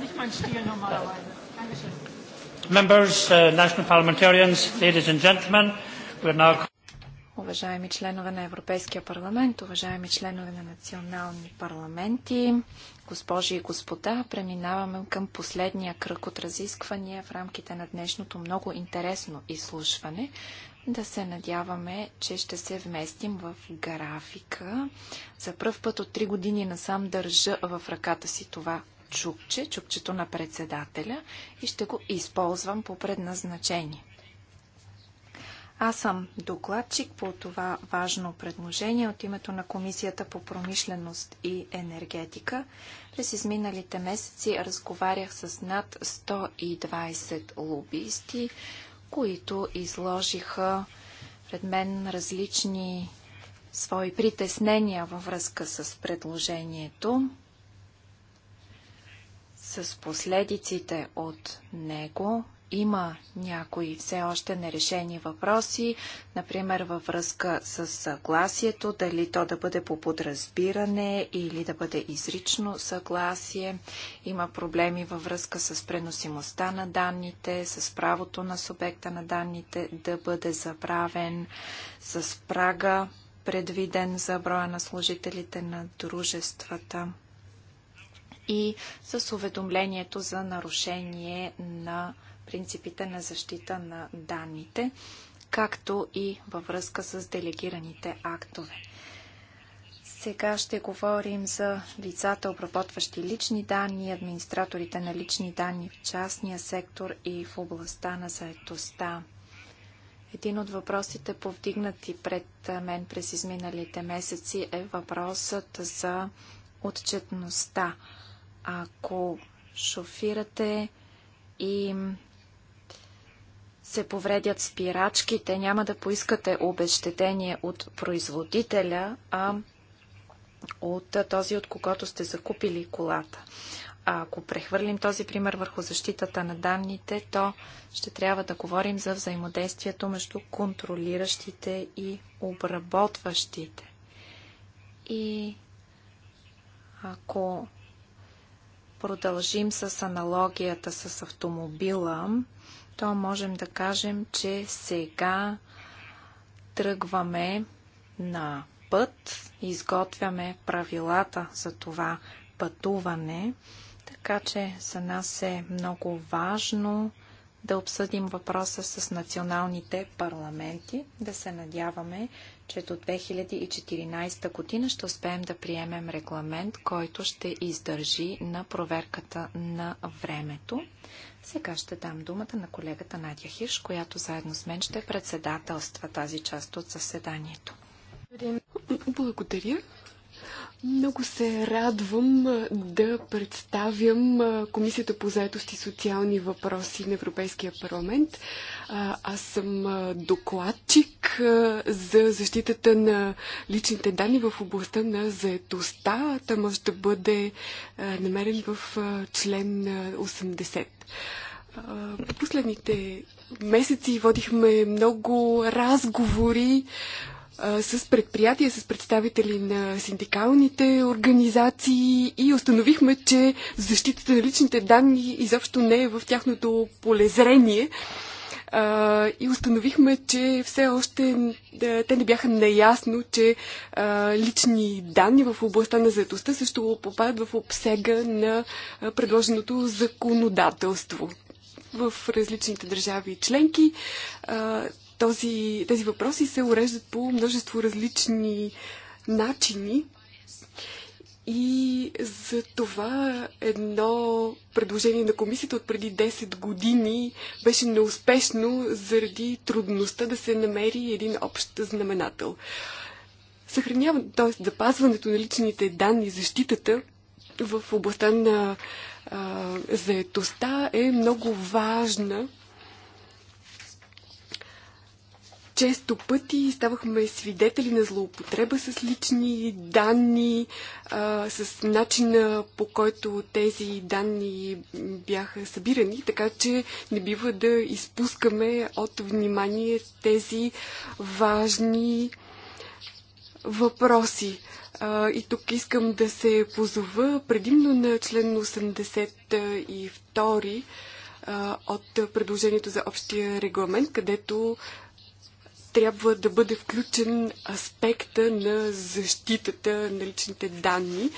F: nicht mein Stil normalerweise.
A: Members, uh, national parliamentarians, ladies and gentlemen, now...
B: Уважаеми членове на Европейския парламент, уважаеми членове на национални парламенти, госпожи и господа, преминаваме към последния кръг от разисквания в рамките на днешното много интересно изслушване. Да се надяваме, че ще се вместим в графика. За първ път от три години насам държа в ръката си това чукче, чукчето на председателя и ще го използвам по предназначение. Аз съм докладчик по това важно предложение от името на Комисията по промишленост и енергетика. През изминалите месеци разговарях с над 120 лобисти, които изложиха пред мен различни свои притеснения във връзка с предложението с последиците от него. Има някои все още нерешени въпроси, например във връзка с съгласието, дали то да бъде по подразбиране или да бъде изрично съгласие. Има проблеми във връзка с преносимостта на данните, с правото на субекта на данните да бъде забравен, с прага предвиден за броя на служителите на дружествата и с уведомлението за нарушение на принципите на защита на данните, както и във връзка с делегираните актове. Сега ще говорим за лицата, обработващи лични данни, администраторите на лични данни в частния сектор и в областта на заедостта. Един от въпросите, повдигнати пред мен през изминалите месеци, е въпросът за отчетността. Ако шофирате и се повредят спирачките, няма да поискате обещетение от производителя, а от този, от когото сте закупили колата. А ако прехвърлим този пример върху защитата на данните, то ще трябва да говорим за взаимодействието между контролиращите и обработващите. И ако продължим с аналогията с автомобила, то можем да кажем, че сега тръгваме на път, изготвяме правилата за това пътуване, така че за нас е много важно да обсъдим въпроса с националните парламенти, да се надяваме, че до 2014 година ще успеем да приемем регламент, който ще издържи на проверката на времето. Сега ще дам думата на колегата Надя Хирш, която заедно с мен ще председателства тази част от
D: заседанието. Благодаря. Много се радвам да представям Комисията по заедост и социални въпроси на Европейския парламент. Аз съм докладчик за защитата на личните данни в областта на заедостта. Та може да бъде намерен в член 80. Последните месеци водихме много разговори с предприятия, с представители на синдикалните организации и установихме, че защитата на личните данни изобщо не е в тяхното полезрение. И установихме, че все още те не бяха наясно, че лични данни в областта на заедостта също попадат в обсега на предложеното законодателство в различните държави и членки. Този, тези въпроси се уреждат по множество различни начини. И за това едно предложение на комисията от преди 10 години беше неуспешно заради трудността да се намери един общ знаменател. Съхраняването, т.е. запазването на личните данни, защитата в областта на а, заетостта е много важна често пъти ставахме свидетели на злоупотреба с лични данни, а, с начина по който тези данни бяха събирани, така че не бива да изпускаме от внимание тези важни въпроси. А, и тук искам да се позова предимно на член 82 от предложението за общия регламент, където трябва да бъде включен аспекта на защитата на личните данни.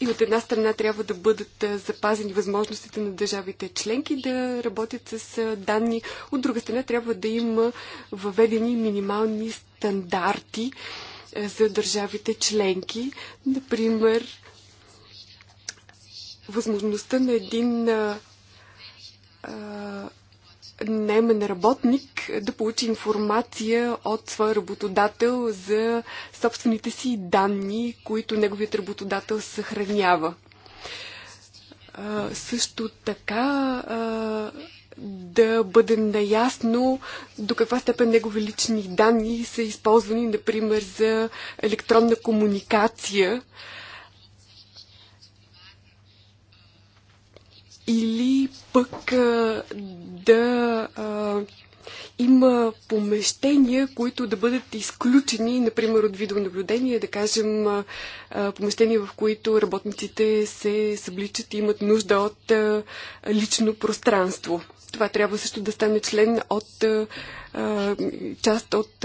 D: И от една страна трябва да бъдат запазени възможностите на държавите членки да работят с данни, от друга страна трябва да има въведени минимални стандарти за държавите членки. Например, възможността на един наемен работник да получи информация от своя работодател за собствените си данни, които неговият работодател съхранява. също така да бъде наясно до каква степен негови лични данни са използвани, например, за електронна комуникация. или пък а, да а, има помещения, които да бъдат изключени, например, от видеонаблюдение, да кажем а, помещения, в които работниците се събличат и имат нужда от а, лично пространство. Това трябва също да стане член от а, част от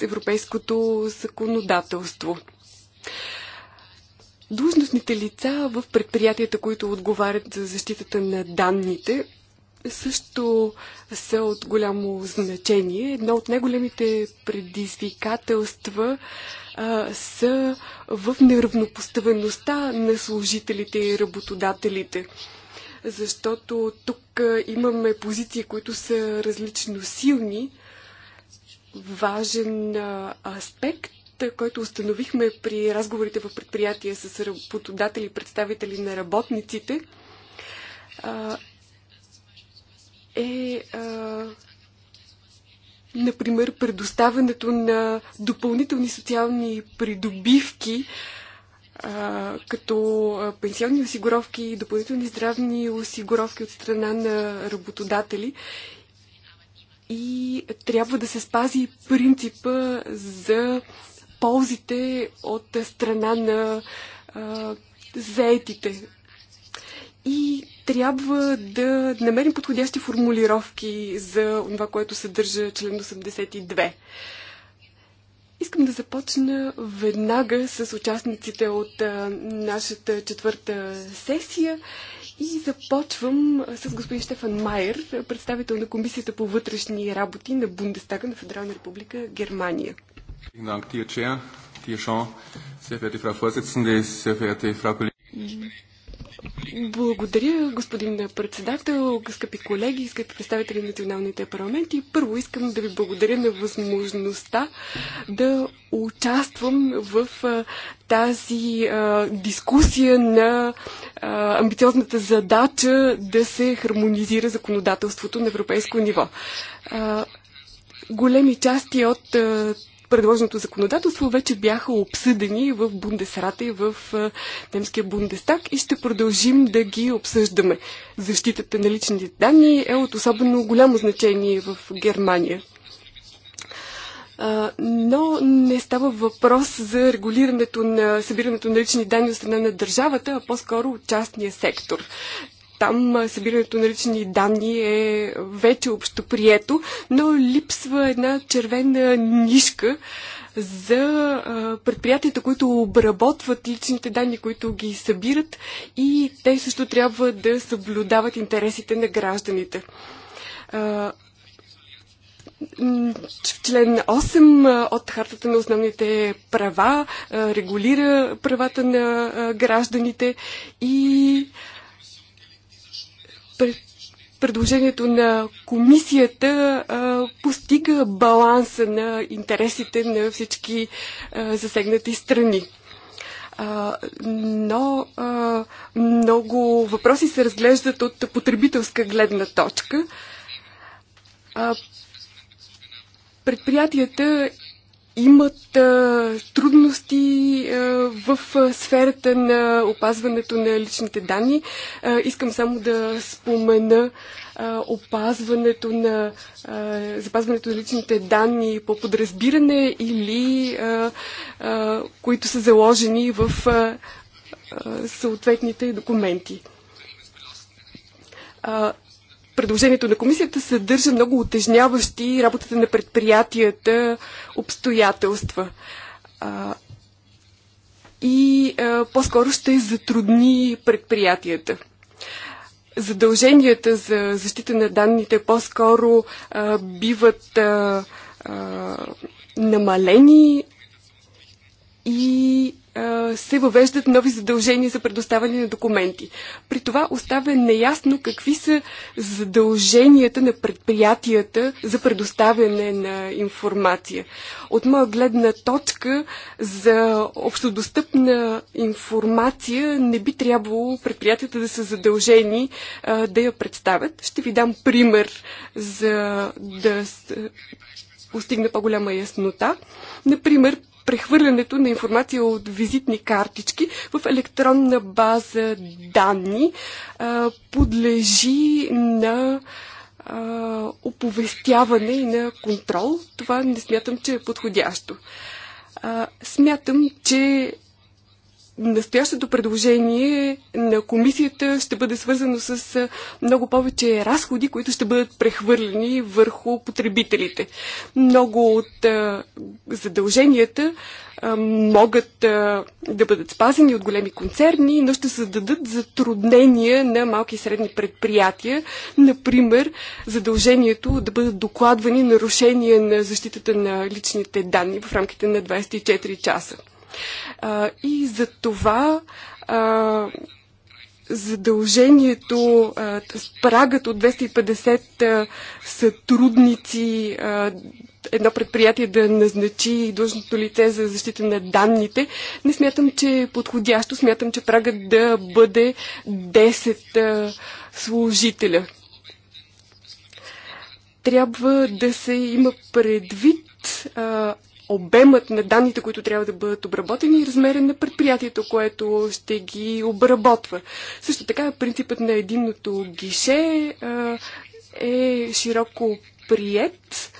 D: европейското законодателство. Длъжностните лица в предприятията, които отговарят за защитата на данните, също са от голямо значение. Едно от най-големите предизвикателства а, са в неравнопоставеността на служителите и работодателите. Защото тук а, имаме позиции, които са различно силни. Важен а, аспект който установихме при разговорите в предприятия с работодатели, и представители на работниците, е, например, предоставянето на допълнителни социални придобивки, като пенсионни осигуровки и допълнителни здравни осигуровки от страна на работодатели и трябва да се спази принципа за ползите от страна на а, заетите. И трябва да намерим подходящи формулировки за това, което съдържа член 82. Искам да започна веднага с участниците от нашата четвърта сесия и започвам с господин Штефан Майер, представител на Комисията по вътрешни работи на Бундестага на Федерална република Германия. Благодаря, господин председател, скъпи колеги, скъпи представители на националните парламенти. Първо искам да ви благодаря на възможността да участвам в тази а, дискусия на а, амбициозната задача да се хармонизира законодателството на европейско ниво. А, големи части от а, предложеното законодателство вече бяха обсъдени в Бундесрата и в немския Бундестаг и ще продължим да ги обсъждаме. Защитата на личните данни е от особено голямо значение в Германия но не става въпрос за регулирането на събирането на лични данни от страна на държавата, а по-скоро частния сектор. Там събирането на лични данни е вече общоприето, но липсва една червена нишка за предприятията, които обработват личните данни, които ги събират и те също трябва да съблюдават интересите на гражданите. В член 8 от Хартата на основните права регулира правата на гражданите и предложението на комисията а, постига баланса на интересите на всички а, засегнати страни. А, но а, много въпроси се разглеждат от потребителска гледна точка. А, предприятията имат а, трудности а, в а, сферата на опазването на личните данни. А, искам само да спомена а, опазването на а, запазването на личните данни по подразбиране или а, а, които са заложени в а, а, съответните документи. А, предложението на комисията съдържа много отежняващи работата на предприятията обстоятелства. А, и по-скоро ще затрудни предприятията. Задълженията за защита на данните по-скоро биват а, а, намалени и се въвеждат нови задължения за предоставяне на документи. При това оставя неясно какви са задълженията на предприятията за предоставяне на информация. От моя гледна точка за общодостъпна информация не би трябвало предприятията да са задължени а, да я представят. Ще ви дам пример за да постигне по-голяма яснота. Например, прехвърлянето на информация от визитни картички в електронна база данни а, подлежи на а, оповестяване и на контрол. Това не смятам, че е подходящо. А, смятам, че настоящото предложение на комисията ще бъде свързано с много повече разходи, които ще бъдат прехвърлени върху потребителите. Много от задълженията могат да бъдат спазени от големи концерни, но ще създадат затруднения на малки и средни предприятия. Например, задължението да бъдат докладвани нарушения на защитата на личните данни в рамките на 24 часа. А, и за това а, задължението, а, прагът от 250 сътрудници, а, едно предприятие да назначи длъжното лице за защита на данните, не смятам, че е подходящо. Смятам, че прагът да бъде 10 а, служителя. Трябва да се има предвид а, обемът на данните, които трябва да бъдат обработени и размерен на предприятието, което ще ги обработва. Също така принципът на единното гише е широко прият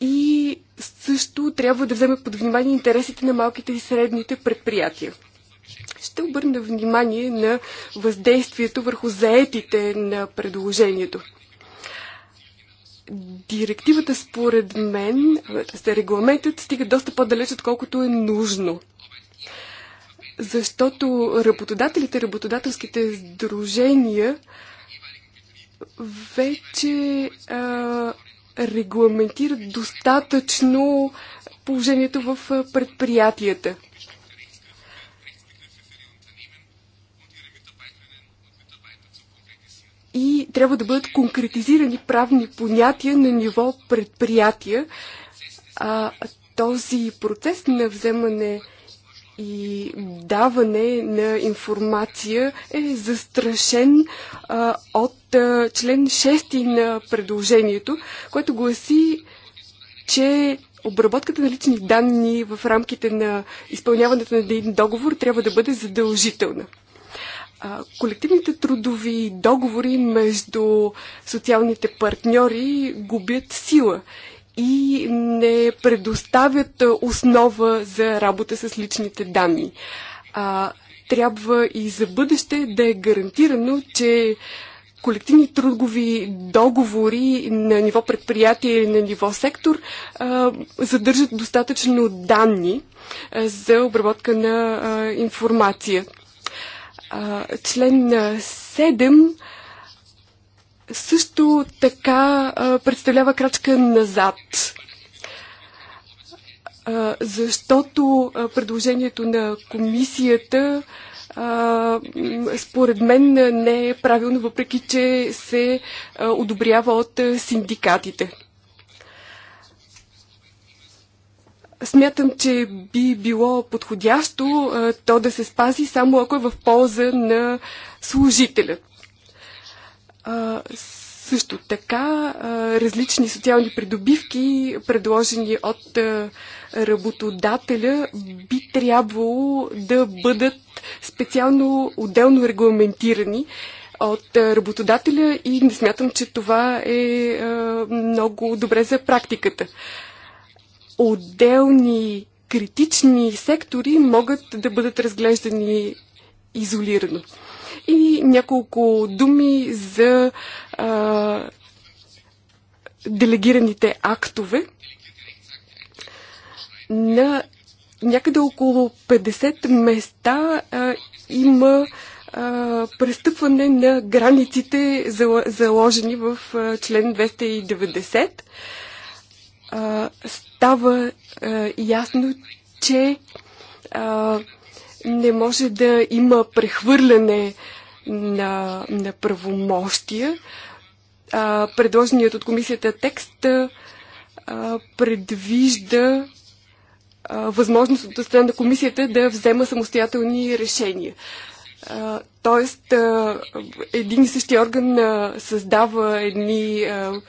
D: и също трябва да вземе под внимание интересите на малките и средните предприятия. Ще обърна внимание на въздействието върху заетите на предложението директивата според мен, регламентът стига доста по-далеч, отколкото е нужно. Защото работодателите, работодателските сдружения вече а, регламентират достатъчно положението в предприятията. и трябва да бъдат конкретизирани правни понятия на ниво предприятия. А, този процес на вземане и даване на информация е застрашен а, от а, член 6 на предложението, което гласи, че обработката на лични данни в рамките на изпълняването на един договор трябва да бъде задължителна колективните трудови договори между социалните партньори губят сила и не предоставят основа за работа с личните данни. А, трябва и за бъдеще да е гарантирано, че колективни трудови договори на ниво предприятие или на ниво сектор а, задържат достатъчно данни а, за обработка на а, информация член 7 също така а, представлява крачка назад. А, защото а, предложението на комисията а, според мен не е правилно, въпреки че се а, одобрява от синдикатите. Смятам, че би било подходящо то да се спази само ако е в полза на служителя. Също така различни социални придобивки, предложени от работодателя, би трябвало да бъдат специално отделно регламентирани от работодателя и не смятам, че това е много добре за практиката отделни критични сектори могат да бъдат разглеждани изолирано. И няколко думи за а, делегираните актове. На някъде около 50 места а, има а, престъпване на границите, заложени в а, член 290 а, става а, ясно, че а, не може да има прехвърляне на, на правомощия. А, предложеният от комисията текст а, предвижда а, възможност от страна на комисията да взема самостоятелни решения. тоест, един и същи орган а, създава едни а,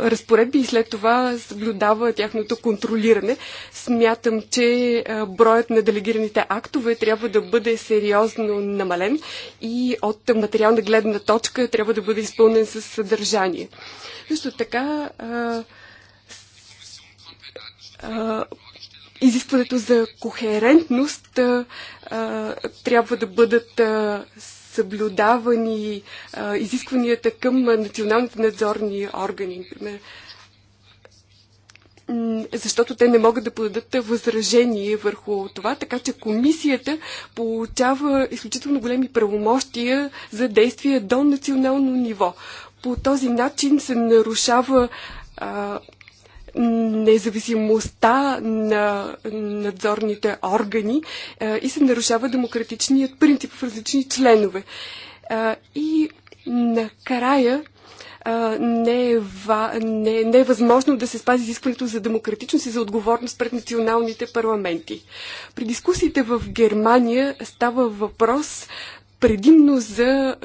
D: разпоредби и след това съблюдава тяхното контролиране. Смятам, че броят на делегираните актове трябва да бъде сериозно намален и от материална гледна точка трябва да бъде изпълнен с съдържание. Също така изискването за кохерентност трябва да бъдат съблюдавани а, изискванията към националните надзорни органи, например. Защото те не могат да подадат възражение върху това, така че комисията получава изключително големи правомощия за действия до национално ниво. По този начин се нарушава а, независимостта на надзорните органи и се нарушава демократичният принцип в различни членове. И накрая не е, не, не е възможно да се спази изискването за демократичност и за отговорност пред националните парламенти. При дискусиите в Германия става въпрос предимно за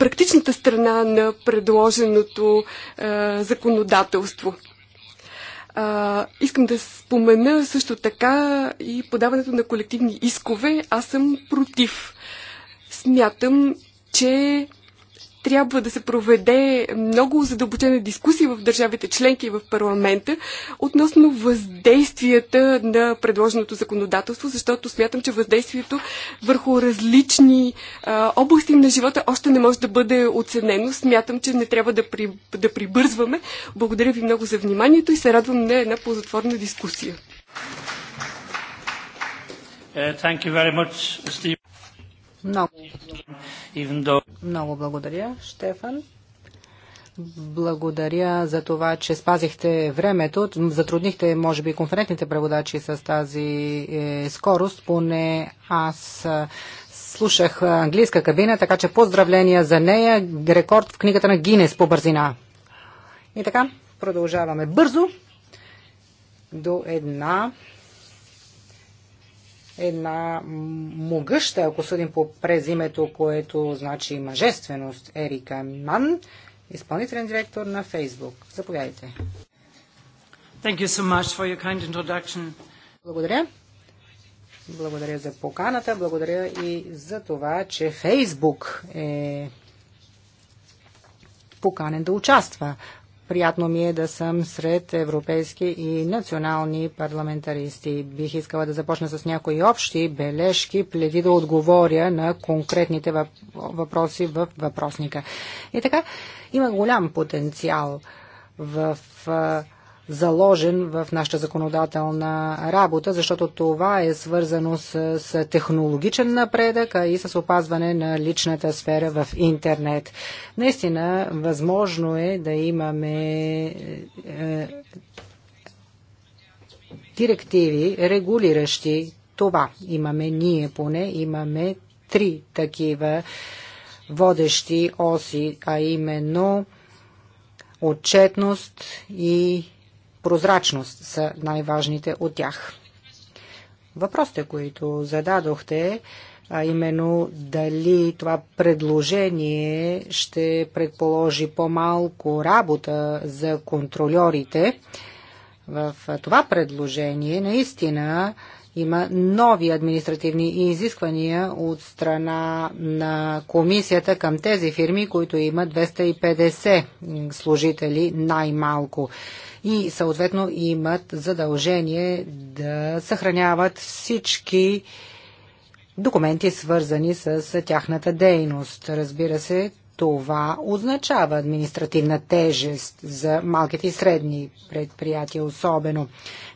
D: практичната страна на предложеното а, е, законодателство. А, е, искам да спомена също така и подаването на колективни искове. Аз съм против. Смятам, че трябва да се проведе много задълбочена дискусия в държавите членки и в парламента относно въздействията на предложеното законодателство, защото смятам, че въздействието върху различни а, области на живота още не може да бъде оценено. Смятам, че не трябва да, при, да прибързваме. Благодаря ви много за вниманието и се радвам на една ползотворна дискусия.
A: Uh, thank you very much, Steve. Много. Много
C: благодаря, Штефан. Благодаря за това, че спазихте времето. Затруднихте, може би, конферентните преводачи с тази е, скорост, поне аз е, слушах английска кабина, така че поздравления за нея. Рекорд в книгата на Гинес по бързина. И така, продължаваме бързо до една една могъща, ако съдим по през името, което значи мъжественост, Ерика Ман, изпълнителен директор на Фейсбук. Заповядайте.
F: Thank you so much for your kind introduction. Благодаря.
C: Благодаря за поканата, благодаря и за това, че Фейсбук е поканен да участва Приятно ми е да съм сред европейски и национални парламентаристи. Бих искала да започна с някои общи бележки, преди да отговоря на конкретните въпроси в въпросника. И така, има голям потенциал в заложен в нашата законодателна работа, защото това е свързано с, с технологичен напредък и с опазване на личната сфера в интернет. Наистина, възможно е да имаме е, директиви, регулиращи това. Имаме ние поне, имаме три такива водещи оси, а именно отчетност и прозрачност са най-важните от тях. Въпросите, които зададохте, а именно дали това предложение ще предположи по-малко работа за контролерите. В това предложение наистина има нови административни изисквания от страна на комисията към тези фирми, които имат 250 служители най-малко и съответно имат задължение да съхраняват всички документи, свързани с тяхната дейност. Разбира се, това означава административна тежест за малките и средни предприятия особено.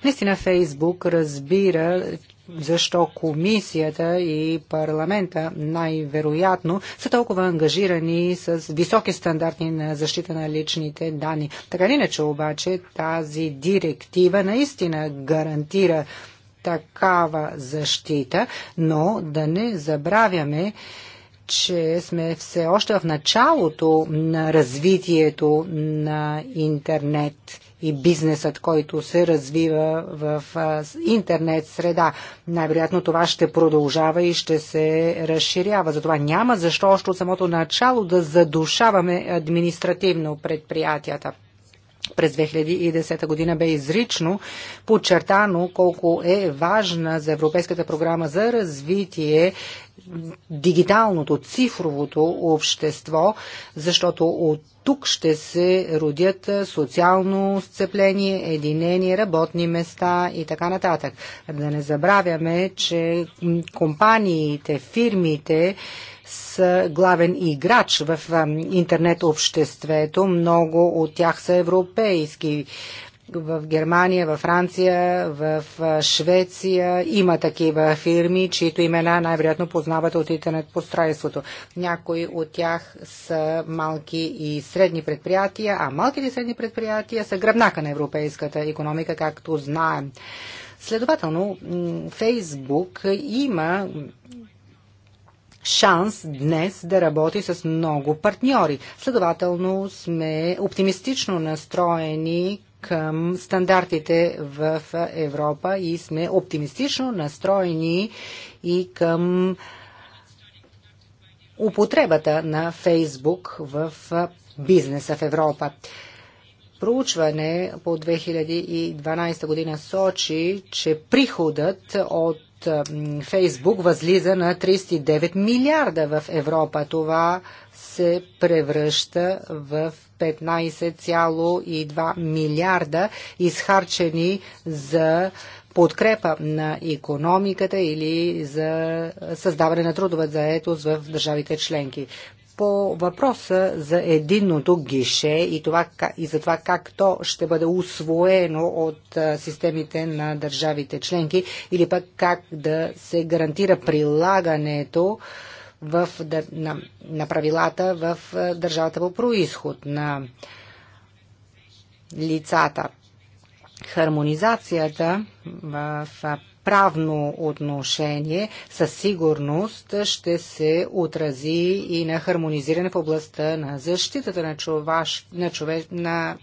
C: Наистина Фейсбук разбира защо комисията и парламента най-вероятно са толкова ангажирани с високи стандарти на защита на личните данни. Така иначе обаче тази директива наистина гарантира такава защита, но да не забравяме, че сме все още в началото на развитието на интернет и бизнесът, който се развива в интернет среда. Най-вероятно това ще продължава и ще се разширява. Затова няма защо още от самото начало да задушаваме административно предприятията през 2010 година бе изрично подчертано колко е важна за Европейската програма за развитие дигиталното, цифровото общество, защото от тук ще се родят социално сцепление, единени работни места и така нататък. Да не забравяме, че компаниите, фирмите, главен играч в интернет обществото. Много от тях са европейски в Германия, в Франция, в Швеция има такива фирми, чието имена най-вероятно познават от интернет постройството. Някои от тях са малки и средни предприятия, а малките и средни предприятия са гръбнака на европейската економика, както знаем. Следователно, Фейсбук има шанс днес да работи с много партньори. Следователно сме оптимистично настроени към стандартите в Европа и сме оптимистично настроени и към употребата на Фейсбук в бизнеса в Европа. Проучване по 2012 година сочи, че приходът от Фейсбук възлиза на 39 милиарда в Европа. Това се превръща в 15,2 милиарда изхарчени за подкрепа на економиката или за създаване на трудова заетост в държавите членки по въпроса за единното гише и, това, и за това как то ще бъде освоено от системите на държавите членки или пък как да се гарантира прилагането в, на, на правилата в държавата по происход на лицата. Хармонизацията в правно отношение със сигурност ще се отрази и на хармонизиране в областта на защитата на, човаш, на, чове, на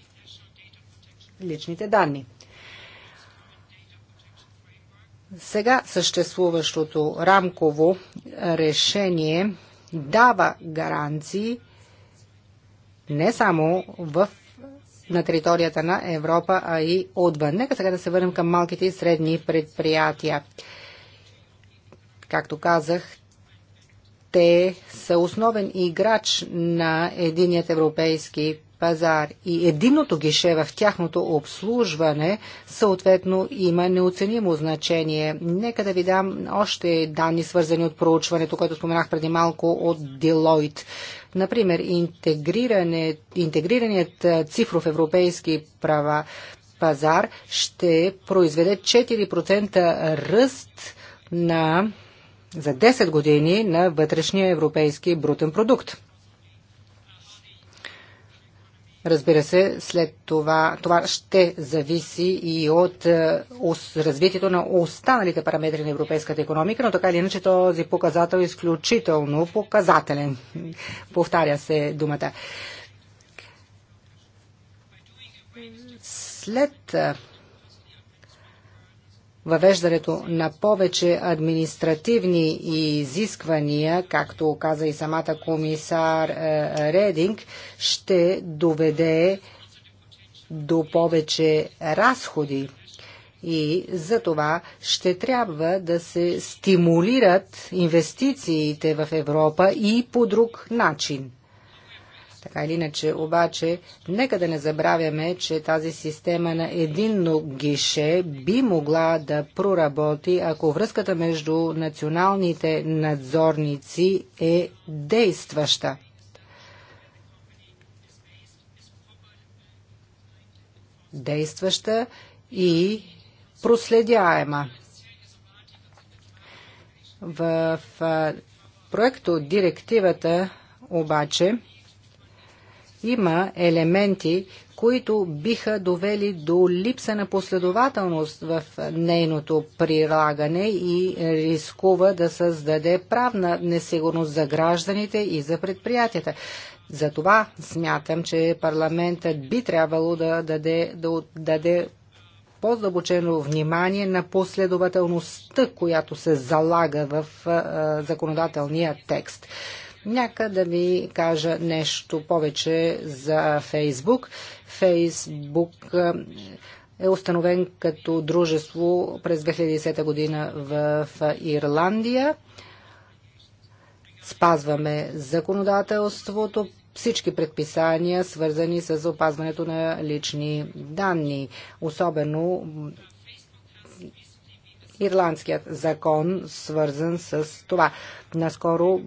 C: личните данни. Сега съществуващото рамково решение дава гаранции не само в на територията на Европа, а и отвън. Нека сега да се върнем към малките и средни предприятия. Както казах, те са основен играч на единият европейски пазар и единното гише в тяхното обслужване съответно има неоценимо значение. Нека да ви дам още данни, свързани от проучването, което споменах преди малко от Делойт. Например, интегрираният цифров европейски права пазар ще произведе 4% ръст на за 10 години на вътрешния европейски брутен продукт. Разбира се, след това, това ще зависи и от е, развитието на останалите параметри на европейската економика, но така или иначе този показател е изключително показателен. Повтаря се думата. След е, въвеждането на повече административни изисквания, както каза и самата комисар е, Рединг, ще доведе до повече разходи и за това ще трябва да се стимулират инвестициите в Европа и по друг начин. Така или иначе, обаче, нека да не забравяме, че тази система на единно гише би могла да проработи, ако връзката между националните надзорници е действаща. Действаща и проследяема. В проекто директивата обаче има елементи, които биха довели до липса на последователност в нейното прилагане и рискува да създаде правна несигурност за гражданите и за предприятията. Затова смятам, че парламентът би трябвало да даде, да даде по-дълбочено внимание на последователността, която се залага в а, законодателния текст. Нека да ви кажа нещо повече за Фейсбук. Фейсбук е, е установен като дружество през 2010 година в Ирландия. Спазваме законодателството, всички предписания, свързани с опазването на лични данни. Особено ирландският закон, свързан с това. Наскоро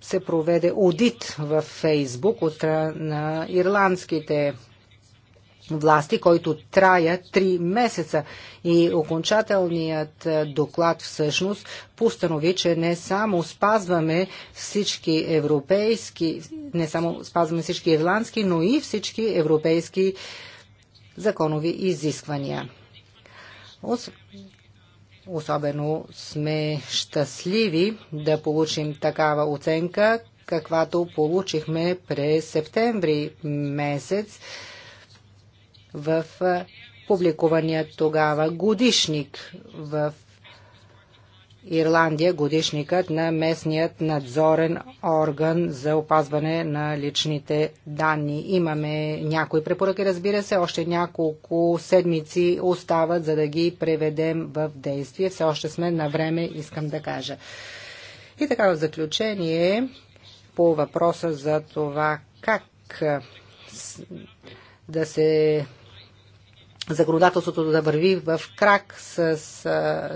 C: се проведе аудит в Фейсбук от на ирландските власти, който трая три месеца. И окончателният е, доклад всъщност постанови, че не само спазваме всички европейски, не само спазваме всички ирландски, но и всички европейски законови изисквания. Особено сме щастливи да получим такава оценка, каквато получихме през септември месец в публикувания тогава годишник в Ирландия годишникът на местният надзорен орган за опазване на личните данни. Имаме някои препоръки, разбира се, още няколко седмици остават, за да ги преведем в действие. Все още сме на време, искам да кажа. И така в заключение по въпроса за това как да се законодателството да върви в крак с а,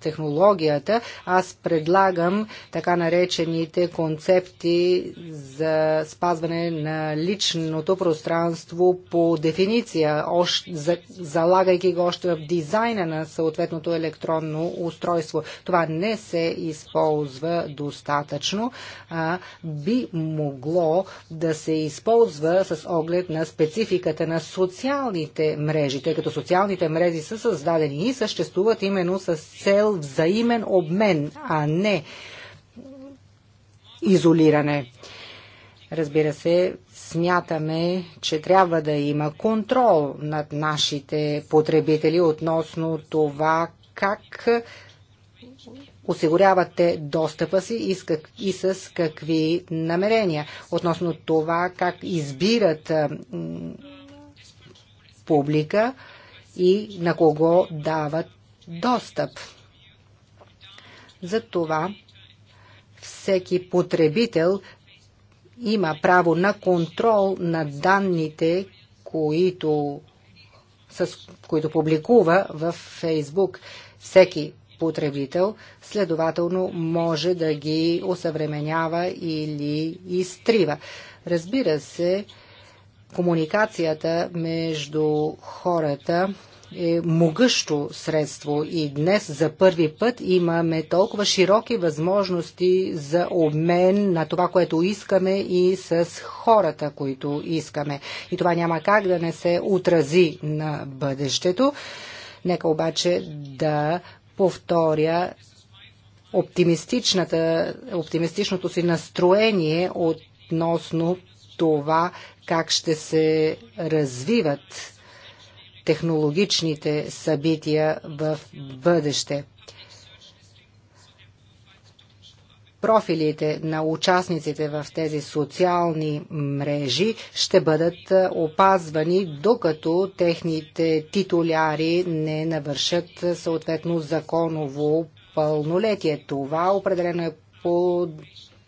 C: технологията, аз предлагам така наречените концепти за спазване на личното пространство по дефиниция, още, за, залагайки го още в дизайна на съответното електронно устройство. Това не се използва достатъчно, а би могло да се използва с оглед на спецификата на социалните мрежи тъй като социалните мрези са създадени и съществуват именно с цел взаимен обмен, а не изолиране. Разбира се, смятаме, че трябва да има контрол над нашите потребители относно това как осигурявате достъпа си и с, как, и с какви намерения. Относно това как избират публика и на кого дават достъп. Затова всеки потребител има право на контрол на данните, които, с, които публикува в Фейсбук. Всеки потребител, следователно може да ги осъвременява или изтрива. Разбира се, комуникацията между хората е могъщо средство и днес за първи път имаме толкова широки възможности за обмен на това, което искаме и с хората, които искаме. И това няма как да не се отрази на бъдещето. Нека обаче да повторя оптимистичното си настроение относно това как ще се развиват технологичните събития в бъдеще. Профилите на участниците в тези социални мрежи ще бъдат е, опазвани, докато техните титуляри не навършат е, съответно законово пълнолетие. Това определено е по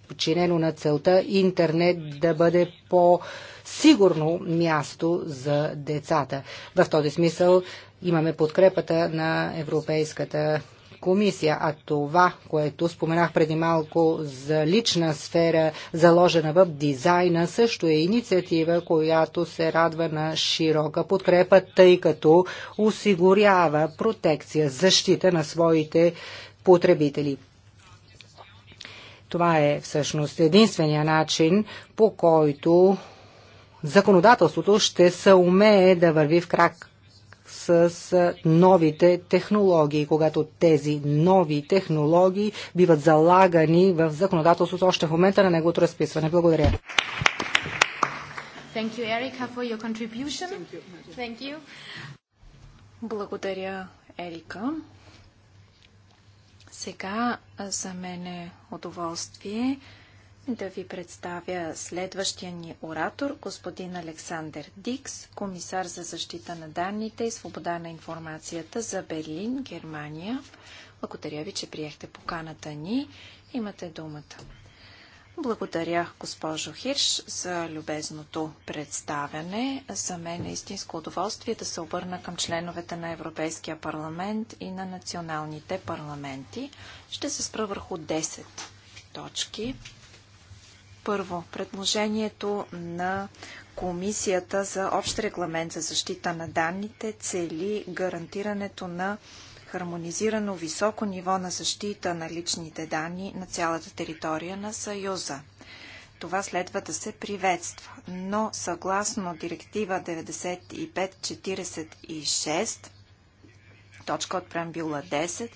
C: подчинено на целта интернет да бъде по сигурно място за децата. В този смисъл имаме подкрепата на Европейската комисия, а това, което споменах преди малко за лична сфера, заложена в дизайна, също е инициатива, която се радва на широка подкрепа, тъй като осигурява протекция, защита на своите потребители. Това е всъщност единствения начин, по който законодателството ще се умее да върви в крак с новите технологии, когато тези нови технологии биват залагани в законодателството още в момента на неговото разписване. Благодаря.
D: Thank you, for your contribution. Thank you. Thank you.
B: Благодаря, Ерика. Сега за мен е удоволствие да ви представя следващия ни оратор, господин Александър Дикс, комисар за защита на данните и свобода на информацията за Берлин, Германия. Благодаря ви, че приехте поканата ни. Имате думата. Благодаря, госпожо Хирш, за любезното представяне. За мен е истинско удоволствие да се обърна към членовете на Европейския парламент и на националните парламенти. Ще се спра върху 10 точки. Първо, предложението на Комисията за общ регламент за защита на данните цели гарантирането на хармонизирано високо ниво на защита на личните данни на цялата територия на Съюза. Това следва да се приветства, но съгласно директива 9546, точка от преамбюла 10,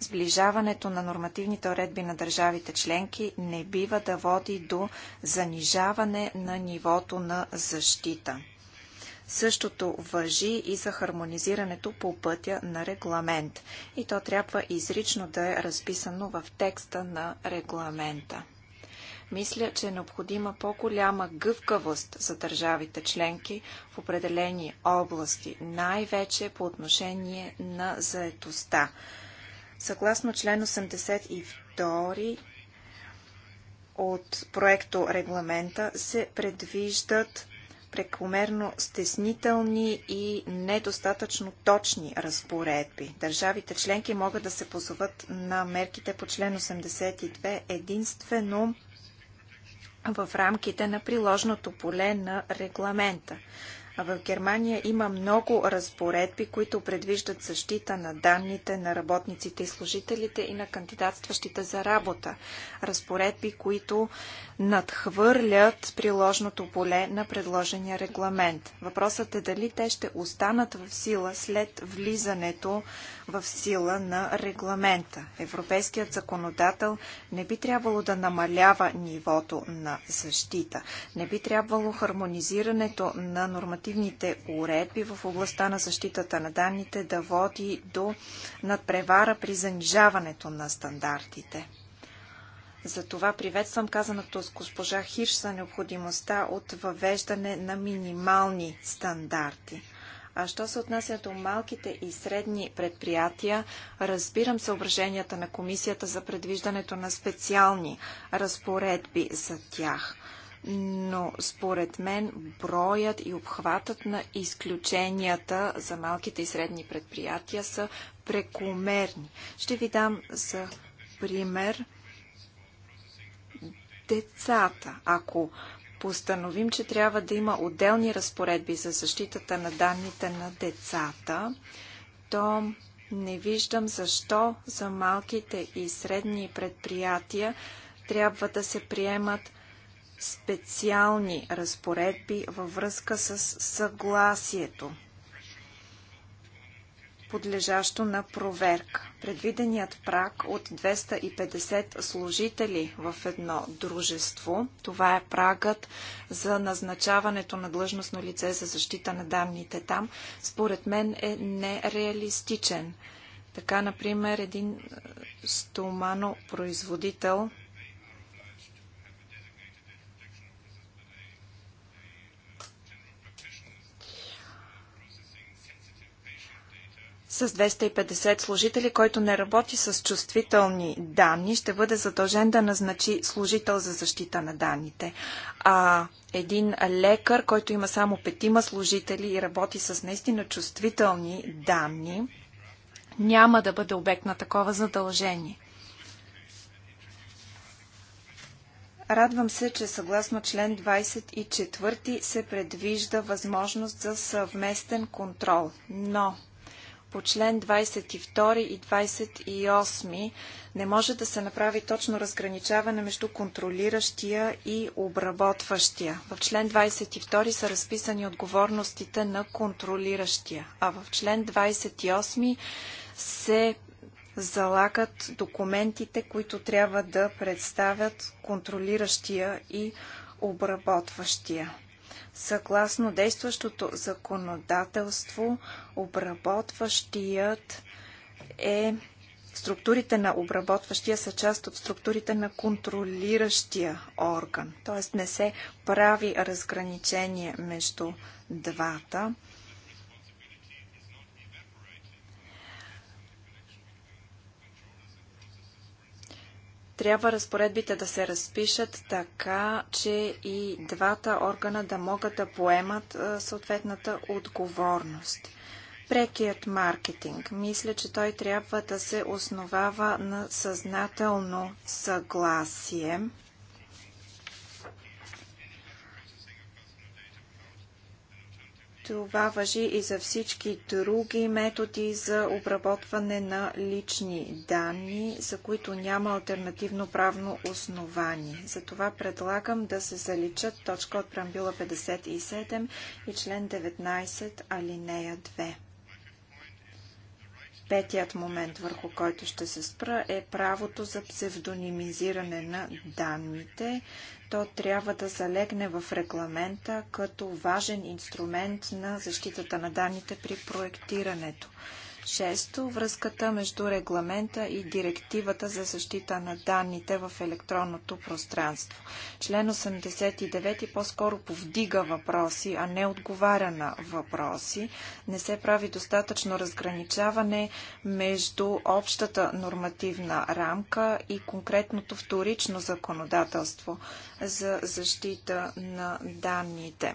B: сближаването на нормативните уредби на държавите членки не бива да води до занижаване на нивото на защита. Същото въжи и за хармонизирането по пътя на регламент. И то трябва изрично да е разписано в текста на регламента. Мисля, че е необходима по-голяма гъвкавост за държавите членки в определени области, най-вече по отношение на заетостта. Съгласно член 82 от проекто регламента се предвиждат прекомерно стеснителни и недостатъчно точни разпоредби. Държавите членки могат да се позоват на мерките по член 82 единствено в рамките на приложното поле на регламента. В Германия има много разпоредби, които предвиждат защита на данните на работниците и служителите и на кандидатстващите за работа. Разпоредби, които надхвърлят приложното поле на предложения регламент. Въпросът е дали те ще останат в сила след влизането в сила на регламента. Европейският законодател не би трябвало да намалява нивото на защита. Не би трябвало хармонизирането на нормативните уредби в областта на защитата на данните да води до надпревара при занижаването на стандартите. Затова приветствам казаното с госпожа Хирш за необходимостта от въвеждане на минимални стандарти. А що се отнася до малките и средни предприятия, разбирам съображенията на комисията за предвиждането на специални разпоредби за тях. Но според мен броят и обхватът на изключенията за малките и средни предприятия са прекомерни. Ще ви дам за пример децата. Ако постановим, че трябва да има отделни разпоредби за защитата на данните на децата, то не виждам защо за малките и средни предприятия трябва да се приемат специални разпоредби във връзка с съгласието подлежащо на проверка. Предвиденият прак от 250 служители в едно дружество, това е прагът за назначаването на длъжностно лице за защита на данните там, според мен е нереалистичен. Така, например, един стомано-производител с 250 служители, който не работи с чувствителни данни, ще бъде задължен да назначи служител за защита на данните. А един лекар, който има само петима служители и работи с наистина чувствителни данни, няма да бъде обект на такова задължение. Радвам се, че съгласно член 24 се предвижда възможност за съвместен контрол, но по член 22 и 28 не може да се направи точно разграничаване между контролиращия и обработващия. В член 22 са разписани отговорностите на контролиращия, а в член 28 се залагат документите, които трябва да представят контролиращия и обработващия. Съгласно действащото законодателство, обработващият е структурите на обработващия са част от структурите на контролиращия орган. Т.е. не се прави разграничение между двата. Трябва разпоредбите да се разпишат така, че и двата органа да могат да поемат съответната отговорност. Прекият маркетинг. Мисля, че той трябва да се основава на съзнателно съгласие Това въжи и за всички други методи за обработване на лични данни, за които няма альтернативно правно основание. Затова предлагам да се заличат точка от преамбюла 57 и член 19 алинея 2. Петият момент, върху който ще се спра, е правото за псевдонимизиране на данните. То трябва да залегне в регламента като важен инструмент на защитата на данните при проектирането. Шесто, връзката между регламента и директивата за защита на данните в електронното пространство. Член 89 по-скоро повдига въпроси, а не отговаря на въпроси. Не се прави достатъчно разграничаване между общата нормативна рамка и конкретното вторично законодателство за защита на данните.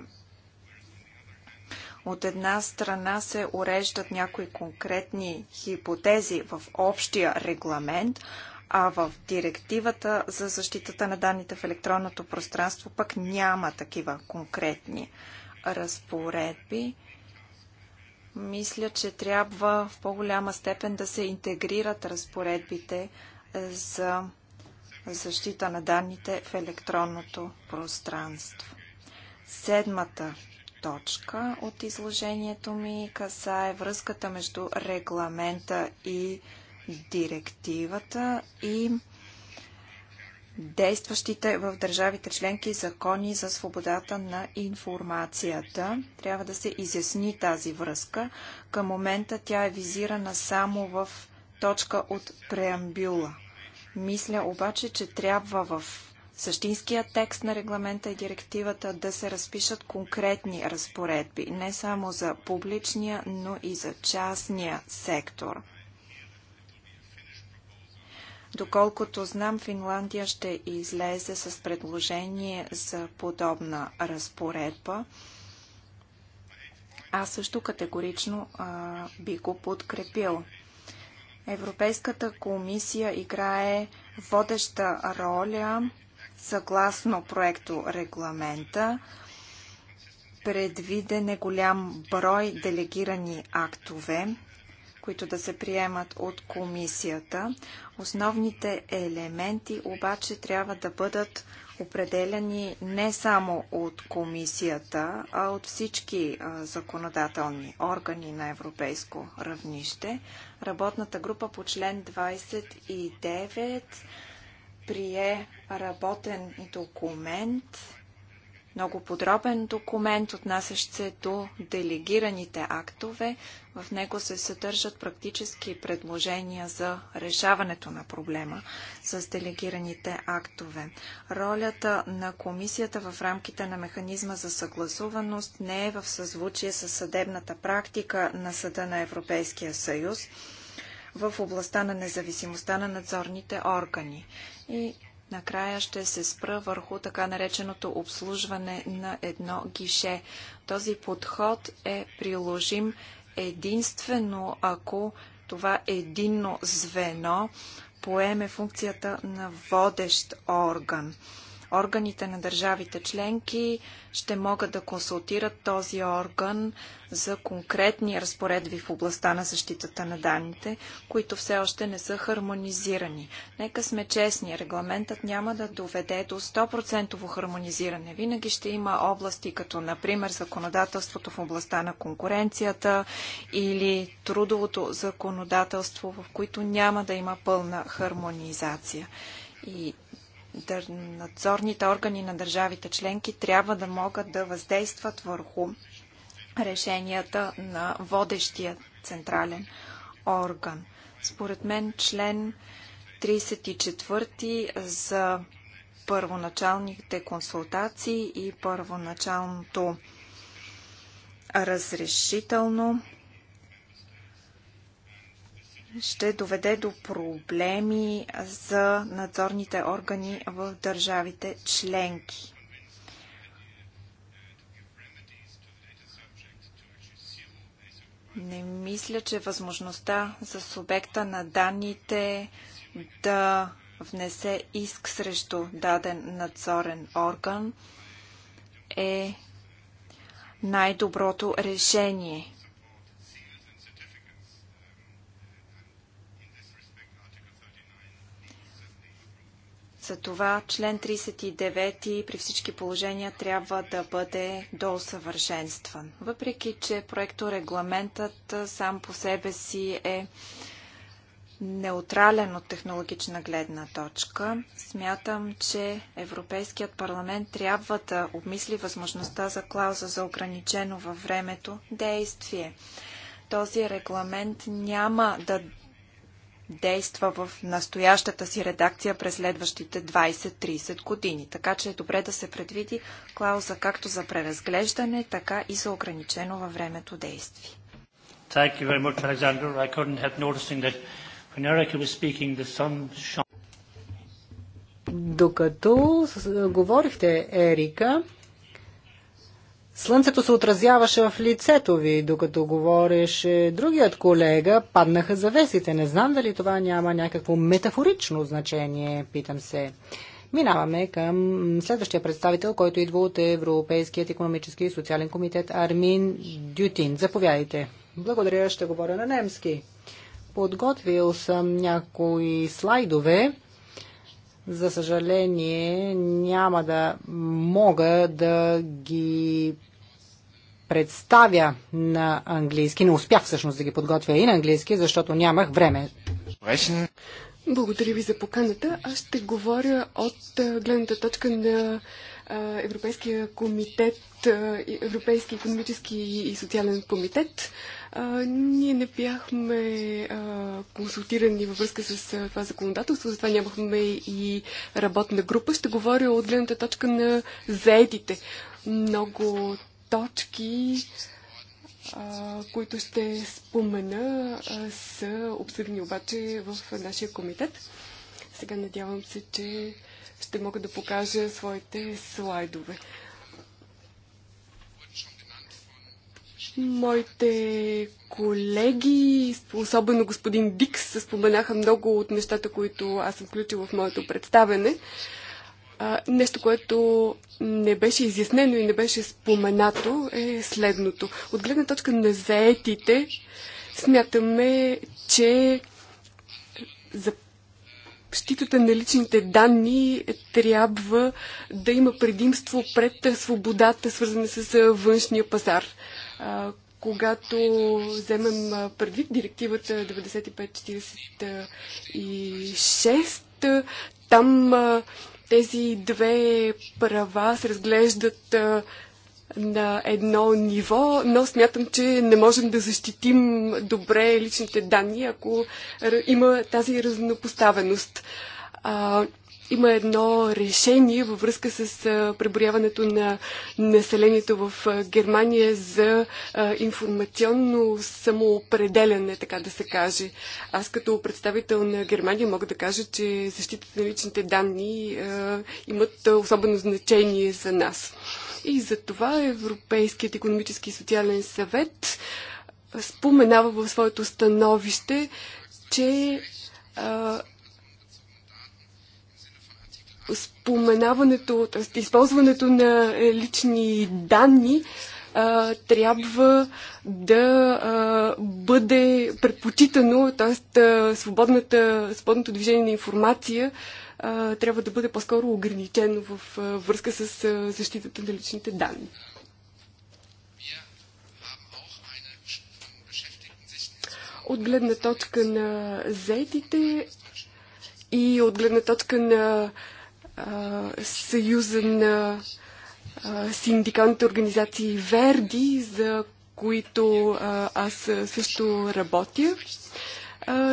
B: От една страна се уреждат някои конкретни хипотези в общия регламент, а в директивата за защитата на данните в електронното пространство пък няма такива конкретни разпоредби. Мисля, че трябва в по-голяма степен да се интегрират разпоредбите за защита на данните в електронното пространство. Седмата точка от изложението ми касае връзката между регламента и директивата и действащите в държавите членки закони за свободата на информацията. Трябва да се изясни тази връзка. Към момента тя е визирана само в точка от преамбюла. Мисля обаче, че трябва в същинския текст на регламента и директивата да се разпишат конкретни разпоредби, не само за публичния, но и за частния сектор. Доколкото знам, Финландия ще излезе с предложение за подобна разпоредба. Аз също категорично а, би го подкрепил. Европейската комисия играе водеща роля Съгласно проекто регламента, предвиден е голям брой делегирани актове, които да се приемат от комисията. Основните елементи обаче трябва да бъдат определени не само от комисията, а от всички законодателни органи на европейско равнище. Работната група по член 29 прие работен документ, много подробен документ, отнасящ се до делегираните актове. В него се съдържат практически предложения за решаването на проблема с делегираните актове. Ролята на комисията в рамките на механизма за съгласуваност не е в съзвучие с съдебната практика на Съда на Европейския съюз в областта на независимостта на надзорните органи. И накрая ще се спра върху така нареченото обслужване на едно гише. Този подход е приложим единствено ако това единно звено поеме функцията на водещ орган. Органите на държавите членки ще могат да консултират този орган за конкретни разпоредби в областта на защитата на данните, които все още не са хармонизирани. Нека сме честни, регламентът няма да доведе до 100% хармонизиране. Винаги ще има области, като например законодателството в областта на конкуренцията или трудовото законодателство, в които няма да има пълна хармонизация. И надзорните органи на държавите членки трябва да могат да въздействат върху решенията на водещия централен орган. Според мен член 34 за първоначалните консултации и първоначалното разрешително ще доведе до проблеми за надзорните органи в държавите членки. Не мисля, че възможността за субекта на данните да внесе иск срещу даден надзорен орган е най-доброто решение. Затова член 39 при всички положения трябва да бъде доусъвършенстван. Въпреки, че проекторегламентът сам по себе си е неутрален от технологична гледна точка, смятам, че Европейският парламент трябва да обмисли възможността за клауза за ограничено във времето действие. Този регламент няма да действа в настоящата си редакция през следващите 20-30 години. Така че е добре да се предвиди клауза както за преразглеждане, така и за ограничено във времето действие.
C: Докато говорихте, Ерика, Слънцето се отразяваше в лицето ви, докато говореше другият колега, паднаха завесите. Не знам дали това няма някакво метафорично значение, питам се. Минаваме към следващия представител, който идва от Европейският економически и социален комитет Армин Дютин. Заповядайте. Благодаря, ще говоря на немски. Подготвил съм някои слайдове за съжаление, няма да мога да ги представя на английски. Не успях всъщност да ги подготвя и на английски, защото нямах време.
D: Благодаря ви за поканата. Аз ще говоря от гледната точка на Европейския комитет, Европейски економически и социален комитет. А, ние не бяхме а, консултирани във връзка с а, това законодателство, затова нямахме и работна група. Ще говоря от гледната точка на заетите. Много точки, а, които ще спомена, а, са обсъдени обаче в нашия комитет. Сега надявам се, че ще мога да покажа своите слайдове. Моите колеги, особено господин Дикс, споменаха много от нещата, които аз съм включила в моето представене. нещо, което не беше изяснено и не беше споменато е следното. От гледна точка на заетите, смятаме, че за щитата на личните данни трябва да има предимство пред свободата, свързана с външния пазар когато вземем предвид директивата 9546, там тези две права се разглеждат на едно ниво, но смятам, че не можем да защитим добре личните данни, ако има тази разнопоставеност има едно решение във връзка с преброяването на населението в Германия за информационно самоопределяне, така да се каже. Аз като представител на Германия мога да кажа, че защитата на личните данни имат особено значение за нас. И за това Европейският економически и социален съвет споменава в своето становище, че споменаването, т.е. използването на е, лични данни а, трябва да а, бъде предпочитано, т.е. свободното движение на информация а, трябва да бъде по-скоро ограничено в а, връзка с а, защитата на личните данни. От гледна точка на заетите и от гледна точка на Съюза на синдикалните организации Верди, за които аз също работя,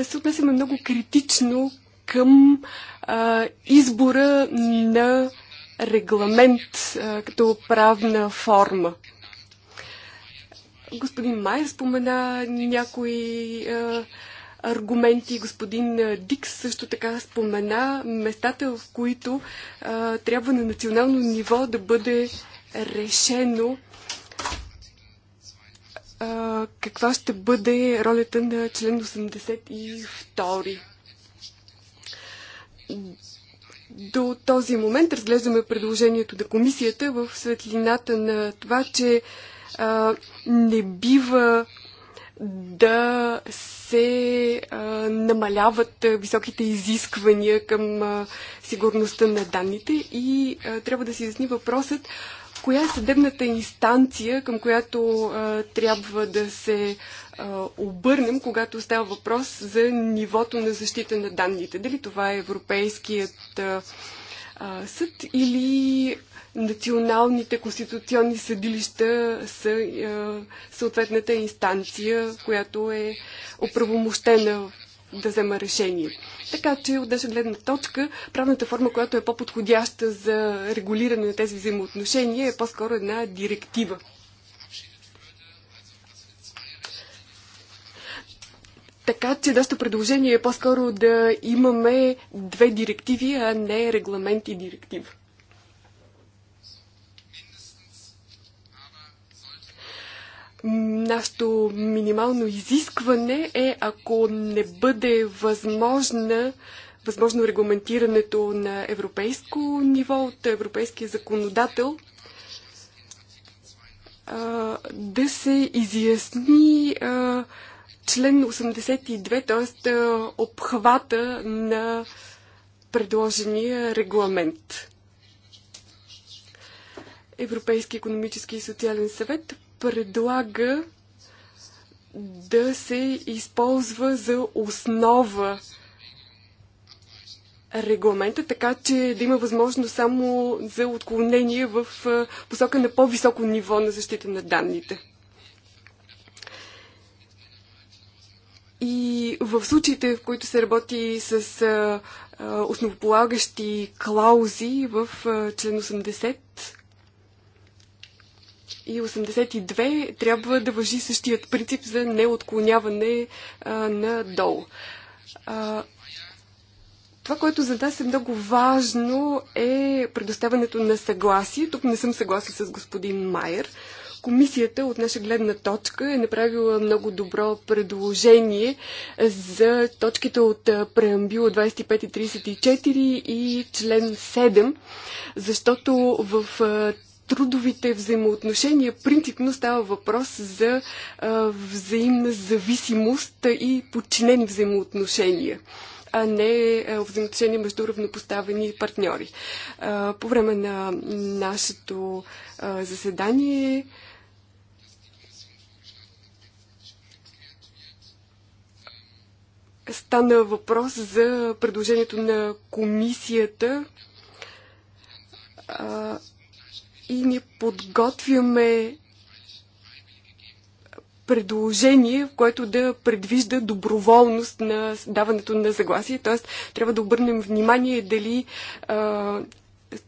D: се отнесеме много критично към избора на регламент като правна форма. Господин Майер спомена някои аргументи. Господин Дикс също така спомена местата, в които а, трябва на национално ниво да бъде решено а, каква ще бъде ролята на член 82. До този момент разглеждаме предложението на комисията в светлината на това, че а, не бива да се а, намаляват високите изисквания към а, сигурността на данните и а, трябва да се изясни въпросът коя е съдебната инстанция, към която а, трябва да се а, обърнем, когато става въпрос за нивото на защита на данните. Дали това е Европейският а, съд или националните конституционни съдилища са съответната инстанция, която е оправомощена да взема решение. Така че от наша гледна точка правната форма, която е по-подходяща за регулиране на тези взаимоотношения е по-скоро една директива. Така че нашето предложение е по-скоро да имаме две директиви, а не регламент и директива. Нашето минимално изискване е, ако не бъде възможна, възможно регламентирането на европейско ниво от европейския законодател, да се изясни член 82, т.е. Е, обхвата на предложения регламент. Европейски економически и социален съвет предлага да се използва за основа регламента, така че да има възможност само за отклонение в е, посока на по-високо ниво на защита на данните. И в случаите, в които се работи с а, а, основополагащи клаузи в а, член 80 и 82, трябва да въжи същият принцип за неотклоняване а, надолу. А, това, което за нас е много важно, е предоставянето на съгласие. Тук не съм съгласна с господин Майер. А, Комисията от наша гледна точка е направила много добро предложение за точките от преамбила 25 и 34 и член 7, защото в трудовите взаимоотношения принципно става въпрос за а, взаимна зависимост и подчинени взаимоотношения а не взаимоотношения между равнопоставени партньори. По време на нашето заседание стана въпрос за предложението на комисията а, и ни подготвяме предложение, в което да предвижда доброволност на даването на съгласие. Т.е. трябва да обърнем внимание дали а,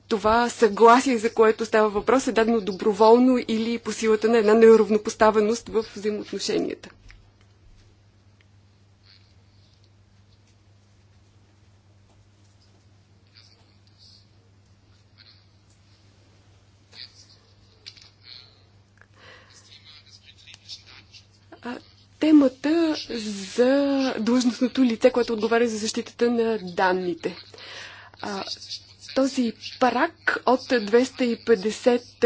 D: това съгласие, за което става въпрос, е дадено доброволно или по силата на една неравнопоставеност в взаимоотношенията. темата за длъжностното лице, което отговаря за защитата на данните. А, този парак от 250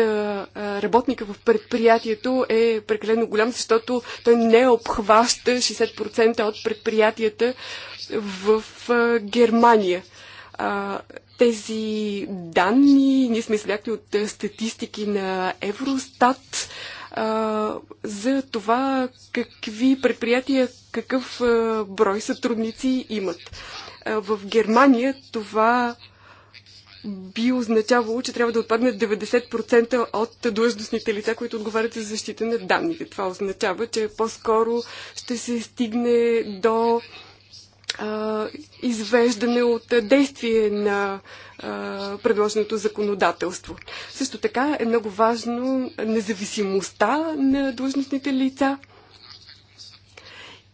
D: работника в предприятието е прекалено голям, защото той не обхваща 60% от предприятията в Германия. Тези данни ние сме излякли от статистики на Евростат а, за това какви предприятия, какъв а, брой сътрудници имат. А, в Германия това би означавало, че трябва да отпаднат 90% от длъжностните лица, които отговарят за защита на данните. Това означава, че по-скоро ще се стигне до а, извеждане от действие на а, предложеното законодателство. Също така е много важно независимостта на длъжностните лица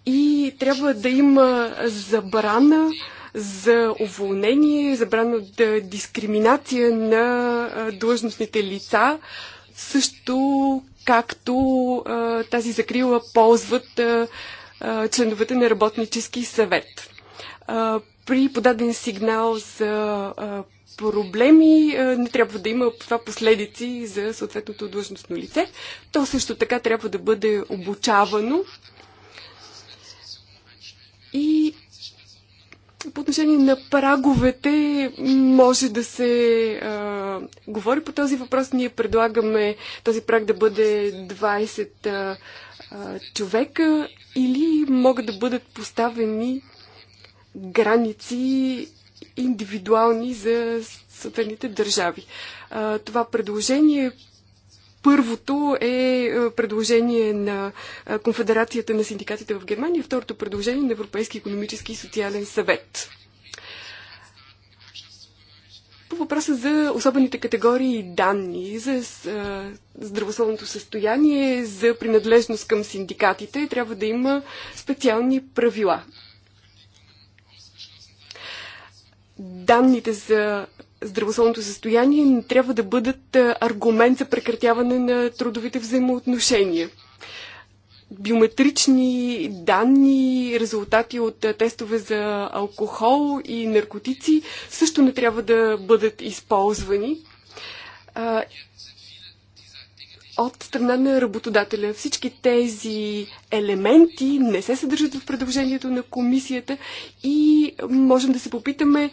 D: и трябва да има забрана за уволнение, забрана от дискриминация на длъжностните лица, също както а, тази закрила ползват а, членовете на работнически съвет. При подаден сигнал за проблеми, не трябва да има това последици за съответното длъжностно лице. То също така трябва да бъде обучавано и по отношение на праговете може да се а, говори по този въпрос. Ние предлагаме този праг да бъде 20 а, а, човека или могат да бъдат поставени граници индивидуални за съответните държави. А, това предложение Първото е, е предложение на е, Конфедерацията на синдикатите в Германия, второто предложение на Европейски економически и социален съвет. По въпроса за особените категории данни, за е, здравословното състояние, за принадлежност към синдикатите, трябва да има специални правила данните за здравословното състояние не трябва да бъдат аргумент за прекратяване на трудовите взаимоотношения. Биометрични данни, резултати от тестове за алкохол и наркотици също не трябва да бъдат използвани от страна на работодателя. Всички тези елементи не се съдържат в предложението на комисията и можем да се попитаме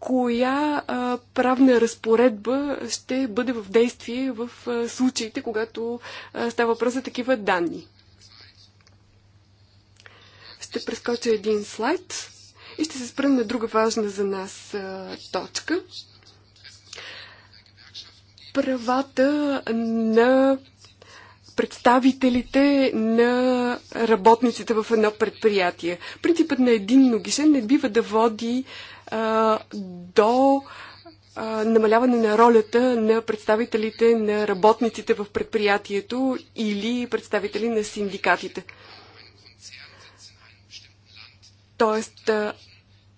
D: коя а, правна разпоредба ще бъде в действие в а, случаите, когато а, става въпрос за такива данни. Ще прескоча един слайд и ще се спрем на друга важна за нас а, точка. Правата на представителите на работниците в едно предприятие. Принципът на един гише не бива да води до намаляване на ролята на представителите на работниците в предприятието или представители на синдикатите. Тоест,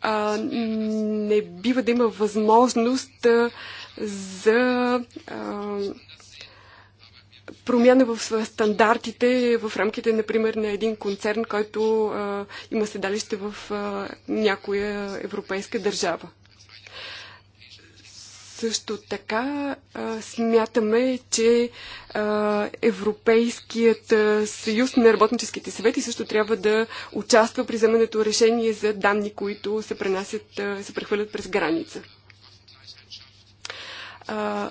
D: а, не бива да има възможност а, за а, промяна в стандартите в рамките, например, на един концерн, който а, има седалище в а, някоя европейска държава. Също така а, смятаме, че а, Европейският съюз на работническите съвети също трябва да участва при вземането решение за данни, които се пренасят, а, се прехвърлят през граница. А,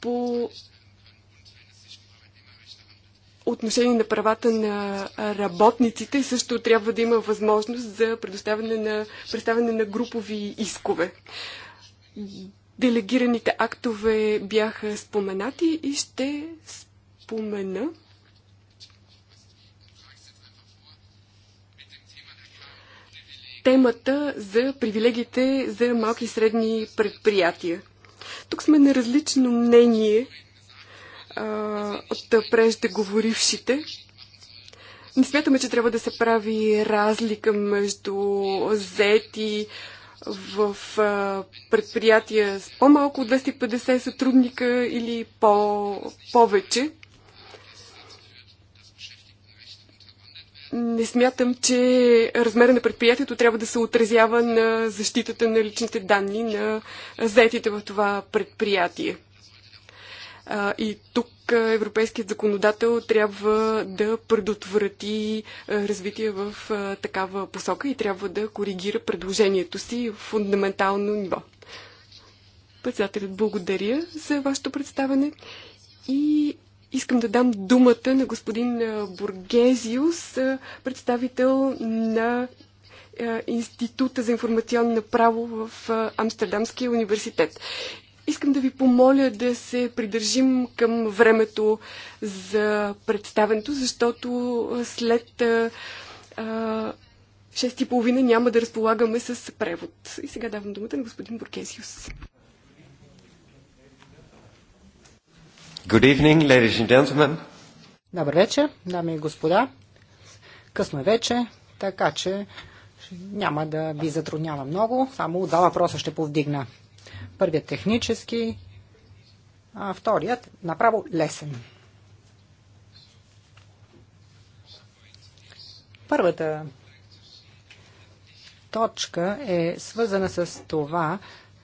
D: по отношение на правата на работниците също трябва да има възможност за предоставяне на, представяне на групови искове. Делегираните актове бяха споменати и ще спомена темата за привилегиите за малки и средни предприятия. Тук сме на различно мнение от преждеговорившите. Не смятаме, че трябва да се прави разлика между заети в а, предприятия с по-малко от 250 сътрудника или по повече. Не смятам, че размера на предприятието трябва да се отразява на защитата на личните данни на заетите в това предприятие. И тук европейският законодател трябва да предотврати развитие в такава посока и трябва да коригира предложението си в фундаментално ниво. Председателят благодаря за вашето представене и искам да дам думата на господин Бургезиус, представител на Института за информационно право в Амстердамския университет. Искам да ви помоля да се придържим към времето за представенето, защото след а, а, половина няма да разполагаме с превод. И сега давам думата на господин Буркезиус.
E: Good evening, ladies and gentlemen.
C: Добър вечер, дами и господа. Късно е вече, така че няма да ви затруднява много, само два въпроса ще повдигна. Първият технически, а вторият направо лесен. Първата точка е свързана с това,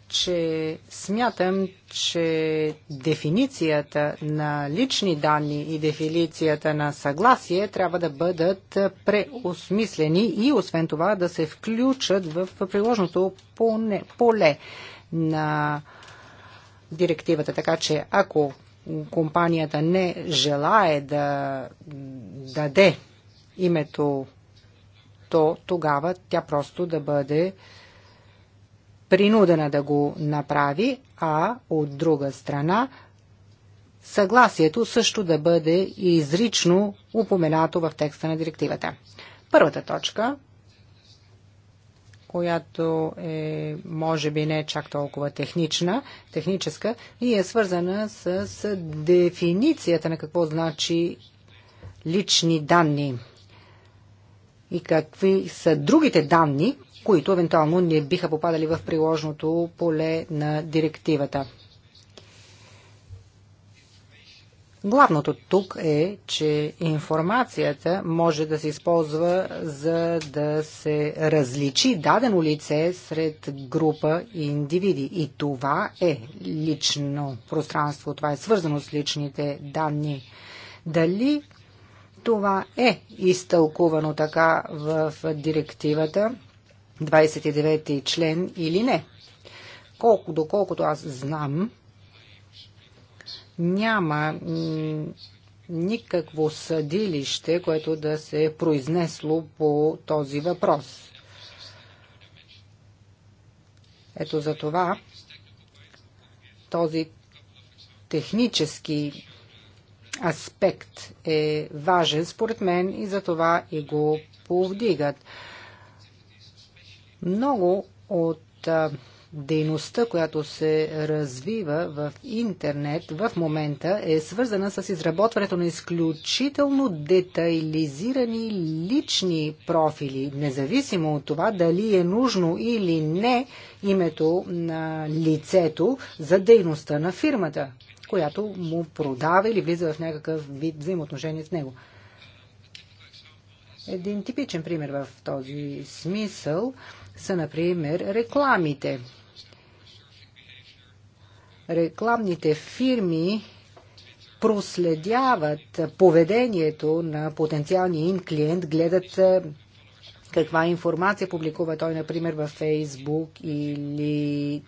C: че смятам, че дефиницията на лични данни и дефиницията на съгласие трябва да бъдат преосмислени и освен това да се включат в приложното поле на директивата. Така че ако компанията не желае да даде името, то тогава тя просто да бъде принудена да го направи, а от друга страна съгласието също да бъде изрично упоменато в текста на директивата. Първата точка която е, може би, не е чак толкова технична, техническа и е свързана с, с дефиницията на какво значи лични данни и какви са другите данни, които евентуално не биха попадали в приложното поле на директивата. Главното тук е, че информацията може да се използва за да се различи дадено лице сред група и индивиди. И това е лично пространство, това е свързано с личните данни. Дали това е изтълкувано така в директивата 29 член или не? Колко, доколкото аз знам, няма никакво съдилище, което да се е произнесло по този въпрос. Ето за това този технически аспект е важен според мен и за това и го повдигат. Много от дейността, която се развива в интернет в момента е свързана с изработването на изключително детайлизирани лични профили, независимо от това дали е нужно или не името на лицето за дейността на фирмата, която му продава или влиза в някакъв вид взаимоотношение с него. Един типичен пример в този смисъл са, например, рекламите рекламните фирми проследяват поведението на потенциалния им клиент, гледат е, каква информация публикува той, например, във Фейсбук или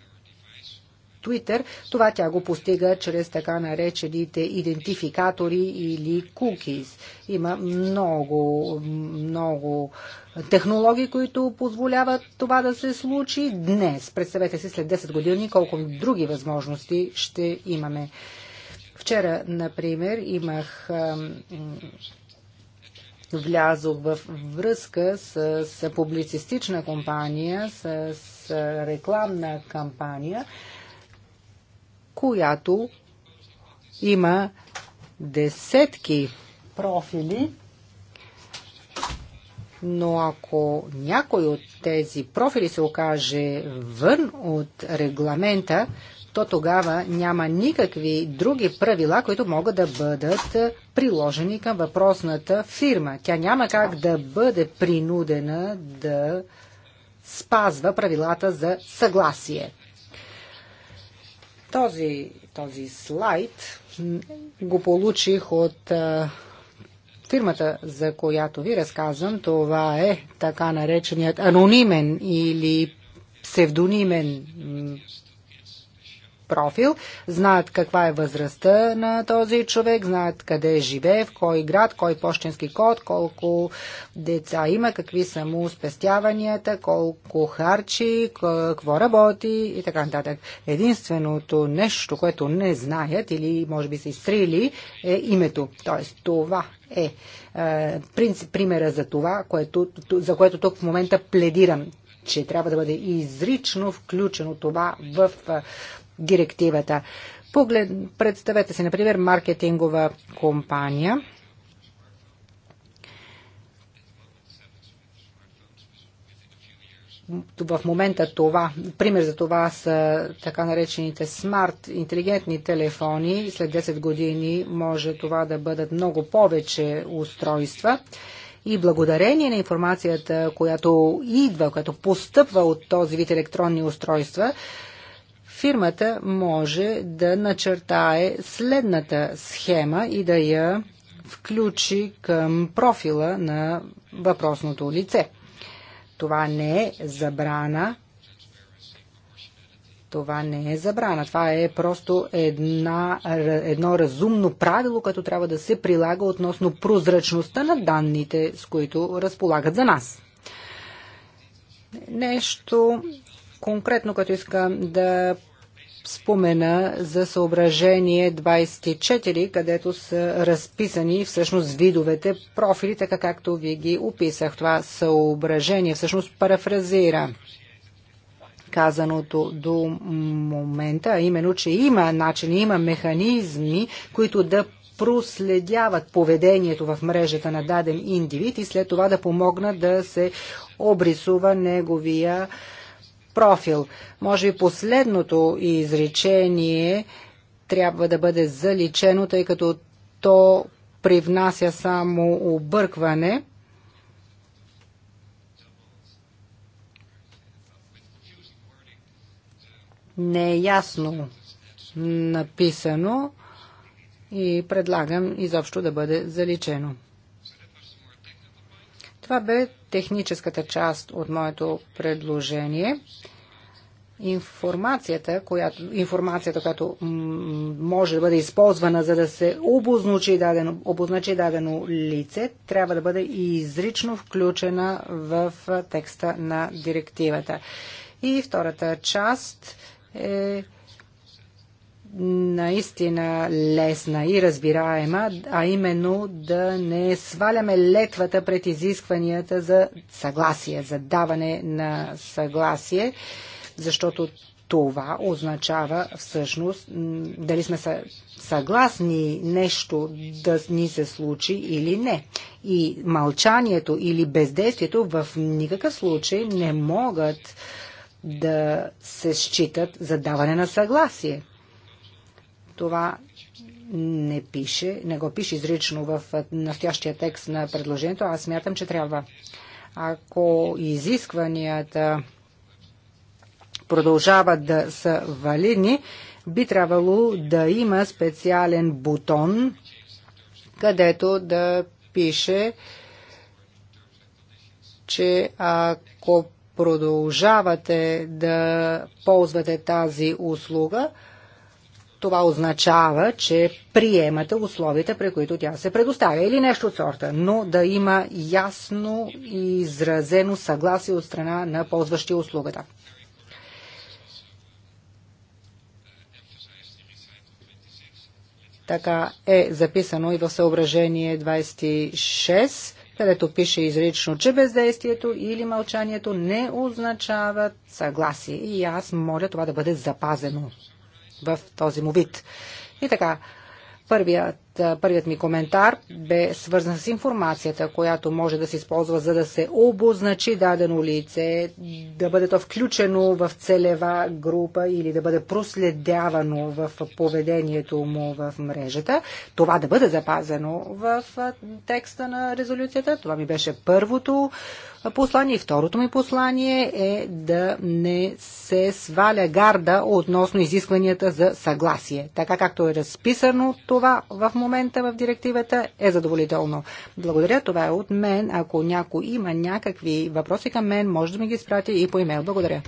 C: Twitter, това тя го постига чрез така наречените идентификатори или cookies. Има много, много технологии, които позволяват това да се случи днес. Представете си след 10 години колко други възможности ще имаме. Вчера, например, имах влязох в връзка с, с публицистична компания, с, с рекламна кампания която има десетки профили, но ако някой от тези профили се окаже вън от регламента, то тогава няма никакви други правила, които могат да бъдат приложени към въпросната фирма. Тя няма как да бъде принудена да спазва правилата за съгласие. Този, този слайд го получих от а, фирмата, за която ви разказвам. Това е така нареченият анонимен или псевдонимен профил, знаят каква е възрастта на този човек, знаят къде живее, в кой град, кой почтенски код, колко деца има, какви са му спестяванията, колко харчи, какво работи и така нататък. Единственото нещо, което не знаят или може би са изтрили е името. Тоест това е, е принцип, примера за това, което, за което тук в момента пледирам че трябва да бъде изрично включено това в е, директивата. Поглед, представете си, например, маркетингова компания, в момента това, пример за това са така наречените смарт, интелигентни телефони. След 10 години може това да бъдат много повече устройства. И благодарение на информацията, която идва, която постъпва от този вид електронни устройства, фирмата може да начертае следната схема и да я включи към профила на въпросното лице. Това не е забрана. Това не е забрана. Това е просто една, едно разумно правило, което трябва да се прилага относно прозрачността на данните, с които разполагат за нас. Нещо конкретно, като искам да спомена за съображение 24, където са разписани всъщност видовете профили, така както ви ги описах. Това съображение всъщност парафразира казаното до момента, а именно, че има начини, има механизми, които да проследяват поведението в мрежата на даден индивид и след това да помогнат да се обрисува неговия профил. Може би последното изречение трябва да бъде заличено, тъй като то привнася само объркване. Не е ясно написано и предлагам изобщо да бъде заличено. Това бе техническата част от моето предложение. Информацията, която, информацията, която може да бъде използвана, за да се обозначи дадено, обозначи дадено лице, трябва да бъде изрично включена в текста на директивата. И втората част е наистина лесна и разбираема, а именно да не сваляме летвата пред изискванията за съгласие, за даване на съгласие, защото това означава всъщност дали сме съгласни нещо да ни се случи или не. И мълчанието или бездействието в никакъв случай не могат да се считат за даване на съгласие. Това не пише, не го пише изрично в настоящия текст на предложението. Аз смятам, че трябва. Ако изискванията продължават да са валидни, би трябвало да има специален бутон, където да пише, че ако продължавате да ползвате тази услуга, това означава, че приемате условията, при които тя се предоставя или нещо от сорта, но да има ясно и изразено съгласие от страна на ползващия услугата. Така е записано и в съображение 26, където пише изрично, че бездействието или мълчанието не означават съгласие. И аз моля това да бъде запазено в този му вид. И така, първият първият ми коментар бе свързан с информацията, която може да се използва, за да се обозначи дадено лице, да бъде то включено в целева група или да бъде проследявано в поведението му в мрежата. Това да бъде запазено в текста на резолюцията. Това ми беше първото послание. И второто ми послание е да не се сваля гарда относно изискванията за съгласие. Така както е разписано това в момента, момента в директивата е задоволително. Благодаря, това е от мен. Ако някой има някакви въпроси към мен, може да ми ги изпрати и по имейл. Благодаря.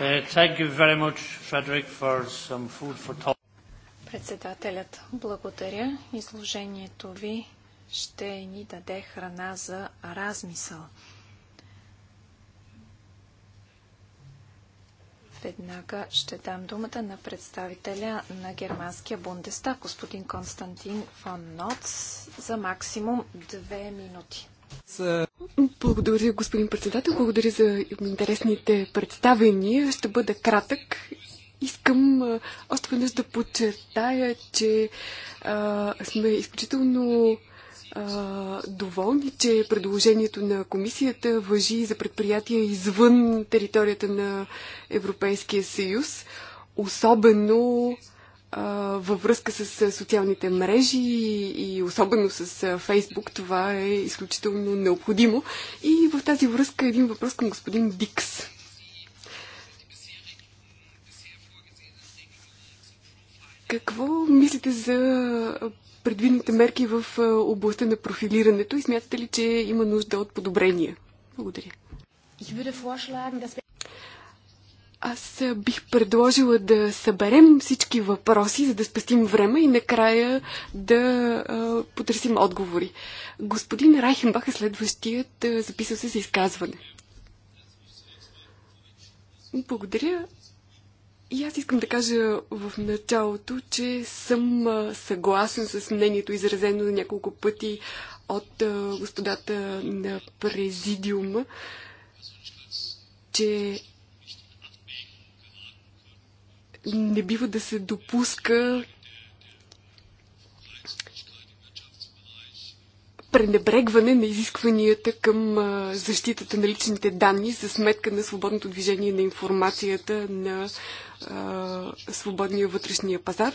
A: Uh,
B: Председателят, благодаря. Изложението ви ще ни даде храна за размисъл. Веднага ще дам думата на представителя на германския Бундестаг, господин Константин фон Ноц, за максимум две минути.
D: Благодаря, господин председател. Благодаря за интересните представения. Ще бъда кратък. Искам още веднъж да подчертая, че а, сме изключително доволни, че предложението на комисията въжи за предприятия извън територията на Европейския съюз, особено във връзка с социалните мрежи и особено с Фейсбук. Това е изключително необходимо. И в тази връзка един въпрос към господин Дикс. Какво мислите за предвидните мерки в областта на профилирането и смятате ли, че има нужда от подобрения? Благодаря. Аз бих предложила да съберем всички въпроси, за да спестим време и накрая да потърсим отговори. Господин Райхенбах е следващият, записал се за изказване. Благодаря. И аз искам да кажа в началото, че съм съгласен с мнението, изразено на няколко пъти от господата на президиума, че не бива да се допуска пренебрегване на изискванията към защитата на личните данни за сметка на свободното движение на информацията на свободния вътрешния пазар,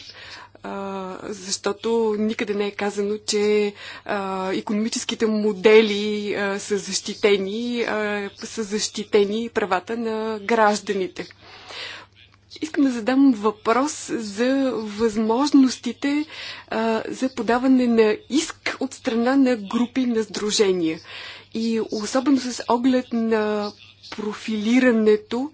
D: защото никъде не е казано, че економическите модели са защитени, са защитени правата на гражданите. Искам да задам въпрос за възможностите а, за подаване на иск от страна на групи на сдружения. И особено с оглед на профилирането,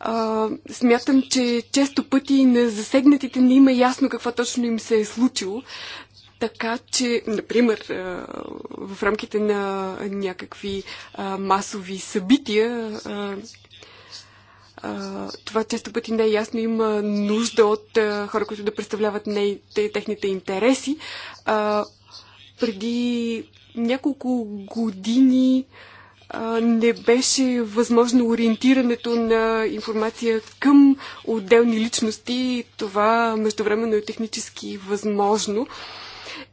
D: а, смятам, че често пъти на засегнатите не има ясно какво точно им се е случило. Така че, например, в рамките на някакви масови събития, това често пъти не е ясно. Има нужда от а, хора, които да представляват не, те, техните интереси. А, преди няколко години а, не беше възможно ориентирането на информация към отделни личности. Това междувременно е технически възможно.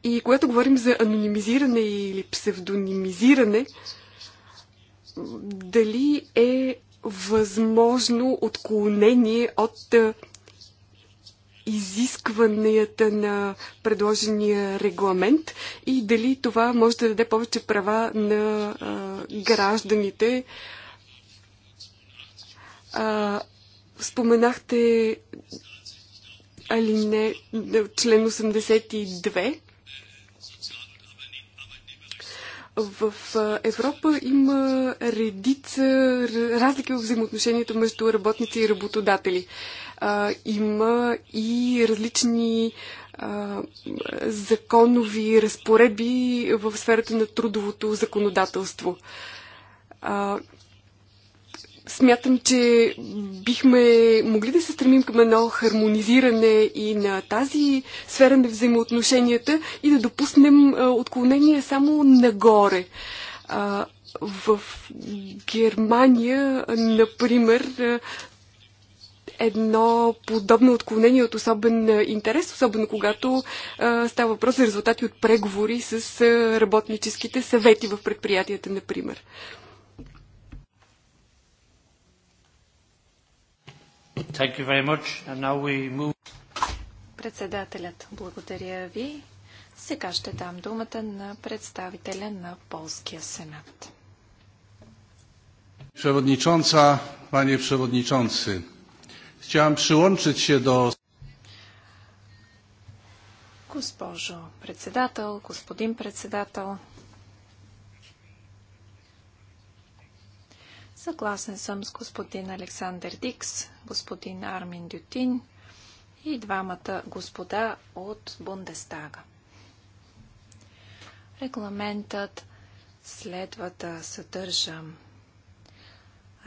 D: И когато говорим за анонимизиране или псевдонимизиране, дали е възможно отклонение от изискванията на предложения регламент и дали това може да даде повече права на а, гражданите. А, споменахте алине, член 82. В Европа има редица разлики в взаимоотношенията между работници и работодатели. Има и различни законови разпоредби в сферата на трудовото законодателство. Смятам, че бихме могли да се стремим към едно хармонизиране и на тази сфера на взаимоотношенията и да допуснем отклонение само нагоре. В Германия, например, едно подобно отклонение е от особен интерес, особено когато става въпрос за резултати от преговори с работническите съвети в предприятията, например.
B: Председателят, благодаря ви. Сега ще дам думата на представителя на Полския Сенат.
E: Przewodnicząca, panie przewodniczący, chciałam przyłączyć się do
B: Госпожо председател, господин председател, Съгласен съм с господин Александър Дикс, господин Армин Дютин и двамата господа от Бундестага. Регламентът следва да съдържа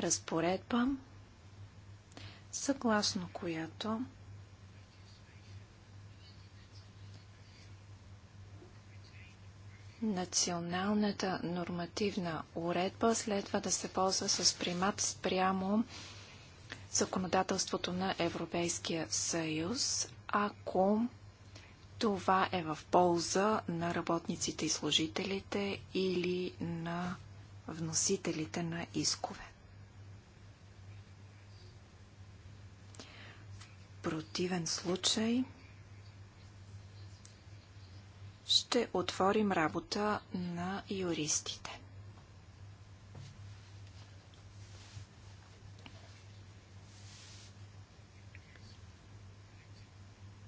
B: разпоредба, съгласно която националната нормативна уредба следва да се ползва с примат спрямо законодателството на Европейския съюз, ако това е в полза на работниците и служителите или на вносителите на искове. В противен случай – ще отворим работа на юристите.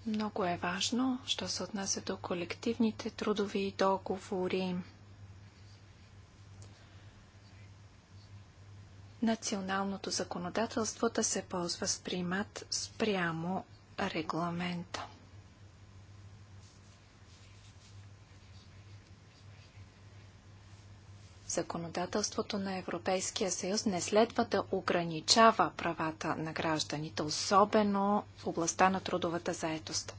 B: Много е важно, що се отнася до колективните трудови договори. Националното законодателство да се ползва с примат спрямо регламента. Законодателството на Европейския съюз не следва да ограничава правата на гражданите, особено в областта на трудовата
D: заетост.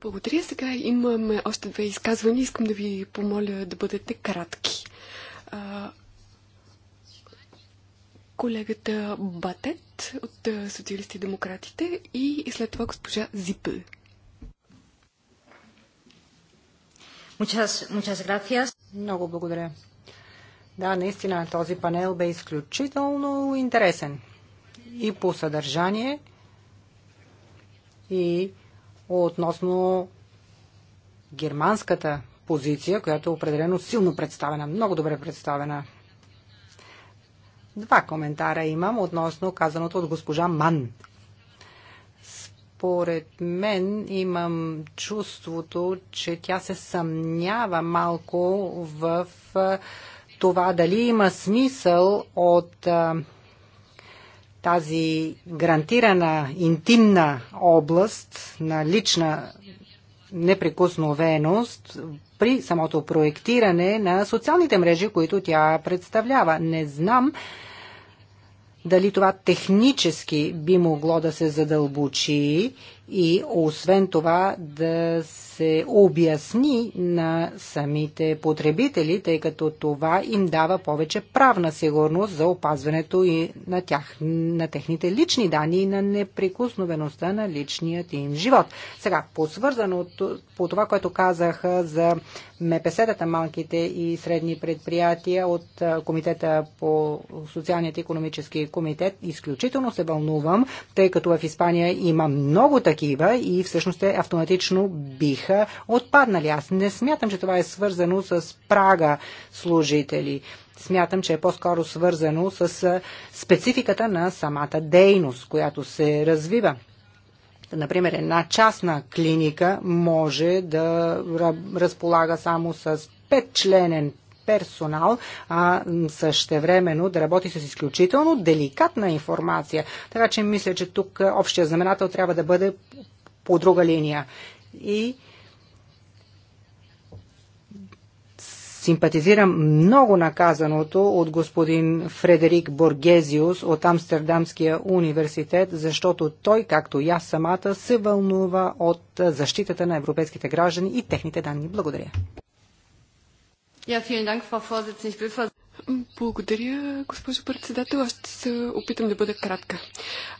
D: Благодаря. Сега имаме още две изказвания. Искам да ви помоля да бъдете кратки. Колегата Батет от Социалисти и демократите и след това госпожа Зипе.
C: Muchas, muchas gracias. Много благодаря. Да, наистина този панел бе изключително интересен и по съдържание, и относно германската позиция, която е определено силно представена, много добре представена. Два коментара имам относно казаното от госпожа Ман според мен имам чувството, че тя се съмнява малко в това дали има смисъл от тази гарантирана интимна област на лична неприкосновеност при самото проектиране на социалните мрежи, които тя представлява. Не знам дали това технически би могло да се задълбочи и освен това да се обясни на самите потребители, тъй като това им дава повече правна сигурност за опазването и на, тях, на техните лични данни и на неприкосновеността на личният им живот. Сега, по свързаното по това, което казах за МПС-тата, малките и средни предприятия от Комитета по социалният и економически комитет. Изключително се вълнувам, тъй като в Испания има много такива и всъщност те автоматично биха отпаднали. Аз не смятам, че това е свързано с прага служители смятам, че е по-скоро свързано с спецификата на самата дейност, която се развива например, една частна клиника може да разполага само с петчленен персонал, а същевременно да работи с изключително деликатна информация. Така че мисля, че тук общия знаменател трябва да бъде по друга линия. И Симпатизирам много наказаното от господин Фредерик Боргезиус от Амстердамския университет, защото той, както и аз самата, се вълнува от защитата на европейските граждани и техните данни. Благодаря.
D: Благодаря, госпожо председател. Аз ще се опитам да бъда кратка.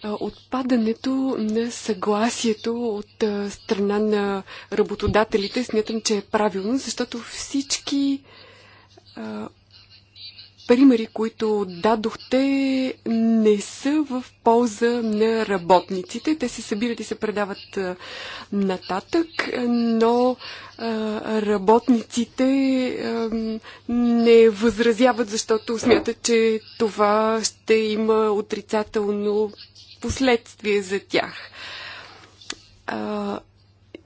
D: Отпадането на съгласието от страна на работодателите смятам, че е правилно, защото всички примери, които дадохте, не са в полза на работниците. Те се събират и се предават нататък, но работниците не възразяват, защото смятат, че това ще има отрицателно последствие за тях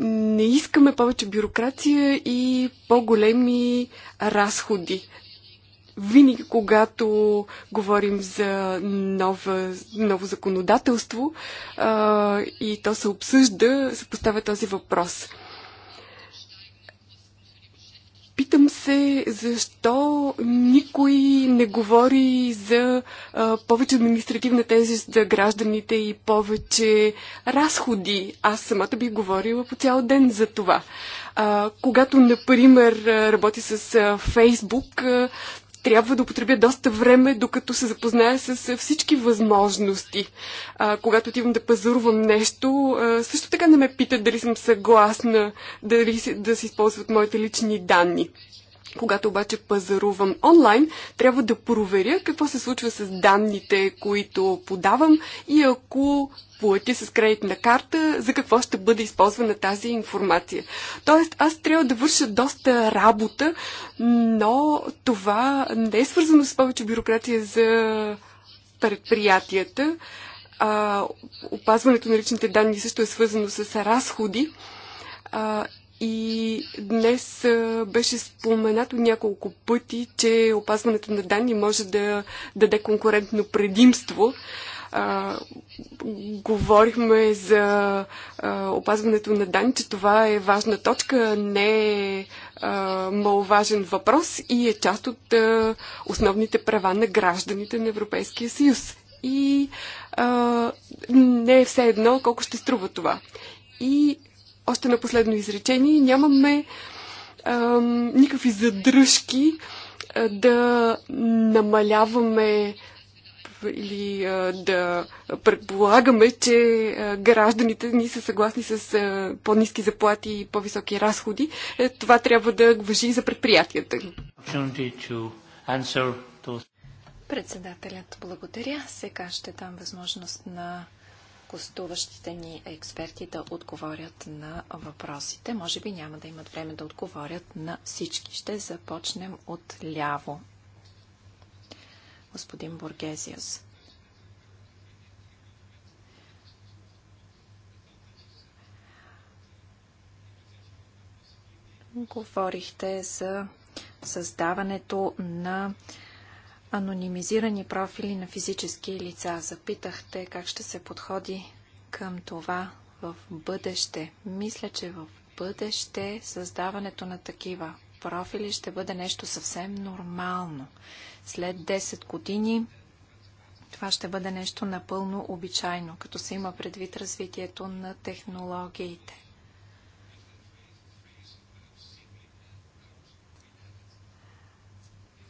D: не искаме повече бюрокрация и по-големи разходи винаги, когато говорим за нова, ново законодателство а, и то се обсъжда, се поставя този въпрос. Питам се защо никой не говори за а, повече административна тежест за гражданите и повече разходи. Аз самата би говорила по цял ден за това. А, когато, например, работи с Фейсбук, трябва да употребя доста време, докато се запозная с всички възможности. А, когато отивам да пазарувам нещо, а, също така не ме питат дали съм съгласна дали, да се използват моите лични данни. Когато обаче пазарувам онлайн, трябва да проверя какво се случва с данните, които подавам и ако платя с кредитна карта, за какво ще бъде използвана тази информация. Тоест, аз трябва да върша доста работа, но това не е свързано с повече бюрокрация за предприятията. А, опазването на личните данни също е свързано с разходи. А, и днес беше споменато няколко пъти, че опазването на данни може да даде конкурентно предимство. А, говорихме за а, опазването на данни, че това е важна точка, не е маловажен въпрос и е част от а, основните права на гражданите на Европейския съюз. И а, не е все едно колко ще струва това. И още на последно изречение. Нямаме ам, никакви задръжки а, да намаляваме или а, да предполагаме, че а, гражданите ни са съгласни с а, по-низки заплати и по-високи разходи. Е, това трябва да въжи и за предприятията ни.
B: Председателят, благодаря. Сега ще дам възможност на гостуващите ни експерти да отговорят на въпросите. Може би няма да имат време да отговорят на всички. Ще започнем от ляво. Господин Боргезиус. Говорихте за създаването на анонимизирани профили на физически лица. Запитахте как ще се подходи към това в бъдеще. Мисля, че в бъдеще създаването на такива профили ще бъде нещо съвсем нормално. След 10 години това ще бъде нещо напълно обичайно, като се има предвид развитието на технологиите.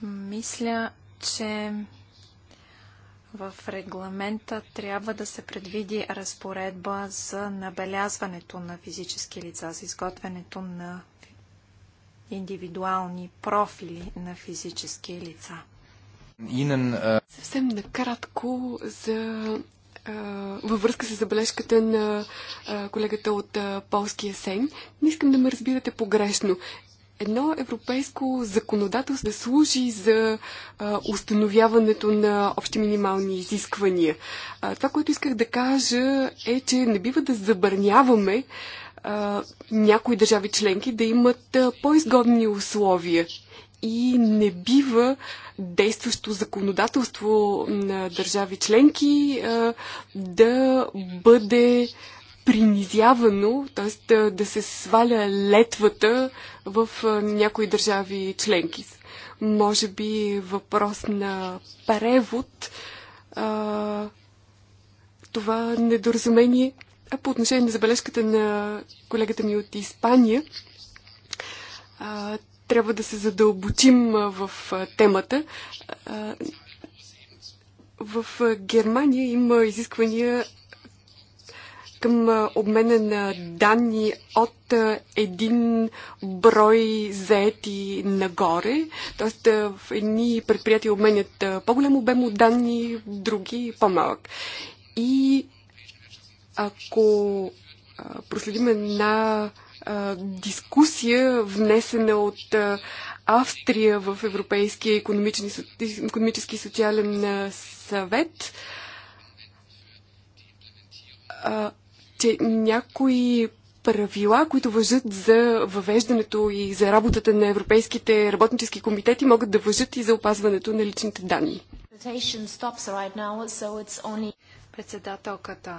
B: Мисля, че в регламента трябва да се предвиди разпоредба за набелязването на физически лица, за изготвянето на индивидуални
D: профили на физически лица. Съвсем накратко за във връзка с забележката на колегата от полския Сейм. Не искам да ме разбирате погрешно едно европейско законодателство да служи за а, установяването на общи минимални изисквания. А, това, което исках да кажа е, че не бива да забърняваме а, някои държави членки да имат по-изгодни условия и не бива действащо законодателство на държави членки а, да бъде принизявано, т.е. да се сваля летвата в някои държави членки. Може би въпрос на превод а, това недоразумение. А по отношение на забележката на колегата ми от Испания, а, трябва да се задълбочим в темата. В Германия има изисквания към обмена на данни от един брой заети нагоре. Тоест, в едни предприятия обменят по-голям обем от данни, в други по-малък. И ако проследим една дискусия, внесена от Австрия в Европейския економически и социален съвет, че някои правила, които въжат за въвеждането и за работата на европейските работнически комитети, могат да въжат и за опазването на личните данни.
B: Председателката,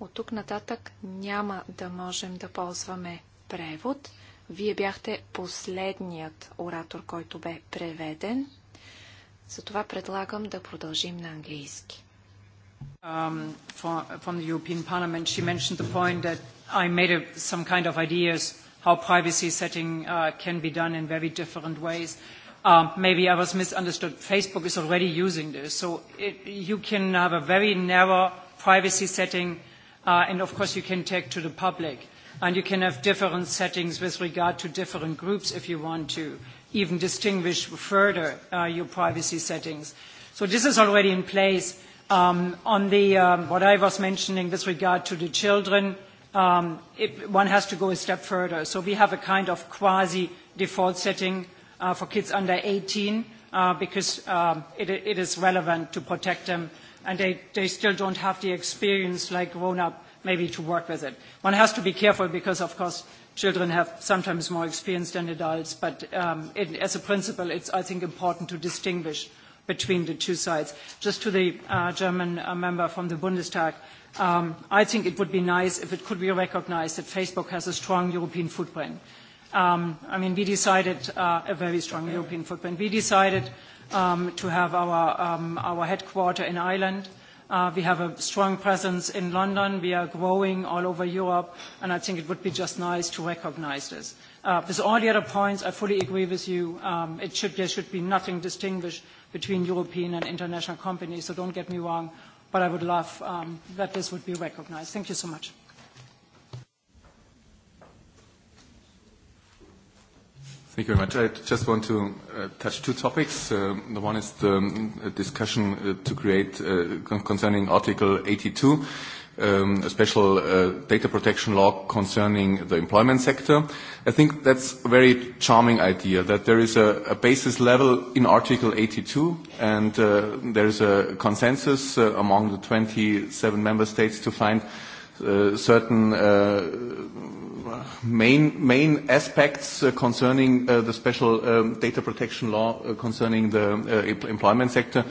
B: от тук нататък няма да можем да ползваме превод. Вие бяхте последният оратор, който бе преведен. Затова предлагам да продължим на
F: английски. Um, for, from the European Parliament, she mentioned the point that I made a, some kind of ideas how privacy setting uh, can be done in very different ways. Um, maybe I was misunderstood. Facebook is already using this, so it, you can have a very narrow privacy setting, uh, and of course you can take to the public and you can have different settings with regard to different groups if you want to even distinguish further uh, your privacy settings. So this is already in place, on the, what I was mentioning with regard to the children, one has to go a step further. So we have a kind of quasi-default setting for kids under 18 because it, it is relevant to protect them and they, still don't have the experience like grown-up maybe to work with it. One has to be careful because, of course, children have sometimes more experience than adults, but as a principle, it's, I think, important to distinguish between the two sides. Just to the uh, German uh, member from the Bundestag, um, I think it would be nice if it could be recognized that Facebook has a strong European footprint. Um, I mean, we decided uh, a very strong European footprint. We decided um, to have our, um, our headquarter in Ireland. Uh, we have a strong presence in London. We are growing all over Europe, and I think it would be just nice to recognize this with all the other points, I fully agree with you. there should be nothing distinguished between European and international companies, so don't get me wrong, but I would love that this would be recognized. Thank you so much.
E: Thank you very much. I just want to touch two topics. the one is the discussion to create concerning Article 82 um, a special uh, data protection law concerning the employment sector. I think that's a very charming idea that there is a, a basis level in Article 82 and uh, there is a consensus uh, among the 27 member states to find uh, certain uh, main, main aspects uh, concerning uh, the special um, data protection law uh, concerning the uh, employment sector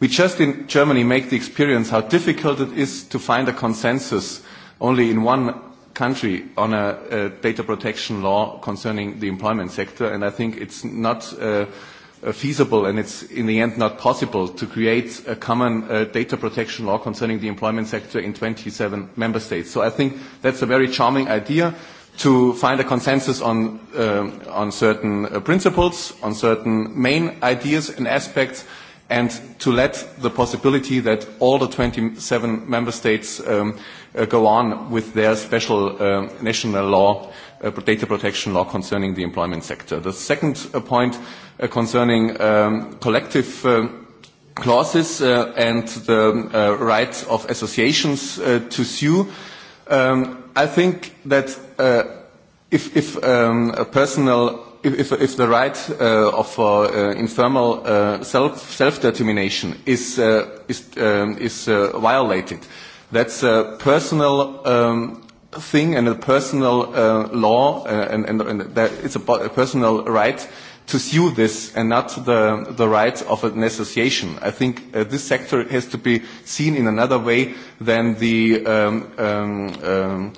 E: We just in Germany make the experience how difficult it is to find a consensus only in one country on a, a data protection law concerning the employment sector, and I think it's not uh, feasible and it's in the end not possible to create a common uh, data protection law concerning the employment sector in 27 member states. So I think that's a very charming idea to find a consensus on, um, on certain uh, principles, on certain main ideas and aspects, and to let the possibility that all the 27 member states um, uh, go on with their special uh, national law, uh, data protection law concerning the employment sector. The second point uh, concerning um, collective uh, clauses uh, and the uh, rights of associations uh, to sue, um, I think that uh, if, if um, a personal if, if the right uh, of uh, informal uh, self self determination is uh, is um, is uh, violated, that's a personal um, thing and a personal uh, law, uh, and, and, and that it's a, a personal right to sue this and not the, the rights of an association. I think uh, this sector has to be seen in another way than the um, um, um,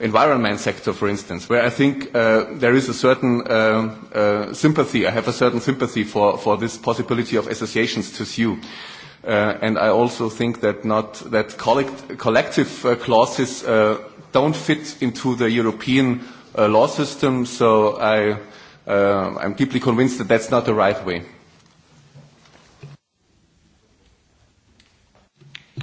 E: environment sector, for instance, where I think uh, there is a certain uh, uh, sympathy, I have a certain sympathy for, for this possibility of associations to sue. Uh, and I also think that not that collect, collective uh, clauses uh, don't fit into the European uh, law system. So I, uh, I'm deeply convinced that that's not the right way.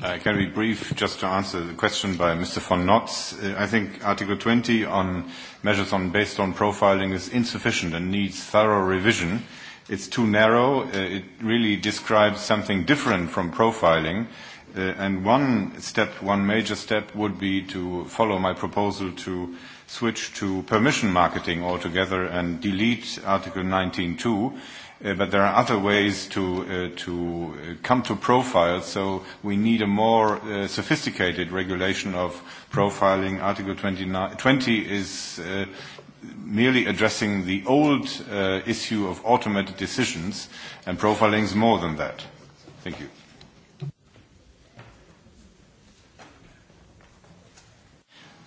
E: I can be brief just to answer the question by Mr. von Notz. I think Article 20 on measures on based on profiling is insufficient and needs thorough revision. It's too narrow. Uh, it really describes something different from profiling. Uh, and one step, one major step would be to follow my proposal to switch to permission marketing altogether and delete Article 19.2 but there are other ways to, uh, to come to profiles. So we need a more uh, sophisticated regulation of profiling. Article 29, 20 is uh, merely addressing the old uh, issue of automated decisions, and profiling is more than that. Thank you.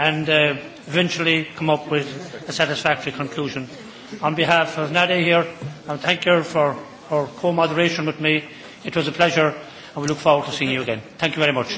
A: and uh, eventually come up with a satisfactory conclusion. On behalf of Nadia here, I thank you for her co-moderation with me. It was a pleasure and we look forward to seeing you again. Thank you very much.